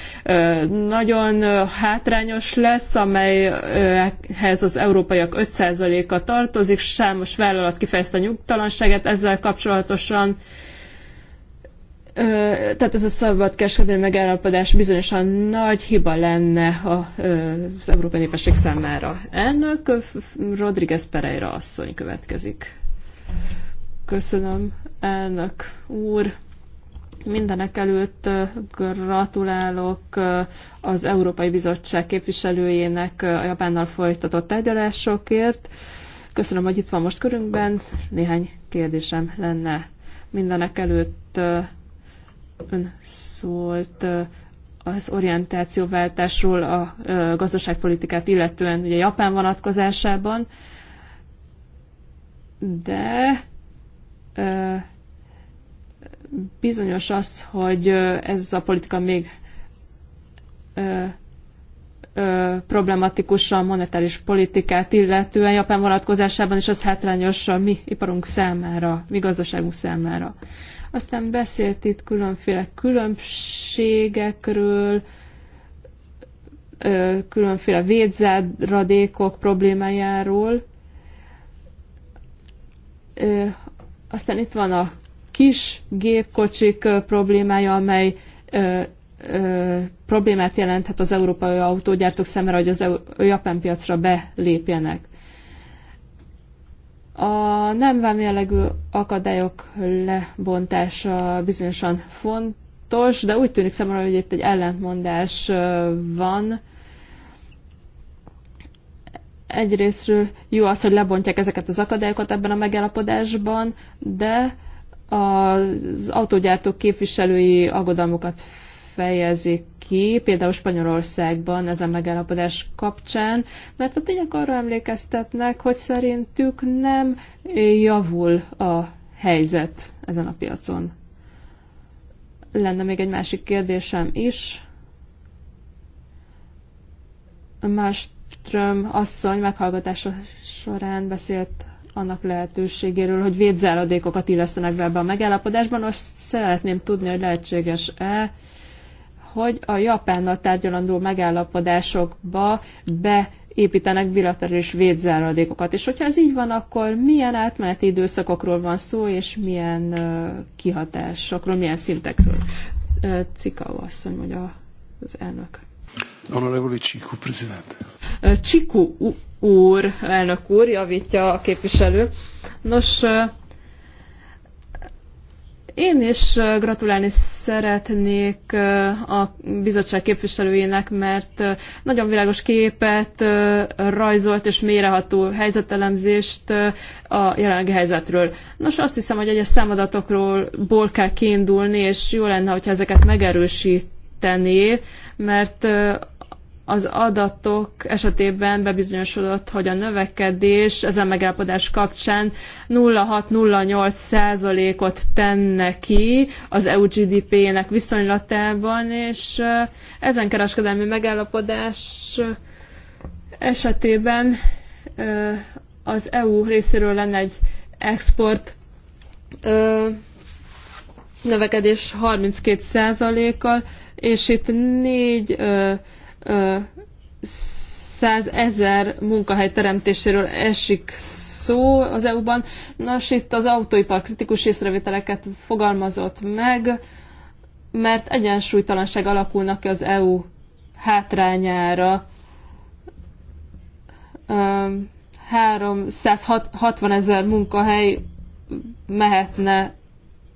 nagyon hátrányos lesz, amelyhez az európaiak 5%-a tartozik, számos vállalat kifejezte a nyugtalanságet ezzel kapcsolatosan tehát ez a szabadkereskedelmi megállapodás bizonyosan nagy hiba lenne az európai népesség számára. Elnök Rodriguez Pereira asszony következik. Köszönöm, elnök úr. Mindenek előtt gratulálok az Európai Bizottság képviselőjének a Japánnal folytatott tárgyalásokért. Köszönöm, hogy itt van most körünkben. Néhány kérdésem lenne. Mindenek előtt ön szólt az orientációváltásról a gazdaságpolitikát illetően ugye Japán vonatkozásában de ö, bizonyos az, hogy ez a politika még ö, ö, problematikus a monetáris politikát illetően Japán vonatkozásában, és az hátrányos a mi iparunk számára, mi gazdaságunk számára. Aztán beszélt itt különféle különbségekről, különféle védzáradékok problémájáról, aztán itt van a kis gépkocsik problémája, amely ö, problémát jelenthet az európai autógyártók szemére, hogy az japán piacra belépjenek. A nem vámjellegű akadályok lebontása bizonyosan fontos, de úgy tűnik számomra, hogy itt egy ellentmondás van. Egyrésztről jó az, hogy lebontják ezeket az akadályokat ebben a megállapodásban, de az autógyártók képviselői aggodalmukat fejezik ki, például Spanyolországban ezen megállapodás kapcsán, mert a tények arra emlékeztetnek, hogy szerintük nem javul a helyzet ezen a piacon. Lenne még egy másik kérdésem is. Más Malmström asszony meghallgatása során beszélt annak lehetőségéről, hogy védzáradékokat illesztenek be ebbe a megállapodásban. Most szeretném tudni, hogy lehetséges-e, hogy a Japánnal tárgyalandó megállapodásokba beépítenek bilaterális védzáradékokat. És hogyha ez így van, akkor milyen átmeneti időszakokról van szó, és milyen kihatásokról, milyen szintekről? Cikau asszony, mondja az elnök. Honorevoli Csikú, prezident. Csikú úr, elnök úr, javítja a képviselő. Nos, én is gratulálni szeretnék a bizottság képviselőjének, mert nagyon világos képet rajzolt és mélyreható helyzetelemzést a jelenlegi helyzetről. Nos, azt hiszem, hogy egyes számadatokról kell kiindulni, és jó lenne, hogyha ezeket megerősít tenni, mert az adatok esetében bebizonyosodott, hogy a növekedés ezen megállapodás kapcsán 0,6-0,8 százalékot tenne ki az EU gdp jének viszonylatában, és eh, ezen kereskedelmi megállapodás eh, esetében eh, az EU részéről lenne egy export növekedés 32 százalékkal és itt négy 100 ezer munkahely teremtéséről esik szó az EU-ban. Nos, itt az autóipar kritikus észrevételeket fogalmazott meg, mert egyensúlytalanság alakulnak ki az EU hátrányára. 360 ezer munkahely mehetne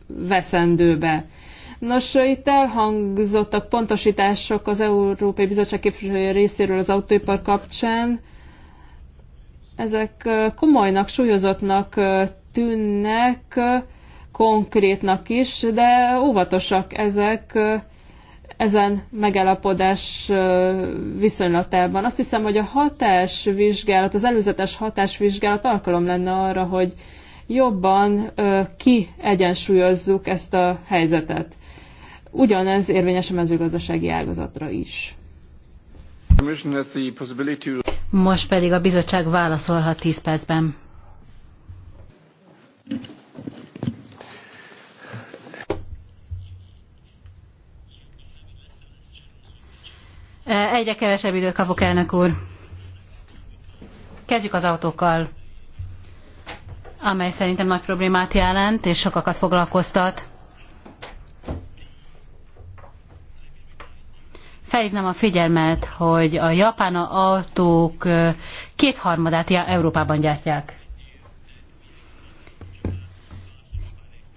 veszendőbe. Nos, itt elhangzottak pontosítások az Európai Bizottság képviselője részéről az autóipar kapcsán. Ezek komolynak, súlyozottnak tűnnek, konkrétnak is, de óvatosak ezek ezen megállapodás viszonylatában. Azt hiszem, hogy a hatásvizsgálat, az előzetes hatásvizsgálat alkalom lenne arra, hogy jobban kiegyensúlyozzuk ezt a helyzetet. Ugyanez érvényes a mezőgazdasági ágazatra is. Most pedig a bizottság válaszolhat 10 percben. E, egyre kevesebb időt kapok, elnök úr. Kezdjük az autókkal, amely szerintem nagy problémát jelent, és sokakat foglalkoztat. felhívnám a figyelmet, hogy a japán autók kétharmadát Európában gyártják.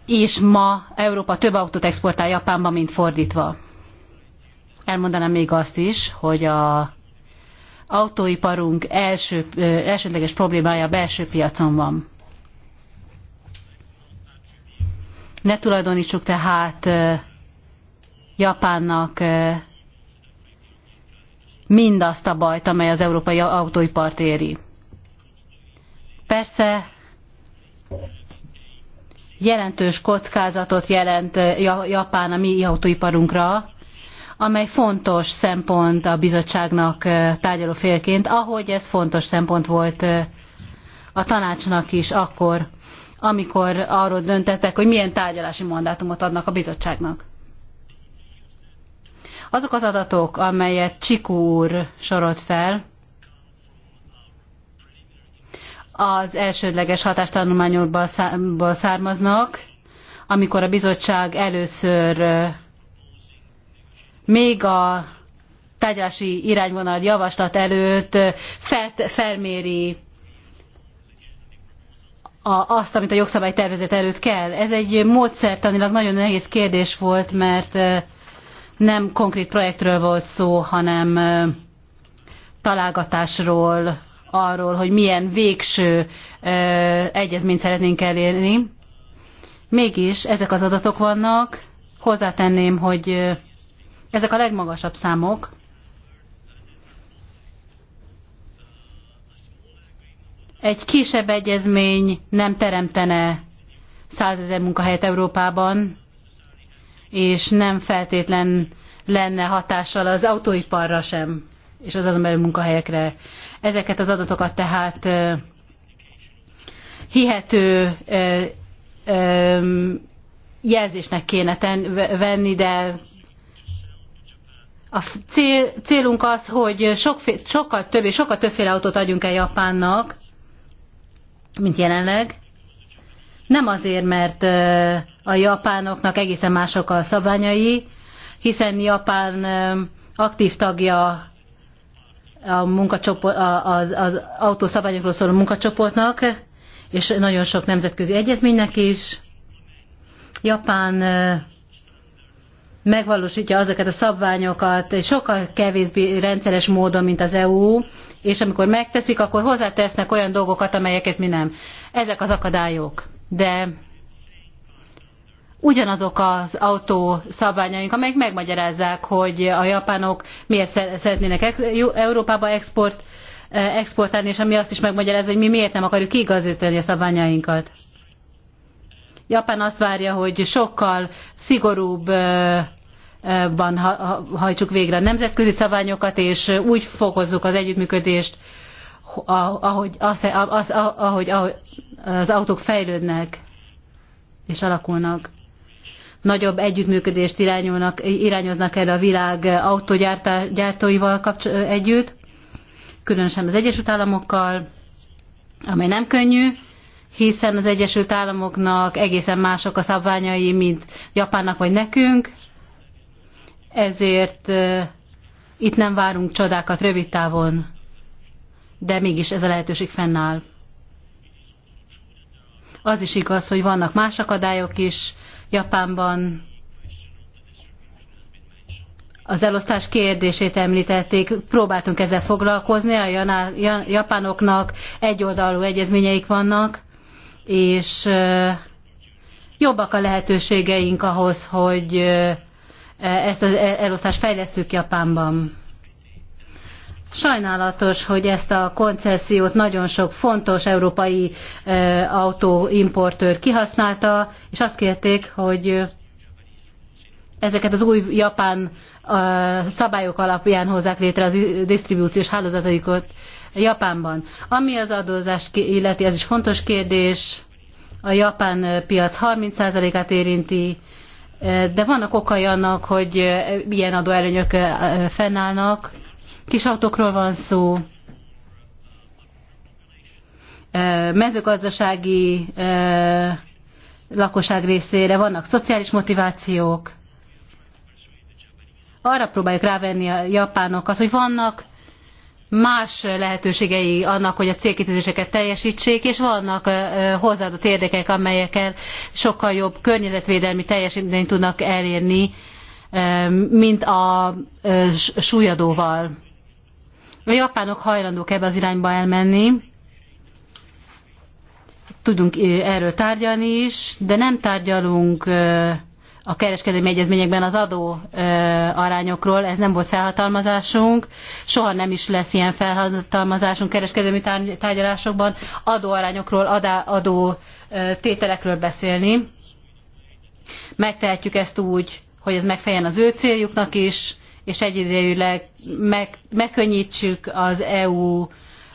És ma Európa több autót exportál Japánba, mint fordítva. Elmondanám még azt is, hogy a autóiparunk első, elsődleges problémája a belső piacon van. Ne tulajdonítsuk tehát Japánnak mindazt a bajt, amely az európai autóipart éri. Persze jelentős kockázatot jelent Japán a mi autóiparunkra, amely fontos szempont a bizottságnak eh, tárgyaló félként, ahogy ez fontos szempont volt eh, a tanácsnak is akkor, amikor arról döntettek, hogy milyen tárgyalási mandátumot adnak a bizottságnak. Azok az adatok, amelyet Csikú úr sorolt fel, az elsődleges hatástanulmányokból származnak, amikor a bizottság először még a tárgyalási irányvonal javaslat előtt felt, felméri a, azt, amit a jogszabálytervezet előtt kell. Ez egy módszertanilag nagyon nehéz kérdés volt, mert nem konkrét projektről volt szó, hanem találgatásról, arról, hogy milyen végső egyezményt szeretnénk elérni. Mégis ezek az adatok vannak, hozzátenném, hogy ezek a legmagasabb számok, egy kisebb egyezmény nem teremtene százezer munkahelyet Európában, és nem feltétlen lenne hatással az autóiparra sem, és az azon belül munkahelyekre. Ezeket az adatokat tehát hihető jelzésnek kéne ten, venni, de a cél, célunk az, hogy sokféle, sokkal több és sokkal többféle autót adjunk el Japánnak, mint jelenleg, nem azért, mert a japánoknak egészen mások a szabányai, hiszen Japán aktív tagja a munkacsoport, az, az autószabályokról szóló munkacsoportnak, és nagyon sok nemzetközi egyezménynek is. Japán megvalósítja azokat a szabványokat sokkal kevésbé rendszeres módon, mint az EU, és amikor megteszik, akkor hozzátesznek olyan dolgokat, amelyeket mi nem. Ezek az akadályok de ugyanazok az autó szabványaink, amelyek megmagyarázzák, hogy a japánok miért szeretnének ex Európába export, eh, exportálni, és ami azt is megmagyarázza, hogy mi miért nem akarjuk igazítani a szabványainkat. Japán azt várja, hogy sokkal szigorúbb eh, eh, ban hajtsuk végre a nemzetközi szabványokat, és úgy fokozzuk az együttműködést ahogy, az, az, ahogy, ahogy az autók fejlődnek és alakulnak. Nagyobb együttműködést irányolnak, irányoznak el a világ autógyártóival együtt, különösen az Egyesült Államokkal, amely nem könnyű, hiszen az Egyesült Államoknak egészen mások a szabványai, mint Japánnak vagy nekünk, ezért itt nem várunk csodákat rövid távon de mégis ez a lehetőség fennáll. Az is igaz, hogy vannak más akadályok is Japánban. Az elosztás kérdését említették, próbáltunk ezzel foglalkozni, a japánoknak egyoldalú egyezményeik vannak, és jobbak a lehetőségeink ahhoz, hogy ezt az e-, elosztást fejlesszük Japánban. Sajnálatos, hogy ezt a koncesziót nagyon sok fontos európai autóimportőr kihasználta, és azt kérték, hogy ezeket az új japán szabályok alapján hozzák létre a disztribúciós hálózataikat Japánban. Ami az adózást illeti, ez is fontos kérdés. A japán piac 30%-át érinti, de vannak okai annak, hogy milyen adóelőnyök fennállnak Kis autókról van szó, mezőgazdasági lakosság részére, vannak szociális motivációk. Arra próbáljuk rávenni a japánokat, hogy vannak más lehetőségei annak, hogy a célkitűzéseket teljesítsék, és vannak hozzáadott érdekek, amelyekkel sokkal jobb környezetvédelmi teljesítményt tudnak elérni, mint a súlyadóval a japánok hajlandók ebbe az irányba elmenni, tudunk erről tárgyalni is, de nem tárgyalunk a kereskedelmi egyezményekben az adó arányokról, ez nem volt felhatalmazásunk, soha nem is lesz ilyen felhatalmazásunk kereskedelmi tárgyalásokban adóarányokról, arányokról, adó tételekről beszélni. Megtehetjük ezt úgy, hogy ez megfeleljen az ő céljuknak is, és egyidejűleg meg, megkönnyítsük az EU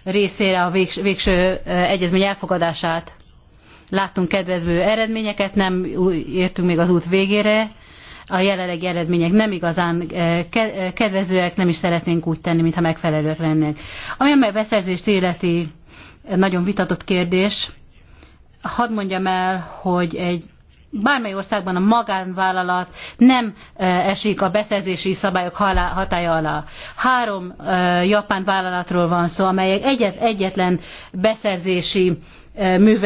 részére a végs, végső egyezmény elfogadását. Láttunk kedvező eredményeket, nem értünk még az út végére. A jelenlegi eredmények nem igazán kedvezőek, nem is szeretnénk úgy tenni, mintha megfelelőek lennének. Ami a beszerzést illeti, nagyon vitatott kérdés. Hadd mondjam el, hogy egy bármely országban a magánvállalat nem esik a beszerzési szabályok hatája alá. Három japán vállalatról van szó, amelyek egyet, egyetlen beszerzési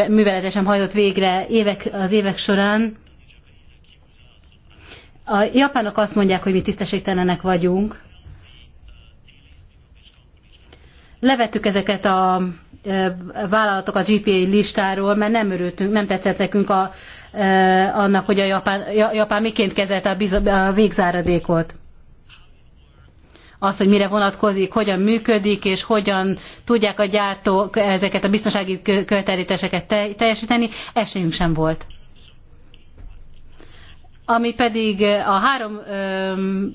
műveletet sem hajtott végre évek, az évek során. A japánok azt mondják, hogy mi tisztességtelenek vagyunk. Levettük ezeket a vállalatokat a GPA listáról, mert nem örültünk, nem tetszett nekünk a Eh, annak, hogy a Japán, Japán miként kezelte a végzáradékot. Az, hogy mire vonatkozik, hogyan működik, és hogyan tudják a gyártók ezeket a biztonsági követelítéseket teljesíteni, esélyünk sem volt. Ami pedig eh, a három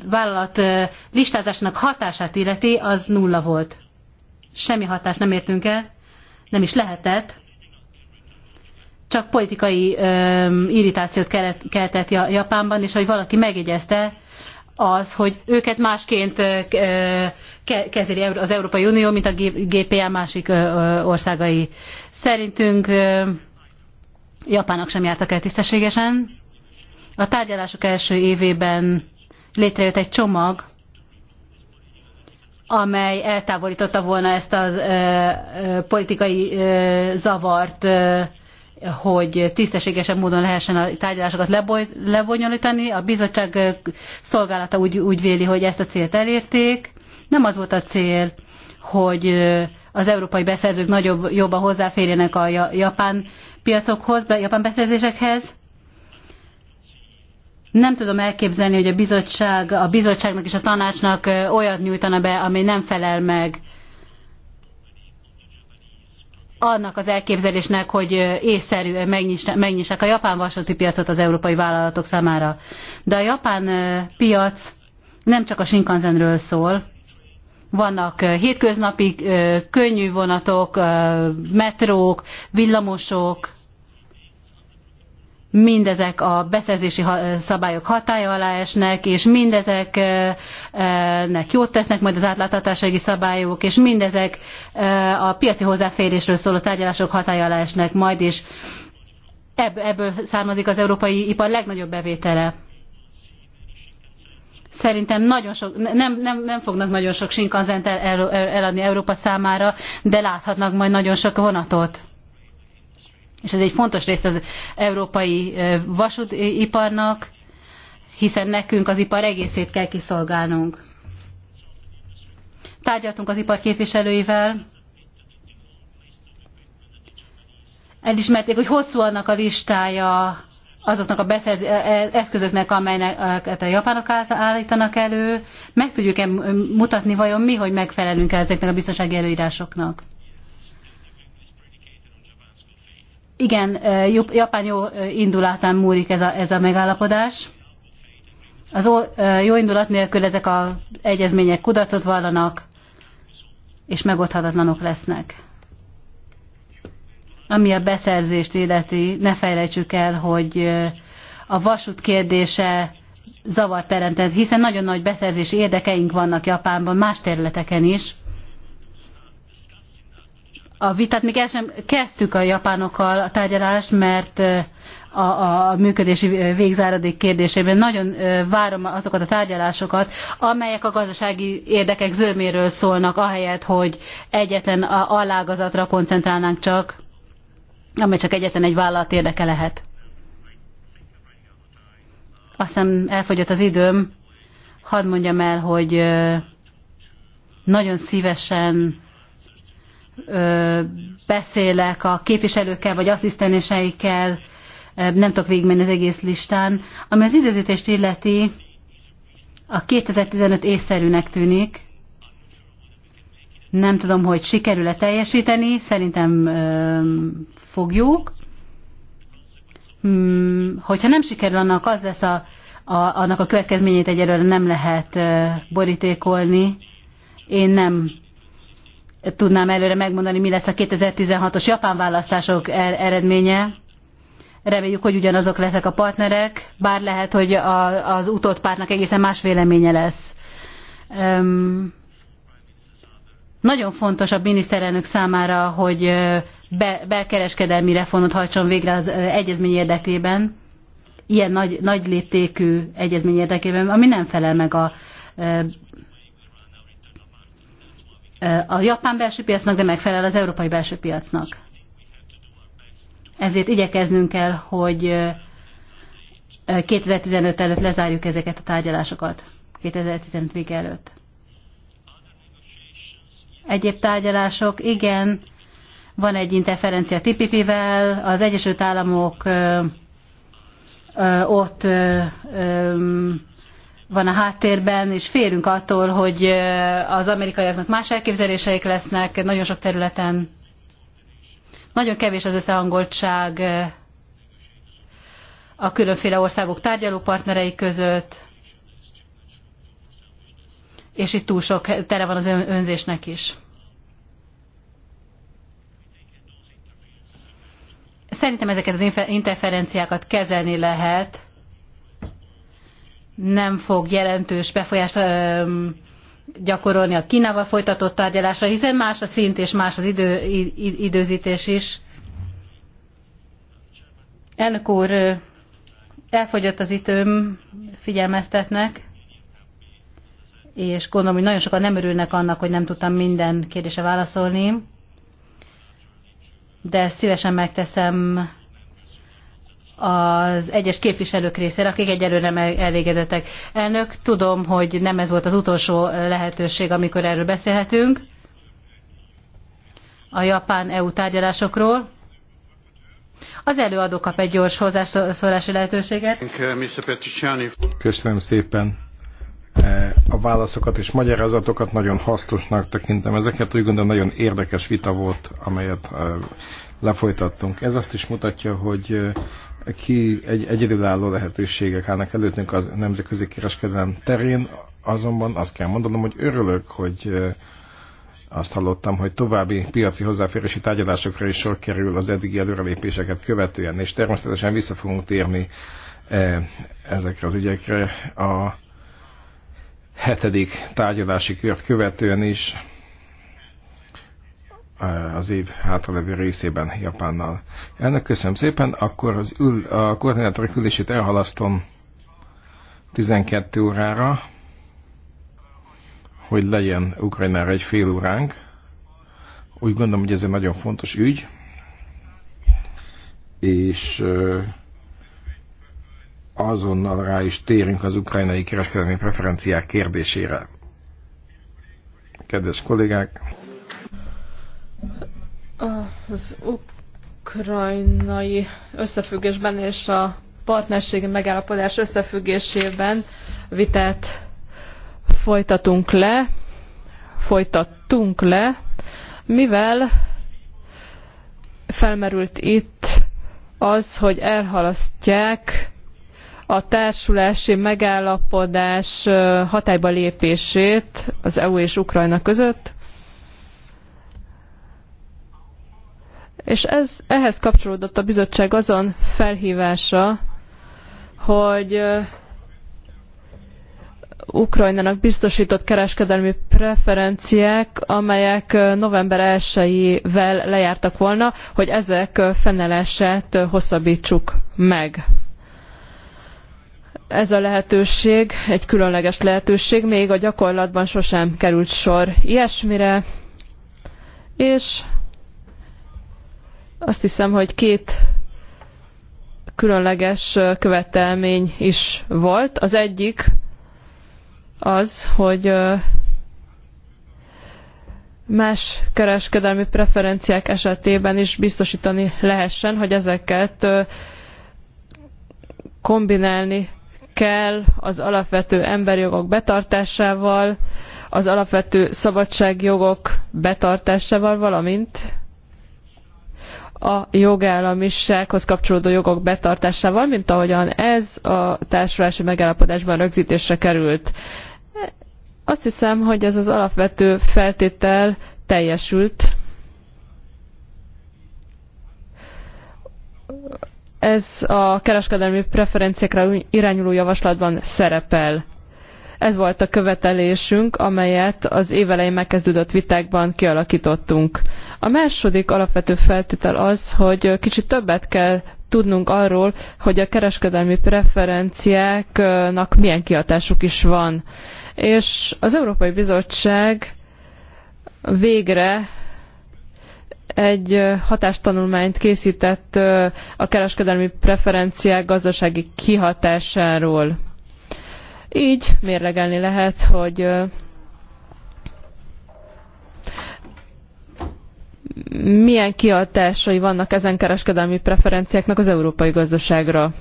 vállalat eh, listázásának hatását illeti, az nulla volt. Semmi hatást nem értünk el, nem is lehetett, csak politikai irritációt keltett Japánban, és ahogy valaki megjegyezte, az, hogy őket másként kezeli az Európai Unió, mint a GPA másik országai. Szerintünk Japánok sem jártak el tisztességesen. A tárgyalások első évében létrejött egy csomag, amely eltávolította volna ezt a politikai zavart hogy tisztességesen módon lehessen a tárgyalásokat leboly, lebonyolítani. A bizottság szolgálata úgy, úgy véli, hogy ezt a célt elérték. Nem az volt a cél, hogy az európai beszerzők nagyobb, jobban hozzáférjenek a japán piacokhoz, japán beszerzésekhez. Nem tudom elképzelni, hogy a bizottság, a bizottságnak és a tanácsnak olyat nyújtana be, ami nem felel meg annak az elképzelésnek, hogy észszerű megnyissák a japán vasúti piacot az európai vállalatok számára. De a japán piac nem csak a Shinkansenről szól, vannak hétköznapi könnyű vonatok, metrók, villamosok, mindezek a beszerzési szabályok hatája alá esnek, és mindezeknek jót tesznek majd az átláthatósági szabályok, és mindezek a piaci hozzáférésről szóló tárgyalások hatája alá esnek majd, és ebből származik az európai ipar legnagyobb bevétele. Szerintem nagyon sok, nem, nem, nem fognak nagyon sok sinkanzent el, el, eladni Európa számára, de láthatnak majd nagyon sok vonatot és ez egy fontos rész az európai vasútiparnak, hiszen nekünk az ipar egészét kell kiszolgálnunk. Tárgyaltunk az ipar képviselőivel, elismerték, hogy hosszú annak a listája azoknak a beszerz, e, e, eszközöknek, amelyeket a japánok állítanak elő. Meg tudjuk-e mutatni vajon mi, hogy megfelelünk -e ezeknek a biztonsági előírásoknak? igen, Japán jó indulatán múlik ez a, ez a megállapodás. Az jó indulat nélkül ezek az egyezmények kudarcot vallanak, és megoldhatatlanok lesznek. Ami a beszerzést illeti, ne felejtsük el, hogy a vasút kérdése zavart teremtett, hiszen nagyon nagy beszerzési érdekeink vannak Japánban, más területeken is a vitát még el sem kezdtük a japánokkal a tárgyalást, mert a, a működési végzáradék kérdésében. Nagyon várom azokat a tárgyalásokat, amelyek a gazdasági érdekek zöméről szólnak, ahelyett, hogy egyetlen alágazatra koncentrálnánk csak, amely csak egyetlen egy vállalat érdeke lehet. Azt hiszem elfogyott az időm. Hadd mondjam el, hogy nagyon szívesen beszélek a képviselőkkel vagy asszisztenseikkel, nem tudok végigmenni az egész listán. Ami az időzítést illeti, a 2015 észszerűnek tűnik. Nem tudom, hogy sikerül-e teljesíteni, szerintem fogjuk. Hmm, hogyha nem sikerül, annak az lesz a, a, annak a következményét egyelőre nem lehet borítékolni. Én nem tudnám előre megmondani, mi lesz a 2016-os japán választások er- eredménye. Reméljük, hogy ugyanazok leszek a partnerek, bár lehet, hogy a, az utolt pártnak egészen más véleménye lesz. Um, nagyon fontos a miniszterelnök számára, hogy be, belkereskedelmi reformot hajtson végre az egyezmény érdekében, ilyen nagy, nagy léptékű egyezmény érdekében, ami nem felel meg a a japán belső piacnak, de megfelel az európai belső piacnak. Ezért igyekeznünk kell, hogy 2015 előtt lezárjuk ezeket a tárgyalásokat. 2015 vége előtt. Egyéb tárgyalások, igen, van egy interferencia TPP-vel, az Egyesült Államok ö, ö, ott ö, ö, van a háttérben, és félünk attól, hogy az amerikaiaknak más elképzeléseik lesznek nagyon sok területen. Nagyon kevés az összehangoltság a különféle országok tárgyalópartnerei között, és itt túl sok tele van az önzésnek is. Szerintem ezeket az interferenciákat kezelni lehet, nem fog jelentős befolyást gyakorolni a Kínával folytatott tárgyalásra, hiszen más a szint és más az idő, időzítés is. Elnök úr, elfogyott az időm, figyelmeztetnek, és gondolom, hogy nagyon sokan nem örülnek annak, hogy nem tudtam minden kérdése válaszolni, de szívesen megteszem az egyes képviselők részére, akik egyelőre nem elégedettek. Elnök, tudom, hogy nem ez volt az utolsó lehetőség, amikor erről beszélhetünk, a japán-EU tárgyalásokról. Az előadó kap egy gyors hozzászólási lehetőséget. Köszönöm szépen e, a válaszokat és magyarázatokat nagyon hasznosnak tekintem ezeket. Úgy gondolom nagyon érdekes vita volt, amelyet e, lefolytattunk. Ez azt is mutatja, hogy ki egy egyedülálló lehetőségek állnak előttünk az nemzetközi kereskedelem terén, azonban azt kell mondanom, hogy örülök, hogy azt hallottam, hogy további piaci hozzáférési tárgyalásokra is sor kerül az eddigi előrelépéseket követően, és természetesen vissza fogunk térni ezekre az ügyekre a hetedik tárgyalási kört követően is, Eh, az év hátralevő részében Japánnal. Ennek köszönöm szépen, akkor az ül, a koordinátor küldését elhalasztom 12 órára, hogy legyen Ukrajnára egy fél óránk. Úgy gondolom, hogy ez egy nagyon fontos ügy, és eh, azonnal rá is térünk az ukrajnai kereskedelmi preferenciák kérdésére. Kedves kollégák! Az ukrajnai összefüggésben és a partnerségi megállapodás összefüggésében vitát folytatunk le, folytattunk le, mivel felmerült itt az, hogy elhalasztják a társulási megállapodás hatályba lépését az EU és Ukrajna között, És ez, ehhez kapcsolódott a bizottság azon felhívása, hogy Ukrajnának biztosított kereskedelmi preferenciák, amelyek november 1-ivel lejártak volna, hogy ezek fennelását hosszabbítsuk meg. Ez a lehetőség, egy különleges lehetőség, még a gyakorlatban sosem került sor ilyesmire, és azt hiszem, hogy két különleges követelmény is volt. Az egyik az, hogy más kereskedelmi preferenciák esetében is biztosítani lehessen, hogy ezeket kombinálni kell az alapvető emberi jogok betartásával, az alapvető szabadságjogok betartásával, valamint a jogállamisághoz kapcsolódó jogok betartásával, mint ahogyan ez a társulási megállapodásban rögzítésre került. Azt hiszem, hogy ez az alapvető feltétel teljesült. Ez a kereskedelmi preferenciákra irányuló javaslatban szerepel. Ez volt a követelésünk, amelyet az évelején megkezdődött vitákban kialakítottunk. A második alapvető feltétel az, hogy kicsit többet kell tudnunk arról, hogy a kereskedelmi preferenciáknak milyen kihatásuk is van. És az Európai Bizottság végre egy hatástanulmányt készített a kereskedelmi preferenciák gazdasági kihatásáról. Így mérlegelni lehet, hogy milyen kihatásai vannak ezen kereskedelmi preferenciáknak az európai gazdaságra.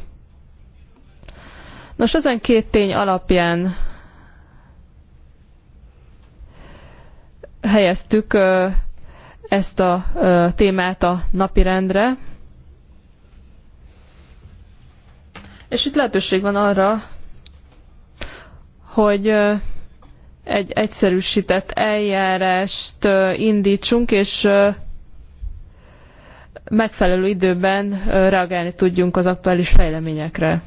Nos, ezen két tény alapján helyeztük ezt a témát a napirendre. És itt lehetőség van arra, hogy egy egyszerűsített eljárást indítsunk, és megfelelő időben reagálni tudjunk az aktuális fejleményekre.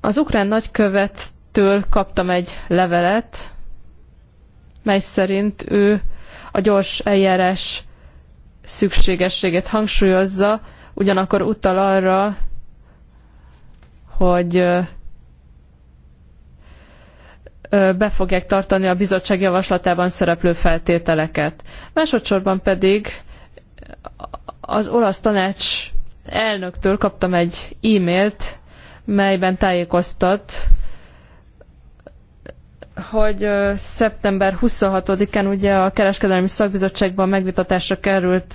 Az ukrán nagykövettől kaptam egy levelet, mely szerint ő a gyors eljárás szükségességét hangsúlyozza, ugyanakkor utal arra, hogy be fogják tartani a bizottság javaslatában szereplő feltételeket. Másodszorban pedig az olasz tanács elnöktől kaptam egy e-mailt, melyben tájékoztat, hogy szeptember 26-án ugye a kereskedelmi szakbizottságban megvitatásra került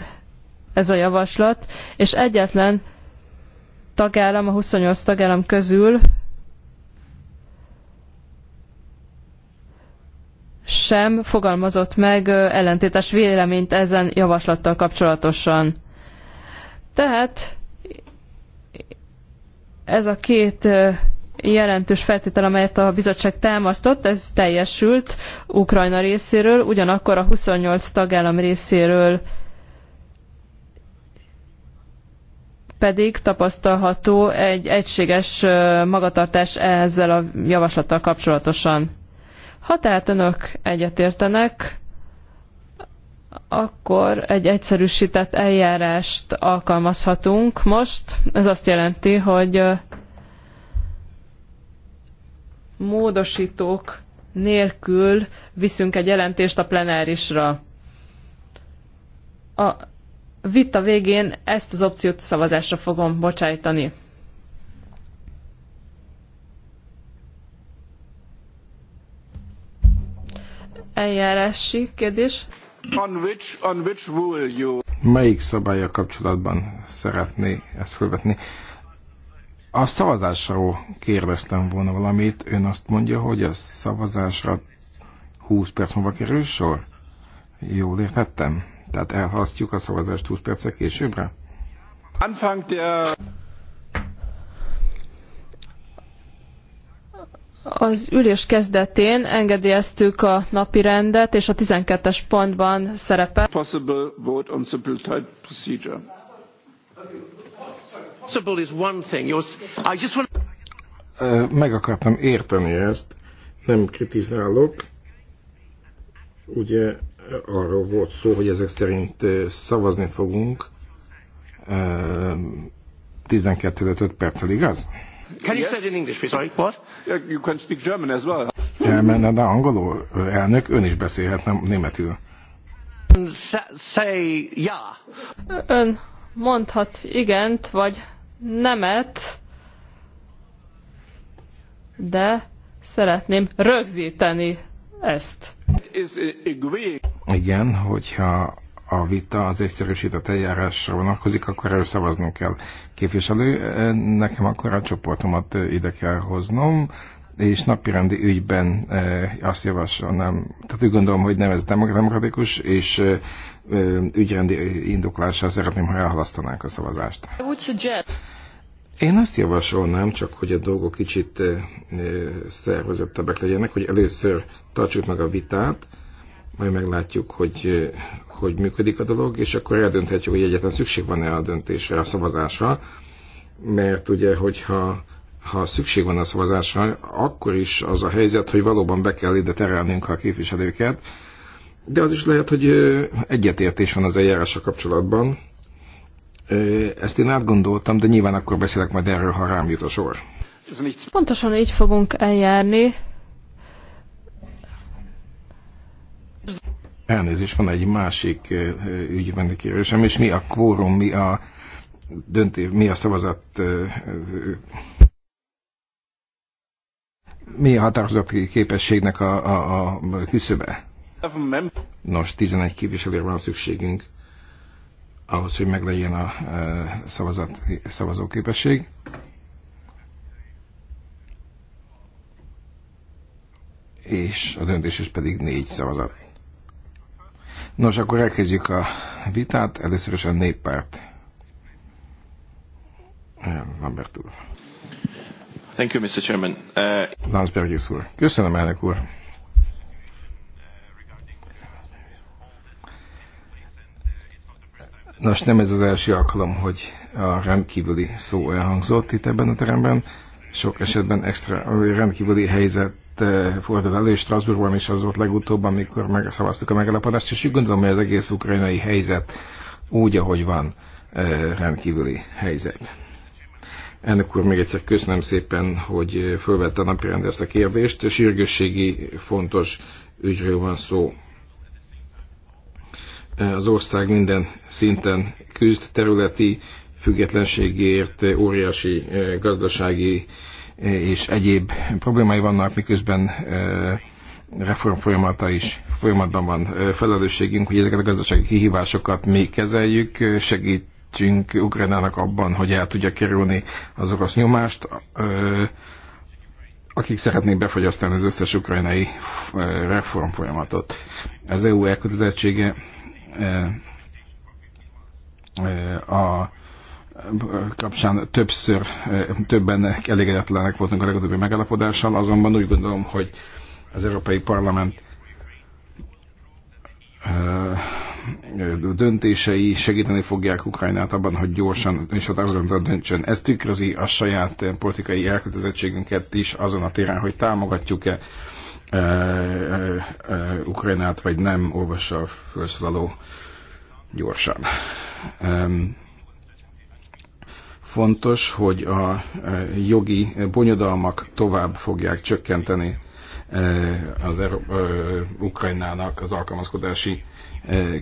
ez a javaslat, és egyetlen tagállam, a 28 tagállam közül sem fogalmazott meg ellentétes véleményt ezen javaslattal kapcsolatosan. Tehát ez a két jelentős feltétel, amelyet a bizottság támasztott, ez teljesült Ukrajna részéről, ugyanakkor a 28 tagállam részéről pedig tapasztalható egy egységes magatartás ezzel a javaslattal kapcsolatosan. Ha tehát önök egyetértenek, akkor egy egyszerűsített eljárást alkalmazhatunk most. Ez azt jelenti, hogy módosítók nélkül viszünk egy jelentést a plenárisra. A vita végén ezt az opciót szavazásra fogom bocsájtani. eljárási kérdés. On which, on which rule you... Melyik szabálya kapcsolatban szeretné ezt felvetni? A szavazásról kérdeztem volna valamit. Ön azt mondja, hogy a szavazásra 20 perc múlva kerül sor? Jól értettem? Tehát elhasztjuk a szavazást 20 perccel későbbre? Anfang der... Az ülés kezdetén engedélyeztük a napi rendet, és a 12-es pontban szerepel. Possible vote on simplified procedure. Possible is one thing. I just want... Meg akartam érteni ezt, nem kritizálok. Ugye arról volt szó, hogy ezek szerint szavazni fogunk 12-5 perccel, igaz? Can you yes. say it in English, please? Sorry, what? Yeah, you can speak German as well. Elmenne, de angolul elnök, ön is beszélhet nem, németül. Say yeah. Ön mondhat igent, vagy nemet, de szeretném rögzíteni ezt. Igen, hogyha a vita az egyszerűsített eljárásra vonatkozik, akkor erről szavaznunk kell. Képviselő, nekem akkor a csoportomat ide kell hoznom, és napirendi ügyben e, azt javasolnám, tehát úgy gondolom, hogy nem ez demokratikus, és e, e, ügyrendi indoklással szeretném, ha elhalasztanák a szavazást. Én azt javasolnám, csak hogy a dolgok kicsit szervezettebbek legyenek, hogy először tartsuk meg a vitát, majd meglátjuk, hogy hogy működik a dolog, és akkor eldönthetjük, hogy egyetlen szükség van-e a döntésre, a szavazásra, mert ugye, hogyha ha szükség van a szavazásra, akkor is az a helyzet, hogy valóban be kell ide terelnünk a képviselőket, de az is lehet, hogy egyetértés van az eljárása kapcsolatban. Ezt én átgondoltam, de nyilván akkor beszélek majd erről, ha rám jut a sor. Pontosan így fogunk eljárni. elnézés, van egy másik ügyben kérdésem, és mi a kvórum, mi a döntő, mi a szavazat, mi a határozati képességnek a, a, a küszöbe? Nos, 11 képviselőre van szükségünk ahhoz, hogy meglegyen a szavazat, szavazóképesség. És a döntés is pedig négy szavazat. Nos, akkor elkezdjük a vitát. Először is a néppárt. Lambert úr. Thank you, Mr. Chairman. Uh... Landsberg úr. Köszönöm, elnök úr. Nos, nem ez az első alkalom, hogy a rendkívüli szó elhangzott itt ebben a teremben. Sok esetben extra, rendkívüli helyzet Eh, fordul elő, Strasbourgban is az volt legutóbb, amikor megszavaztuk a megalapodást, és úgy gondolom, hogy az egész ukrajnai helyzet úgy, ahogy van, eh, rendkívüli helyzet. Ennek úr, még egyszer köszönöm szépen, hogy eh, fölvette a napirendre ezt a kérdést. Sürgősségi fontos ügyről van szó. Az ország minden szinten küzd területi függetlenségért, óriási gazdasági és egyéb problémái vannak, miközben reform folyamata is folyamatban van felelősségünk, hogy ezeket a gazdasági kihívásokat mi kezeljük, segítsünk Ukrajnának abban, hogy el tudja kerülni az orosz nyomást, akik szeretnék befogyasztani az összes ukrajnai reform folyamatot. Az EU elkötelezettsége a kapcsán többször, többen elégedetlenek voltunk a legutóbbi megállapodással, azonban úgy gondolom, hogy az Európai Parlament döntései segíteni fogják Ukrajnát abban, hogy gyorsan és határozottan döntsön. Ez tükrözi a saját politikai elkötelezettségünket is azon a téren, hogy támogatjuk-e Ukrajnát, vagy nem, olvassa a gyorsan fontos, hogy a jogi bonyodalmak tovább fogják csökkenteni az Ukrajnának az alkalmazkodási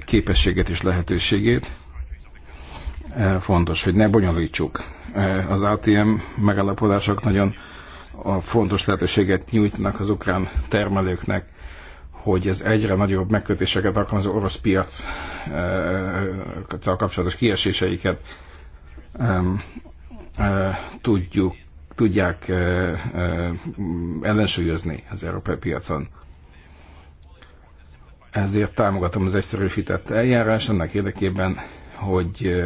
képességet és lehetőségét. Fontos, hogy ne bonyolítsuk. Az ATM megállapodások nagyon fontos lehetőséget nyújtnak az ukrán termelőknek, hogy ez egyre nagyobb megkötéseket alkalmazó orosz piac kapcsolatos kieséseiket tudjuk, tudják ellensúlyozni az európai piacon. Ezért támogatom az egyszerűsített eljárás annak érdekében, hogy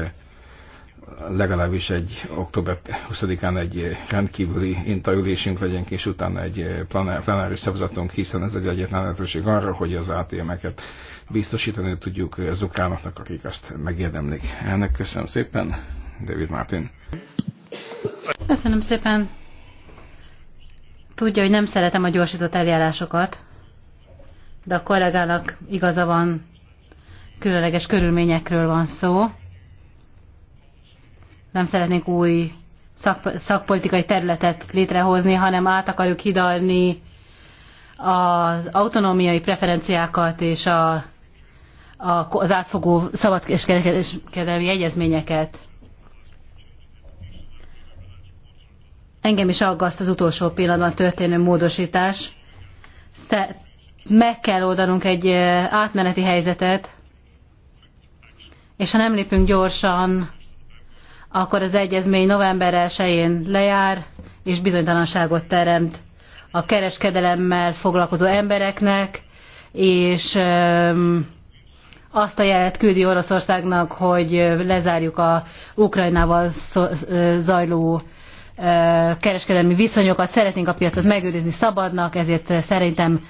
legalábbis egy október 20-án egy rendkívüli intaülésünk legyen, és utána egy plenáris szavazatunk, hiszen ez egy egyetlen lehetőség arra, hogy az ATM-eket biztosítani tudjuk az ukránoknak, akik azt megérdemlik. Ennek köszönöm szépen. David Martin. Köszönöm szépen. Tudja, hogy nem szeretem a gyorsított eljárásokat, de a kollégának igaza van, különleges körülményekről van szó. Nem szeretnénk új szak, szakpolitikai területet létrehozni, hanem át akarjuk hidalni az autonómiai preferenciákat és a, a, az átfogó szabadkereskedelmi egyezményeket. engem is aggaszt az utolsó pillanatban történő módosítás. Meg kell oldanunk egy átmeneti helyzetet, és ha nem lépünk gyorsan, akkor az egyezmény november 1-én lejár, és bizonytalanságot teremt a kereskedelemmel foglalkozó embereknek, és azt a jelet küldi Oroszországnak, hogy lezárjuk a Ukrajnával zajló kereskedelmi viszonyokat, szeretnénk a piacot megőrizni szabadnak, ezért szerintem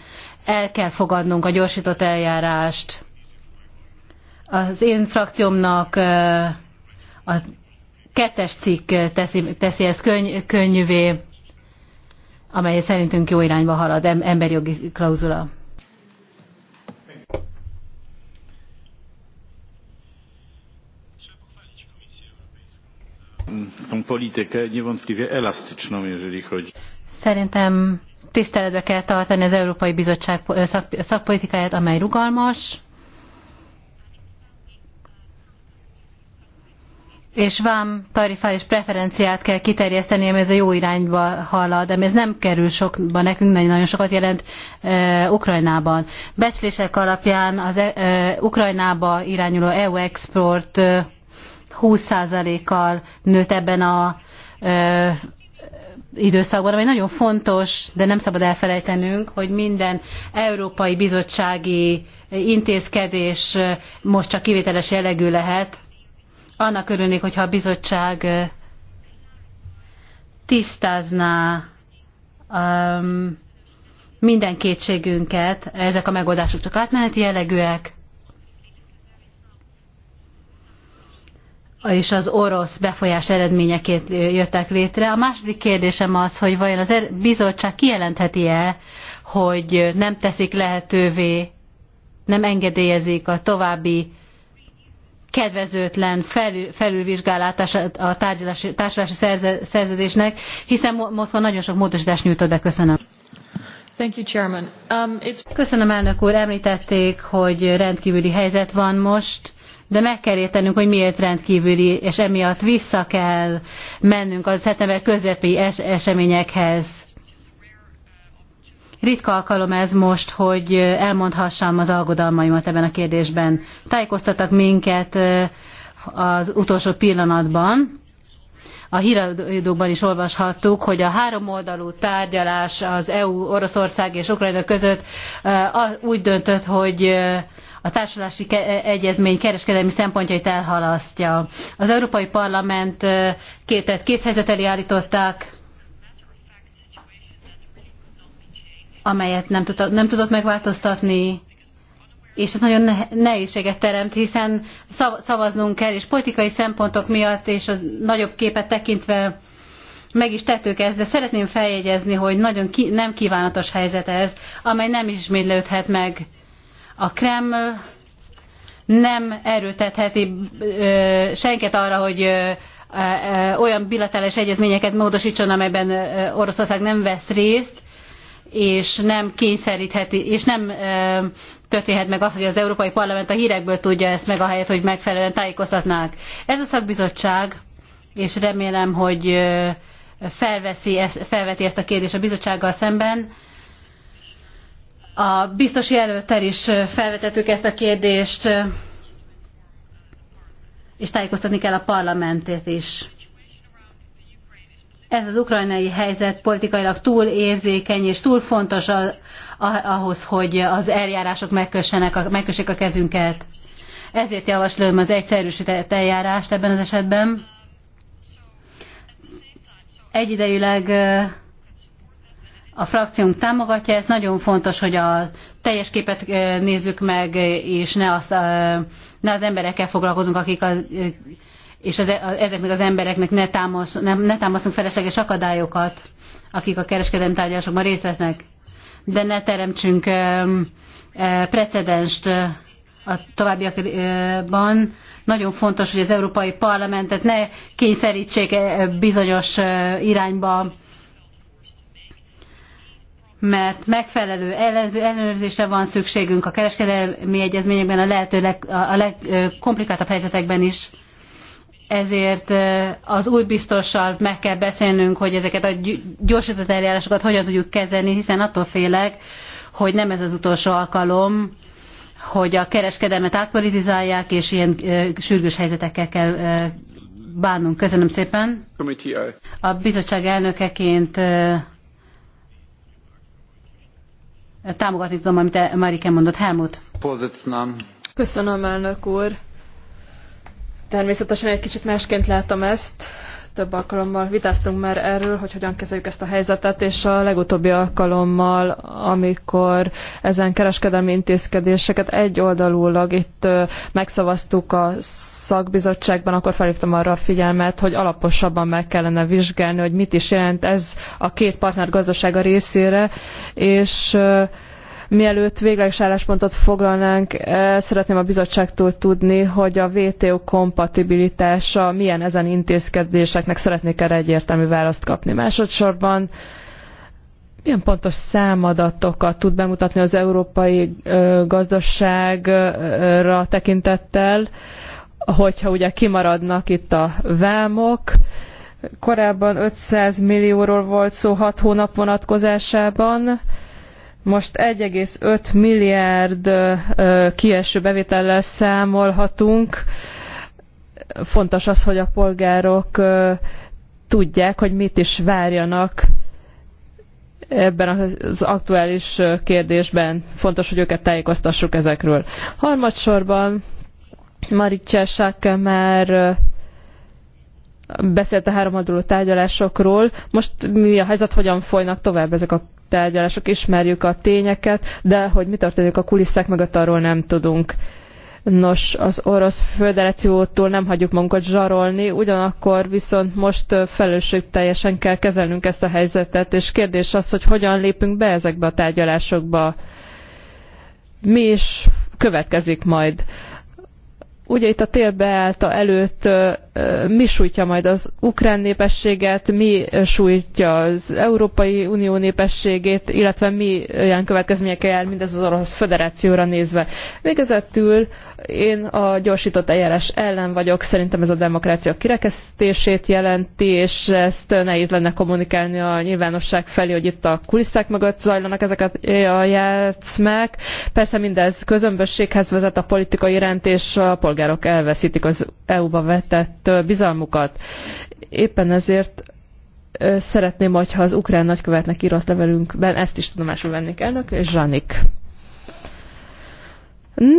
el kell fogadnunk a gyorsított eljárást. Az én frakciómnak a kettes cikk teszi, teszi ezt könny, könnyűvé, amely szerintünk jó irányba halad, emberjogi klauzula. Tą politykę niewątpliwie elastyczną, jeżeli chodzi. Szerintem tiszteletbe kell tartani az Európai Bizottság eh, szakpolitikáját, amely rugalmas, és vám tarifális preferenciát kell kiterjeszteni, ami ez a jó irányba halad, de ez nem kerül sokba nekünk, nagyon-nagyon sokat jelent e, Ukrajnában. Becslések alapján az e, e, Ukrajnába irányuló EU export e, 20%-kal nőtt ebben a ö, időszakban, ami nagyon fontos, de nem szabad elfelejtenünk, hogy minden Európai Bizottsági intézkedés most csak kivételes jellegű lehet. Annak örülnék, hogyha a bizottság tisztázná um, minden kétségünket, ezek a megoldások csak átmeneti jellegűek, és az orosz befolyás eredményeként jöttek létre. A második kérdésem az, hogy vajon az er- bizottság kijelentheti-e, hogy nem teszik lehetővé, nem engedélyezik a további kedvezőtlen felül, felülvizsgálát a társadalási szerződésnek, hiszen Moszkva nagyon sok módosítást nyújtott be. Köszönöm. Thank you, Chairman. Um, Köszönöm, elnök úr. Említették, hogy rendkívüli helyzet van most de meg kell értenünk, hogy miért rendkívüli, és emiatt vissza kell mennünk a szeptember közepi es eseményekhez. Ritka alkalom ez most, hogy elmondhassam az aggodalmaimat ebben a kérdésben. Tájékoztattak minket az utolsó pillanatban, a híradókban is olvashattuk, hogy a három oldalú tárgyalás az EU, Oroszország és Ukrajna között úgy döntött, hogy a társulási e- egyezmény kereskedelmi szempontjait elhalasztja. Az Európai Parlament e, kétet készhelyzet elé állították, amelyet nem tudott, nem tudott megváltoztatni, és ez nagyon nehézséget teremt, hiszen szavaznunk kell, és politikai szempontok miatt, és a nagyobb képet tekintve meg is tettük ezt, de szeretném feljegyezni, hogy nagyon ki, nem kívánatos helyzet ez, amely nem ismétlődhet meg a Kreml nem erőtetheti senket arra, hogy olyan bilaterális egyezményeket módosítson, amelyben Oroszország nem vesz részt, és nem kényszerítheti, és nem történhet meg az, hogy az Európai Parlament a hírekből tudja ezt meg, ahelyett, hogy megfelelően tájékoztatnák. Ez a szakbizottság, és remélem, hogy felveszi, felveti ezt a kérdést a bizottsággal szemben, a biztos jelöltel is felvetettük ezt a kérdést, és tájékoztatni kell a parlamentet is. Ez az ukrajnai helyzet politikailag túl érzékeny és túl fontos ahhoz, hogy az eljárások megkössenek a, megkössék a kezünket. Ezért javaslom az egyszerűsített eljárást ebben az esetben. Egyidejűleg a frakciónk támogatja, ez nagyon fontos, hogy a teljes képet eh, nézzük meg, és ne, azt, eh, ne az emberekkel foglalkozunk, akik az, eh, és az, ezeknek az embereknek ne, támasz, ne, ne támaszunk felesleges akadályokat, akik a kereskedelmi tárgyalásokban részt vesznek. De ne teremtsünk precedenst a továbbiakban. Nagyon fontos, hogy az Európai Parlamentet ne kényszerítsék bizonyos irányba, mert megfelelő ellenőrzésre van szükségünk a kereskedelmi egyezményekben a lehető leg, a legkomplikáltabb helyzetekben is. Ezért az új biztossal meg kell beszélnünk, hogy ezeket a gyorsított eljárásokat hogyan tudjuk kezelni, hiszen attól félek, hogy nem ez az utolsó alkalom, hogy a kereskedelmet átpolitizálják, és ilyen sürgős helyzetekkel kell bánnunk. Köszönöm szépen. A bizottság elnökeként támogatni tudom, amit Marike mondott. Helmut. Köszönöm, elnök úr. Természetesen egy kicsit másként látom ezt, több alkalommal vitáztunk már erről, hogy hogyan kezeljük ezt a helyzetet, és a legutóbbi alkalommal, amikor ezen kereskedelmi intézkedéseket egyoldalúlag itt megszavaztuk a szakbizottságban, akkor felhívtam arra a figyelmet, hogy alaposabban meg kellene vizsgálni, hogy mit is jelent ez a két partner gazdasága részére, és Mielőtt végleges álláspontot foglalnánk, eh, szeretném a bizottságtól tudni, hogy a WTO kompatibilitása milyen ezen intézkedéseknek szeretnék erre egyértelmű választ kapni. Másodszorban milyen pontos számadatokat tud bemutatni az európai eh, gazdaságra tekintettel, hogyha ugye kimaradnak itt a vámok. Korábban 500 millióról volt szó 6 hónap vonatkozásában, most 1,5 milliárd kieső bevétellel számolhatunk. Fontos az, hogy a polgárok tudják, hogy mit is várjanak ebben az aktuális kérdésben. Fontos, hogy őket tájékoztassuk ezekről. Harmadsorban Maricsa Sáke már beszélt a háromaduló tárgyalásokról. Most mi a helyzet, hogyan folynak tovább ezek a tárgyalások, ismerjük a tényeket, de hogy mi történik a kulisszák mögött, arról nem tudunk. Nos, az orosz föderációtól nem hagyjuk magunkat zsarolni, ugyanakkor viszont most felelősségteljesen kell kezelnünk ezt a helyzetet, és kérdés az, hogy hogyan lépünk be ezekbe a tárgyalásokba. Mi is következik majd ugye itt a beállta előtt mi sújtja majd az ukrán népességet, mi sújtja az Európai Unió népességét, illetve mi olyan következményekkel jár mindez az Orosz Föderációra nézve. Végezetül én a gyorsított eljárás ellen vagyok, szerintem ez a demokrácia kirekesztését jelenti, és ezt nehéz lenne kommunikálni a nyilvánosság felé, hogy itt a kulisszák mögött zajlanak ezeket a játszmák. Persze mindez közömbösséghez vezet a politikai rend és a polgár állampolgárok elveszítik az EU-ba vetett bizalmukat. Éppen ezért szeretném, hogyha az ukrán nagykövetnek írott levelünkben ezt is tudomásul vennék elnök, és Zsanik.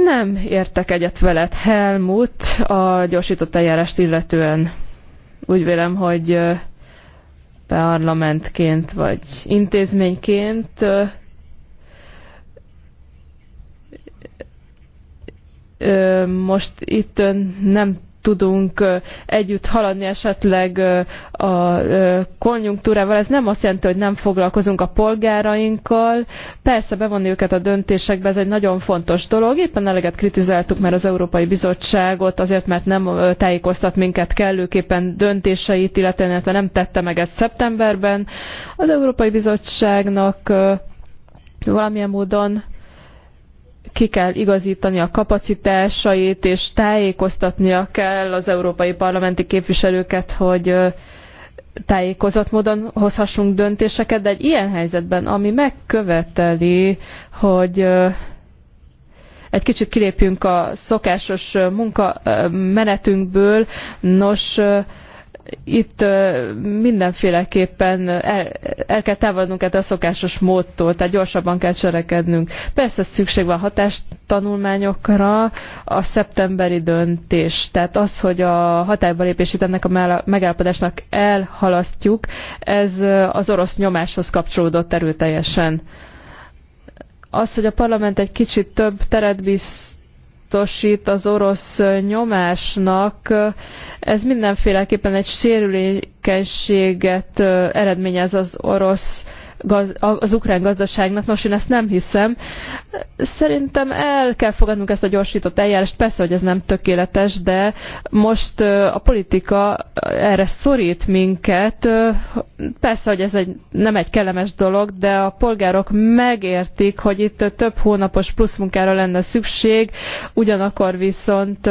Nem értek egyet veled, Helmut, a gyorsított eljárást illetően. Úgy vélem, hogy parlamentként vagy intézményként most itt nem tudunk együtt haladni esetleg a konjunktúrával. Ez nem azt jelenti, hogy nem foglalkozunk a polgárainkkal. Persze bevonni őket a döntésekbe, ez egy nagyon fontos dolog. Éppen eleget kritizáltuk már az Európai Bizottságot, azért mert nem tájékoztat minket kellőképpen döntéseit, illetve nem tette meg ezt szeptemberben. Az Európai Bizottságnak valamilyen módon ki kell igazítani a kapacitásait, és tájékoztatnia kell az európai parlamenti képviselőket, hogy tájékozott módon hozhassunk döntéseket, de egy ilyen helyzetben, ami megköveteli, hogy egy kicsit kilépjünk a szokásos munka menetünkből, nos, itt mindenféleképpen el, el kell távolodnunk ettől a szokásos módtól, tehát gyorsabban kell cselekednünk. Persze szükség van hatástanulmányokra, a szeptemberi döntés, tehát az, hogy a hatályba lépését ennek a megállapodásnak elhalasztjuk, ez az orosz nyomáshoz kapcsolódott erőteljesen. Az, hogy a parlament egy kicsit több teret bizt biztosít az orosz nyomásnak, ez mindenféleképpen egy sérülékenységet eredményez az orosz az ukrán gazdaságnak. Nos, én ezt nem hiszem. Szerintem el kell fogadnunk ezt a gyorsított eljárást. Persze, hogy ez nem tökéletes, de most a politika erre szorít minket. Persze, hogy ez egy, nem egy kellemes dolog, de a polgárok megértik, hogy itt több hónapos pluszmunkára lenne szükség, ugyanakkor viszont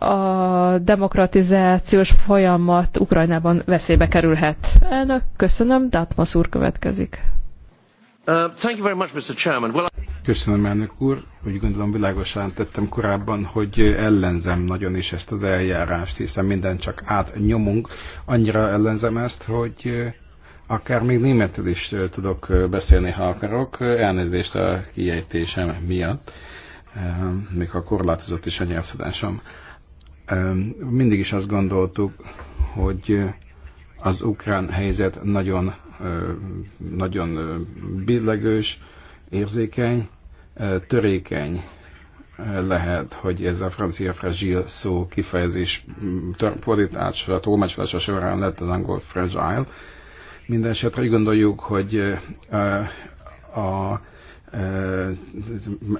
a demokratizációs folyamat Ukrajnában veszélybe kerülhet. Elnök, köszönöm, Dátmasz úr következik. Uh, köszönöm, elnök úr. Úgy gondolom világosan tettem korábban, hogy ellenzem nagyon is ezt az eljárást, hiszen minden csak átnyomunk. Annyira ellenzem ezt, hogy uh, akár még németül is uh, tudok beszélni, ha akarok. Elnézést a kiejtésem miatt, még a korlátozott is a nyelvszadásom. Mindig is azt gondoltuk, hogy az ukrán helyzet nagyon, nagyon billegős, érzékeny, törékeny lehet, hogy ez a francia fragil szó kifejezés fordítása, tolmácsolása során lett az angol fragile. Mindenesetre úgy gondoljuk, hogy a, a,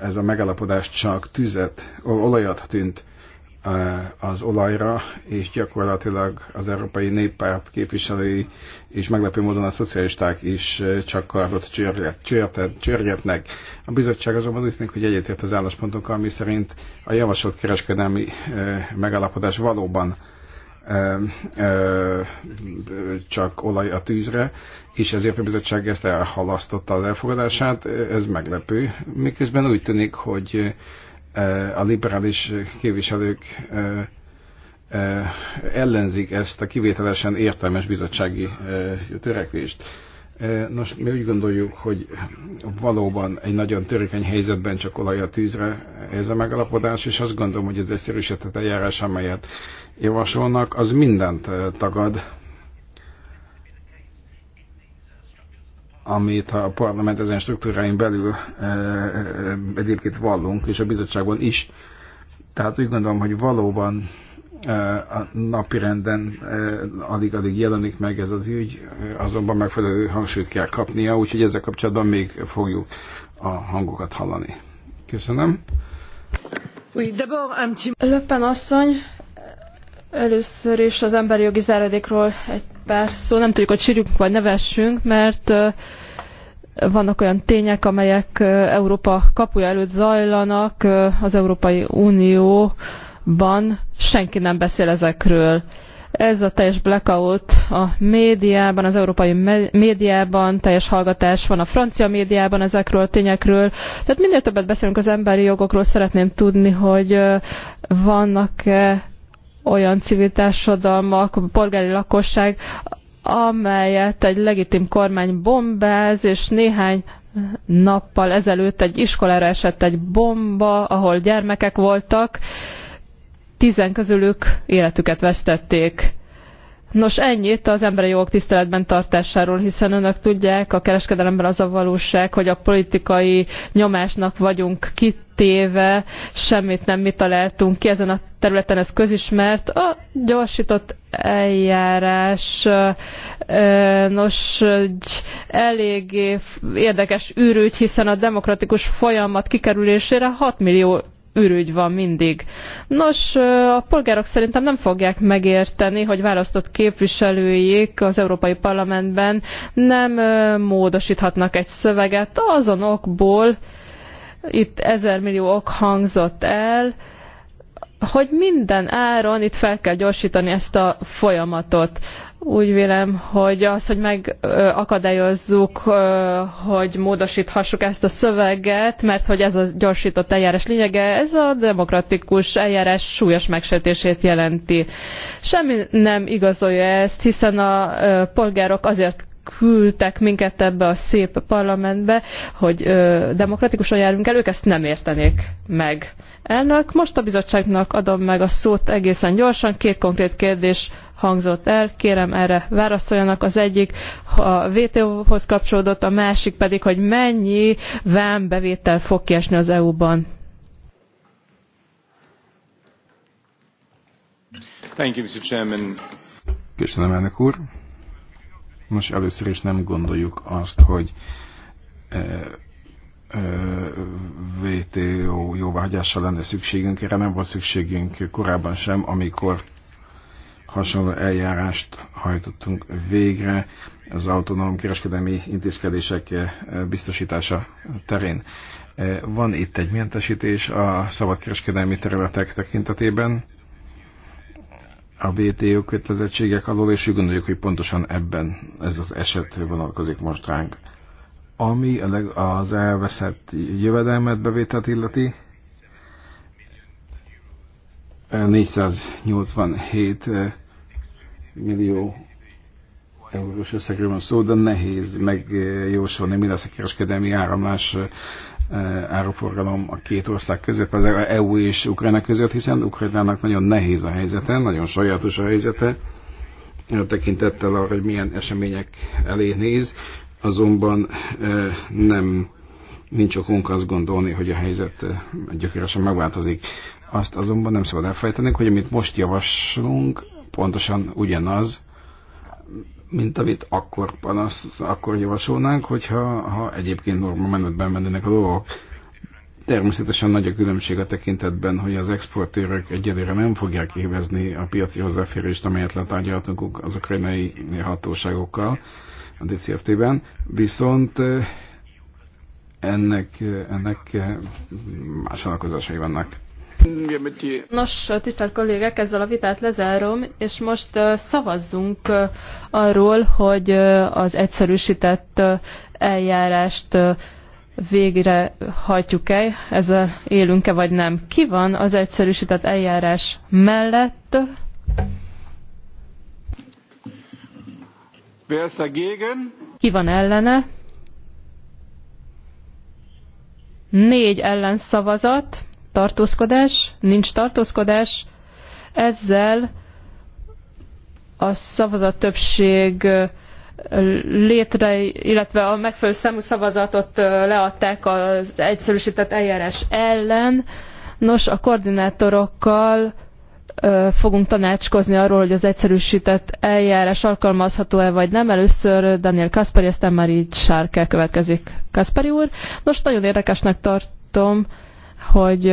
ez a megállapodás csak tüzet, olajat tűnt Eh, az olajra, és gyakorlatilag az Európai Néppárt képviselői és meglepő módon a szocialisták is eh, csak kardot csörget, csörget, csörgetnek. A bizottság azonban úgy tűnik, hogy egyetért az álláspontunkkal, ami szerint a javasolt kereskedelmi eh, megállapodás valóban csak olaj a tűzre, és ezért a bizottság ezt elhalasztotta az elfogadását, ez meglepő. Miközben úgy tűnik, hogy a liberális képviselők ellenzik ezt a kivételesen értelmes bizottsági törekvést. Nos, mi úgy gondoljuk, hogy valóban egy nagyon törékeny helyzetben csak olaj a tűzre ez a megalapodás, és azt gondolom, hogy az egyszerűsített eljárás, amelyet javasolnak, az mindent tagad, amit a parlament ezen struktúráin belül eh, eh, egyébként vallunk, és a bizottságban is. Tehát úgy gondolom, hogy valóban eh, a napirenden alig-alig jelenik meg ez az ügy, azonban megfelelő hangsúlyt kell kapnia, úgyhogy ezzel kapcsolatban még fogjuk a hangokat hallani. Köszönöm. Oui, d'abord un petit... Löppen asszony, Először is az emberi jogi záradékról egy pár szó. Nem tudjuk, hogy sírjunk vagy nevessünk, mert vannak olyan tények, amelyek Európa kapuja előtt zajlanak, az Európai Unióban senki nem beszél ezekről. Ez a teljes blackout a médiában, az európai médiában, teljes hallgatás van a francia médiában ezekről a tényekről. Tehát minél többet beszélünk az emberi jogokról, szeretném tudni, hogy vannak-e olyan civil társadalmak, polgári lakosság, amelyet egy legitim kormány bombáz, és néhány nappal ezelőtt egy iskolára esett egy bomba, ahol gyermekek voltak, tizen közülük életüket vesztették. Nos, ennyit az emberi jogok tiszteletben tartásáról, hiszen önök tudják, a kereskedelemben az a valóság, hogy a politikai nyomásnak vagyunk kitéve, semmit nem mi találtunk ki ezen a területen, ez közismert. A gyorsított eljárás, nos, egy eléggé érdekes űrügy, hiszen a demokratikus folyamat kikerülésére 6 millió ürügy van mindig. Nos, a polgárok szerintem nem fogják megérteni, hogy választott képviselőjék az Európai Parlamentben nem módosíthatnak egy szöveget azon okból, itt ezer millió ok hangzott el, hogy minden áron itt fel kell gyorsítani ezt a folyamatot. Úgy vélem, hogy az, hogy megakadályozzuk, hogy módosíthassuk ezt a szöveget, mert hogy ez a gyorsított eljárás lényege, ez a demokratikus eljárás súlyos megsértését jelenti. Semmi nem igazolja ezt, hiszen a polgárok azért küldtek minket ebbe a szép parlamentbe, hogy ö, demokratikusan járunk el, ők ezt nem értenék meg. Elnök, most a bizottságnak adom meg a szót egészen gyorsan. Két konkrét kérdés hangzott el, kérem erre válaszoljanak. Az egyik a WTO-hoz kapcsolódott, a másik pedig, hogy mennyi vámbevétel fog kiesni az EU-ban. Köszönöm, elnök úr. Most először is nem gondoljuk azt, hogy VTO eh, eh, jóváhagyásra lenne szükségünk, erre nem volt szükségünk korábban sem, amikor hasonló eljárást hajtottunk végre az autonóm kereskedelmi intézkedések eh, biztosítása terén. Van itt egy mentesítés a szabadkereskedelmi területek tekintetében, a VTO kötelezettségek alól, és úgy gondoljuk, hogy pontosan ebben ez az eset vonatkozik most ránk. Ami az elveszett jövedelmet, bevételt illeti, 487 eh, millió eurós összegről van szó, de nehéz megjósolni, mi lesz a kereskedelmi áramlás eh, Eh, áruforgalom a két ország között, az EU és Ukrajna között, hiszen Ukrajnának nagyon nehéz a helyzete, nagyon sajátos a helyzete, tekintettel arra, hogy milyen események elé néz, azonban eh, nem nincs okunk azt gondolni, hogy a helyzet eh, gyökeresen megváltozik. Azt azonban nem szabad elfejteni, hogy amit most javaslunk, pontosan ugyanaz, mint amit akkor panasz, akkor javasolnánk, hogyha ha egyébként norma menetben mennének a dolgok. Természetesen nagy a különbség a tekintetben, hogy az exportőrök egyelőre nem fogják évezni a piaci hozzáférést, amelyet letárgyaltunk az ukrajnai hatóságokkal a DCFT-ben, viszont ennek, ennek más alakozásai vannak. Nos, tisztelt kollégek, ezzel a vitát lezárom, és most szavazzunk arról, hogy az egyszerűsített eljárást végre hajtjuk-e, ezzel élünk-e vagy nem. Ki van az egyszerűsített eljárás mellett? Ki van ellene? Négy ellenszavazat tartózkodás, nincs tartózkodás, ezzel a szavazat többség létre, illetve a megfelelő számú szavazatot leadták az egyszerűsített eljárás ellen. Nos, a koordinátorokkal fogunk tanácskozni arról, hogy az egyszerűsített eljárás alkalmazható-e vagy nem. Először Daniel Kaspari, aztán már így Sárkel következik. Kaspari úr, most nagyon érdekesnek tartom, hogy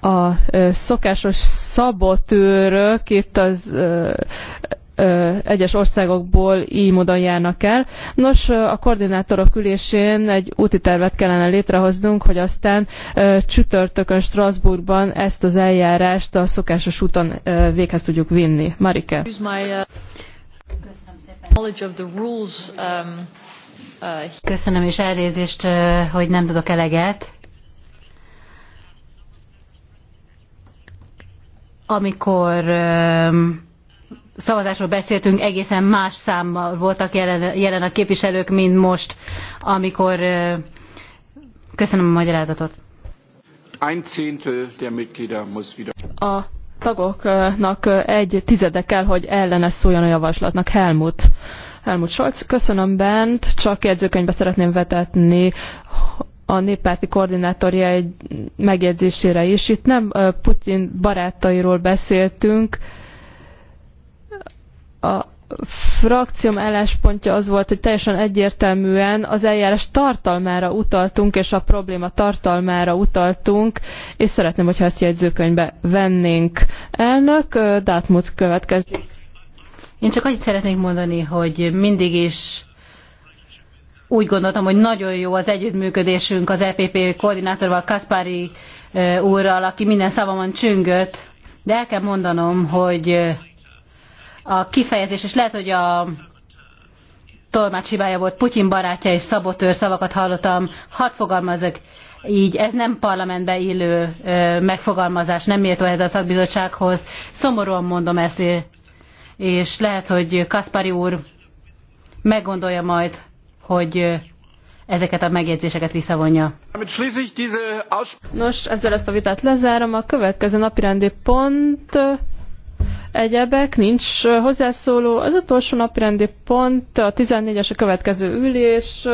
a szokásos szabotőrök itt az egyes országokból így módon járnak el. Nos, a koordinátorok ülésén egy úti tervet kellene létrehoznunk, hogy aztán csütörtökön Strasbourgban ezt az eljárást a szokásos úton véghez tudjuk vinni. Marike. Uh, um, uh, Köszönöm és elnézést, hogy nem tudok eleget. amikor szavazásról beszéltünk, egészen más számmal voltak jelen, jelen a képviselők, mint most, amikor... Köszönöm a magyarázatot. A tagoknak egy tizede kell, hogy ellene szóljon a javaslatnak. Helmut. Helmut Scholz, köszönöm bent, csak jegyzőkönyvbe szeretném vetetni, a néppárti koordinátorja egy megjegyzésére is. Itt nem Putin barátairól beszéltünk. A frakcióm álláspontja az volt, hogy teljesen egyértelműen az eljárás tartalmára utaltunk, és a probléma tartalmára utaltunk, és szeretném, hogyha ezt jegyzőkönyvbe vennénk. Elnök, Dátmut következik. Én csak annyit szeretnék mondani, hogy mindig is úgy gondoltam, hogy nagyon jó az együttműködésünk az EPP koordinátorval, Kaspári úrral, aki minden szavamon csüngött, de el kell mondanom, hogy a kifejezés, és lehet, hogy a tolmács hibája volt, Putyin barátja és szabotőr szavakat hallottam, hadd fogalmazok így, ez nem parlamentbe illő megfogalmazás, nem méltó ehhez a szakbizottsághoz. Szomorúan mondom ezt, és lehet, hogy Kaspari úr meggondolja majd, hogy ezeket a megjegyzéseket visszavonja. Nos, ezzel ezt a vitát lezárom. A következő napirendi pont egyebek, nincs hozzászóló. Az utolsó napirendi pont, a 14-es a következő ülés.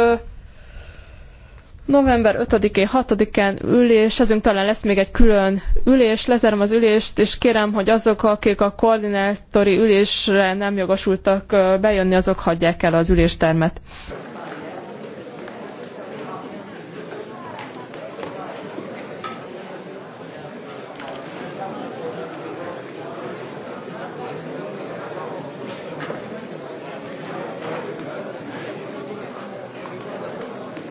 November 5-én, 6-án ülés, ezünk talán lesz még egy külön ülés, lezárom az ülést, és kérem, hogy azok, akik a koordinátori ülésre nem jogosultak bejönni, azok hagyják el az üléstermet.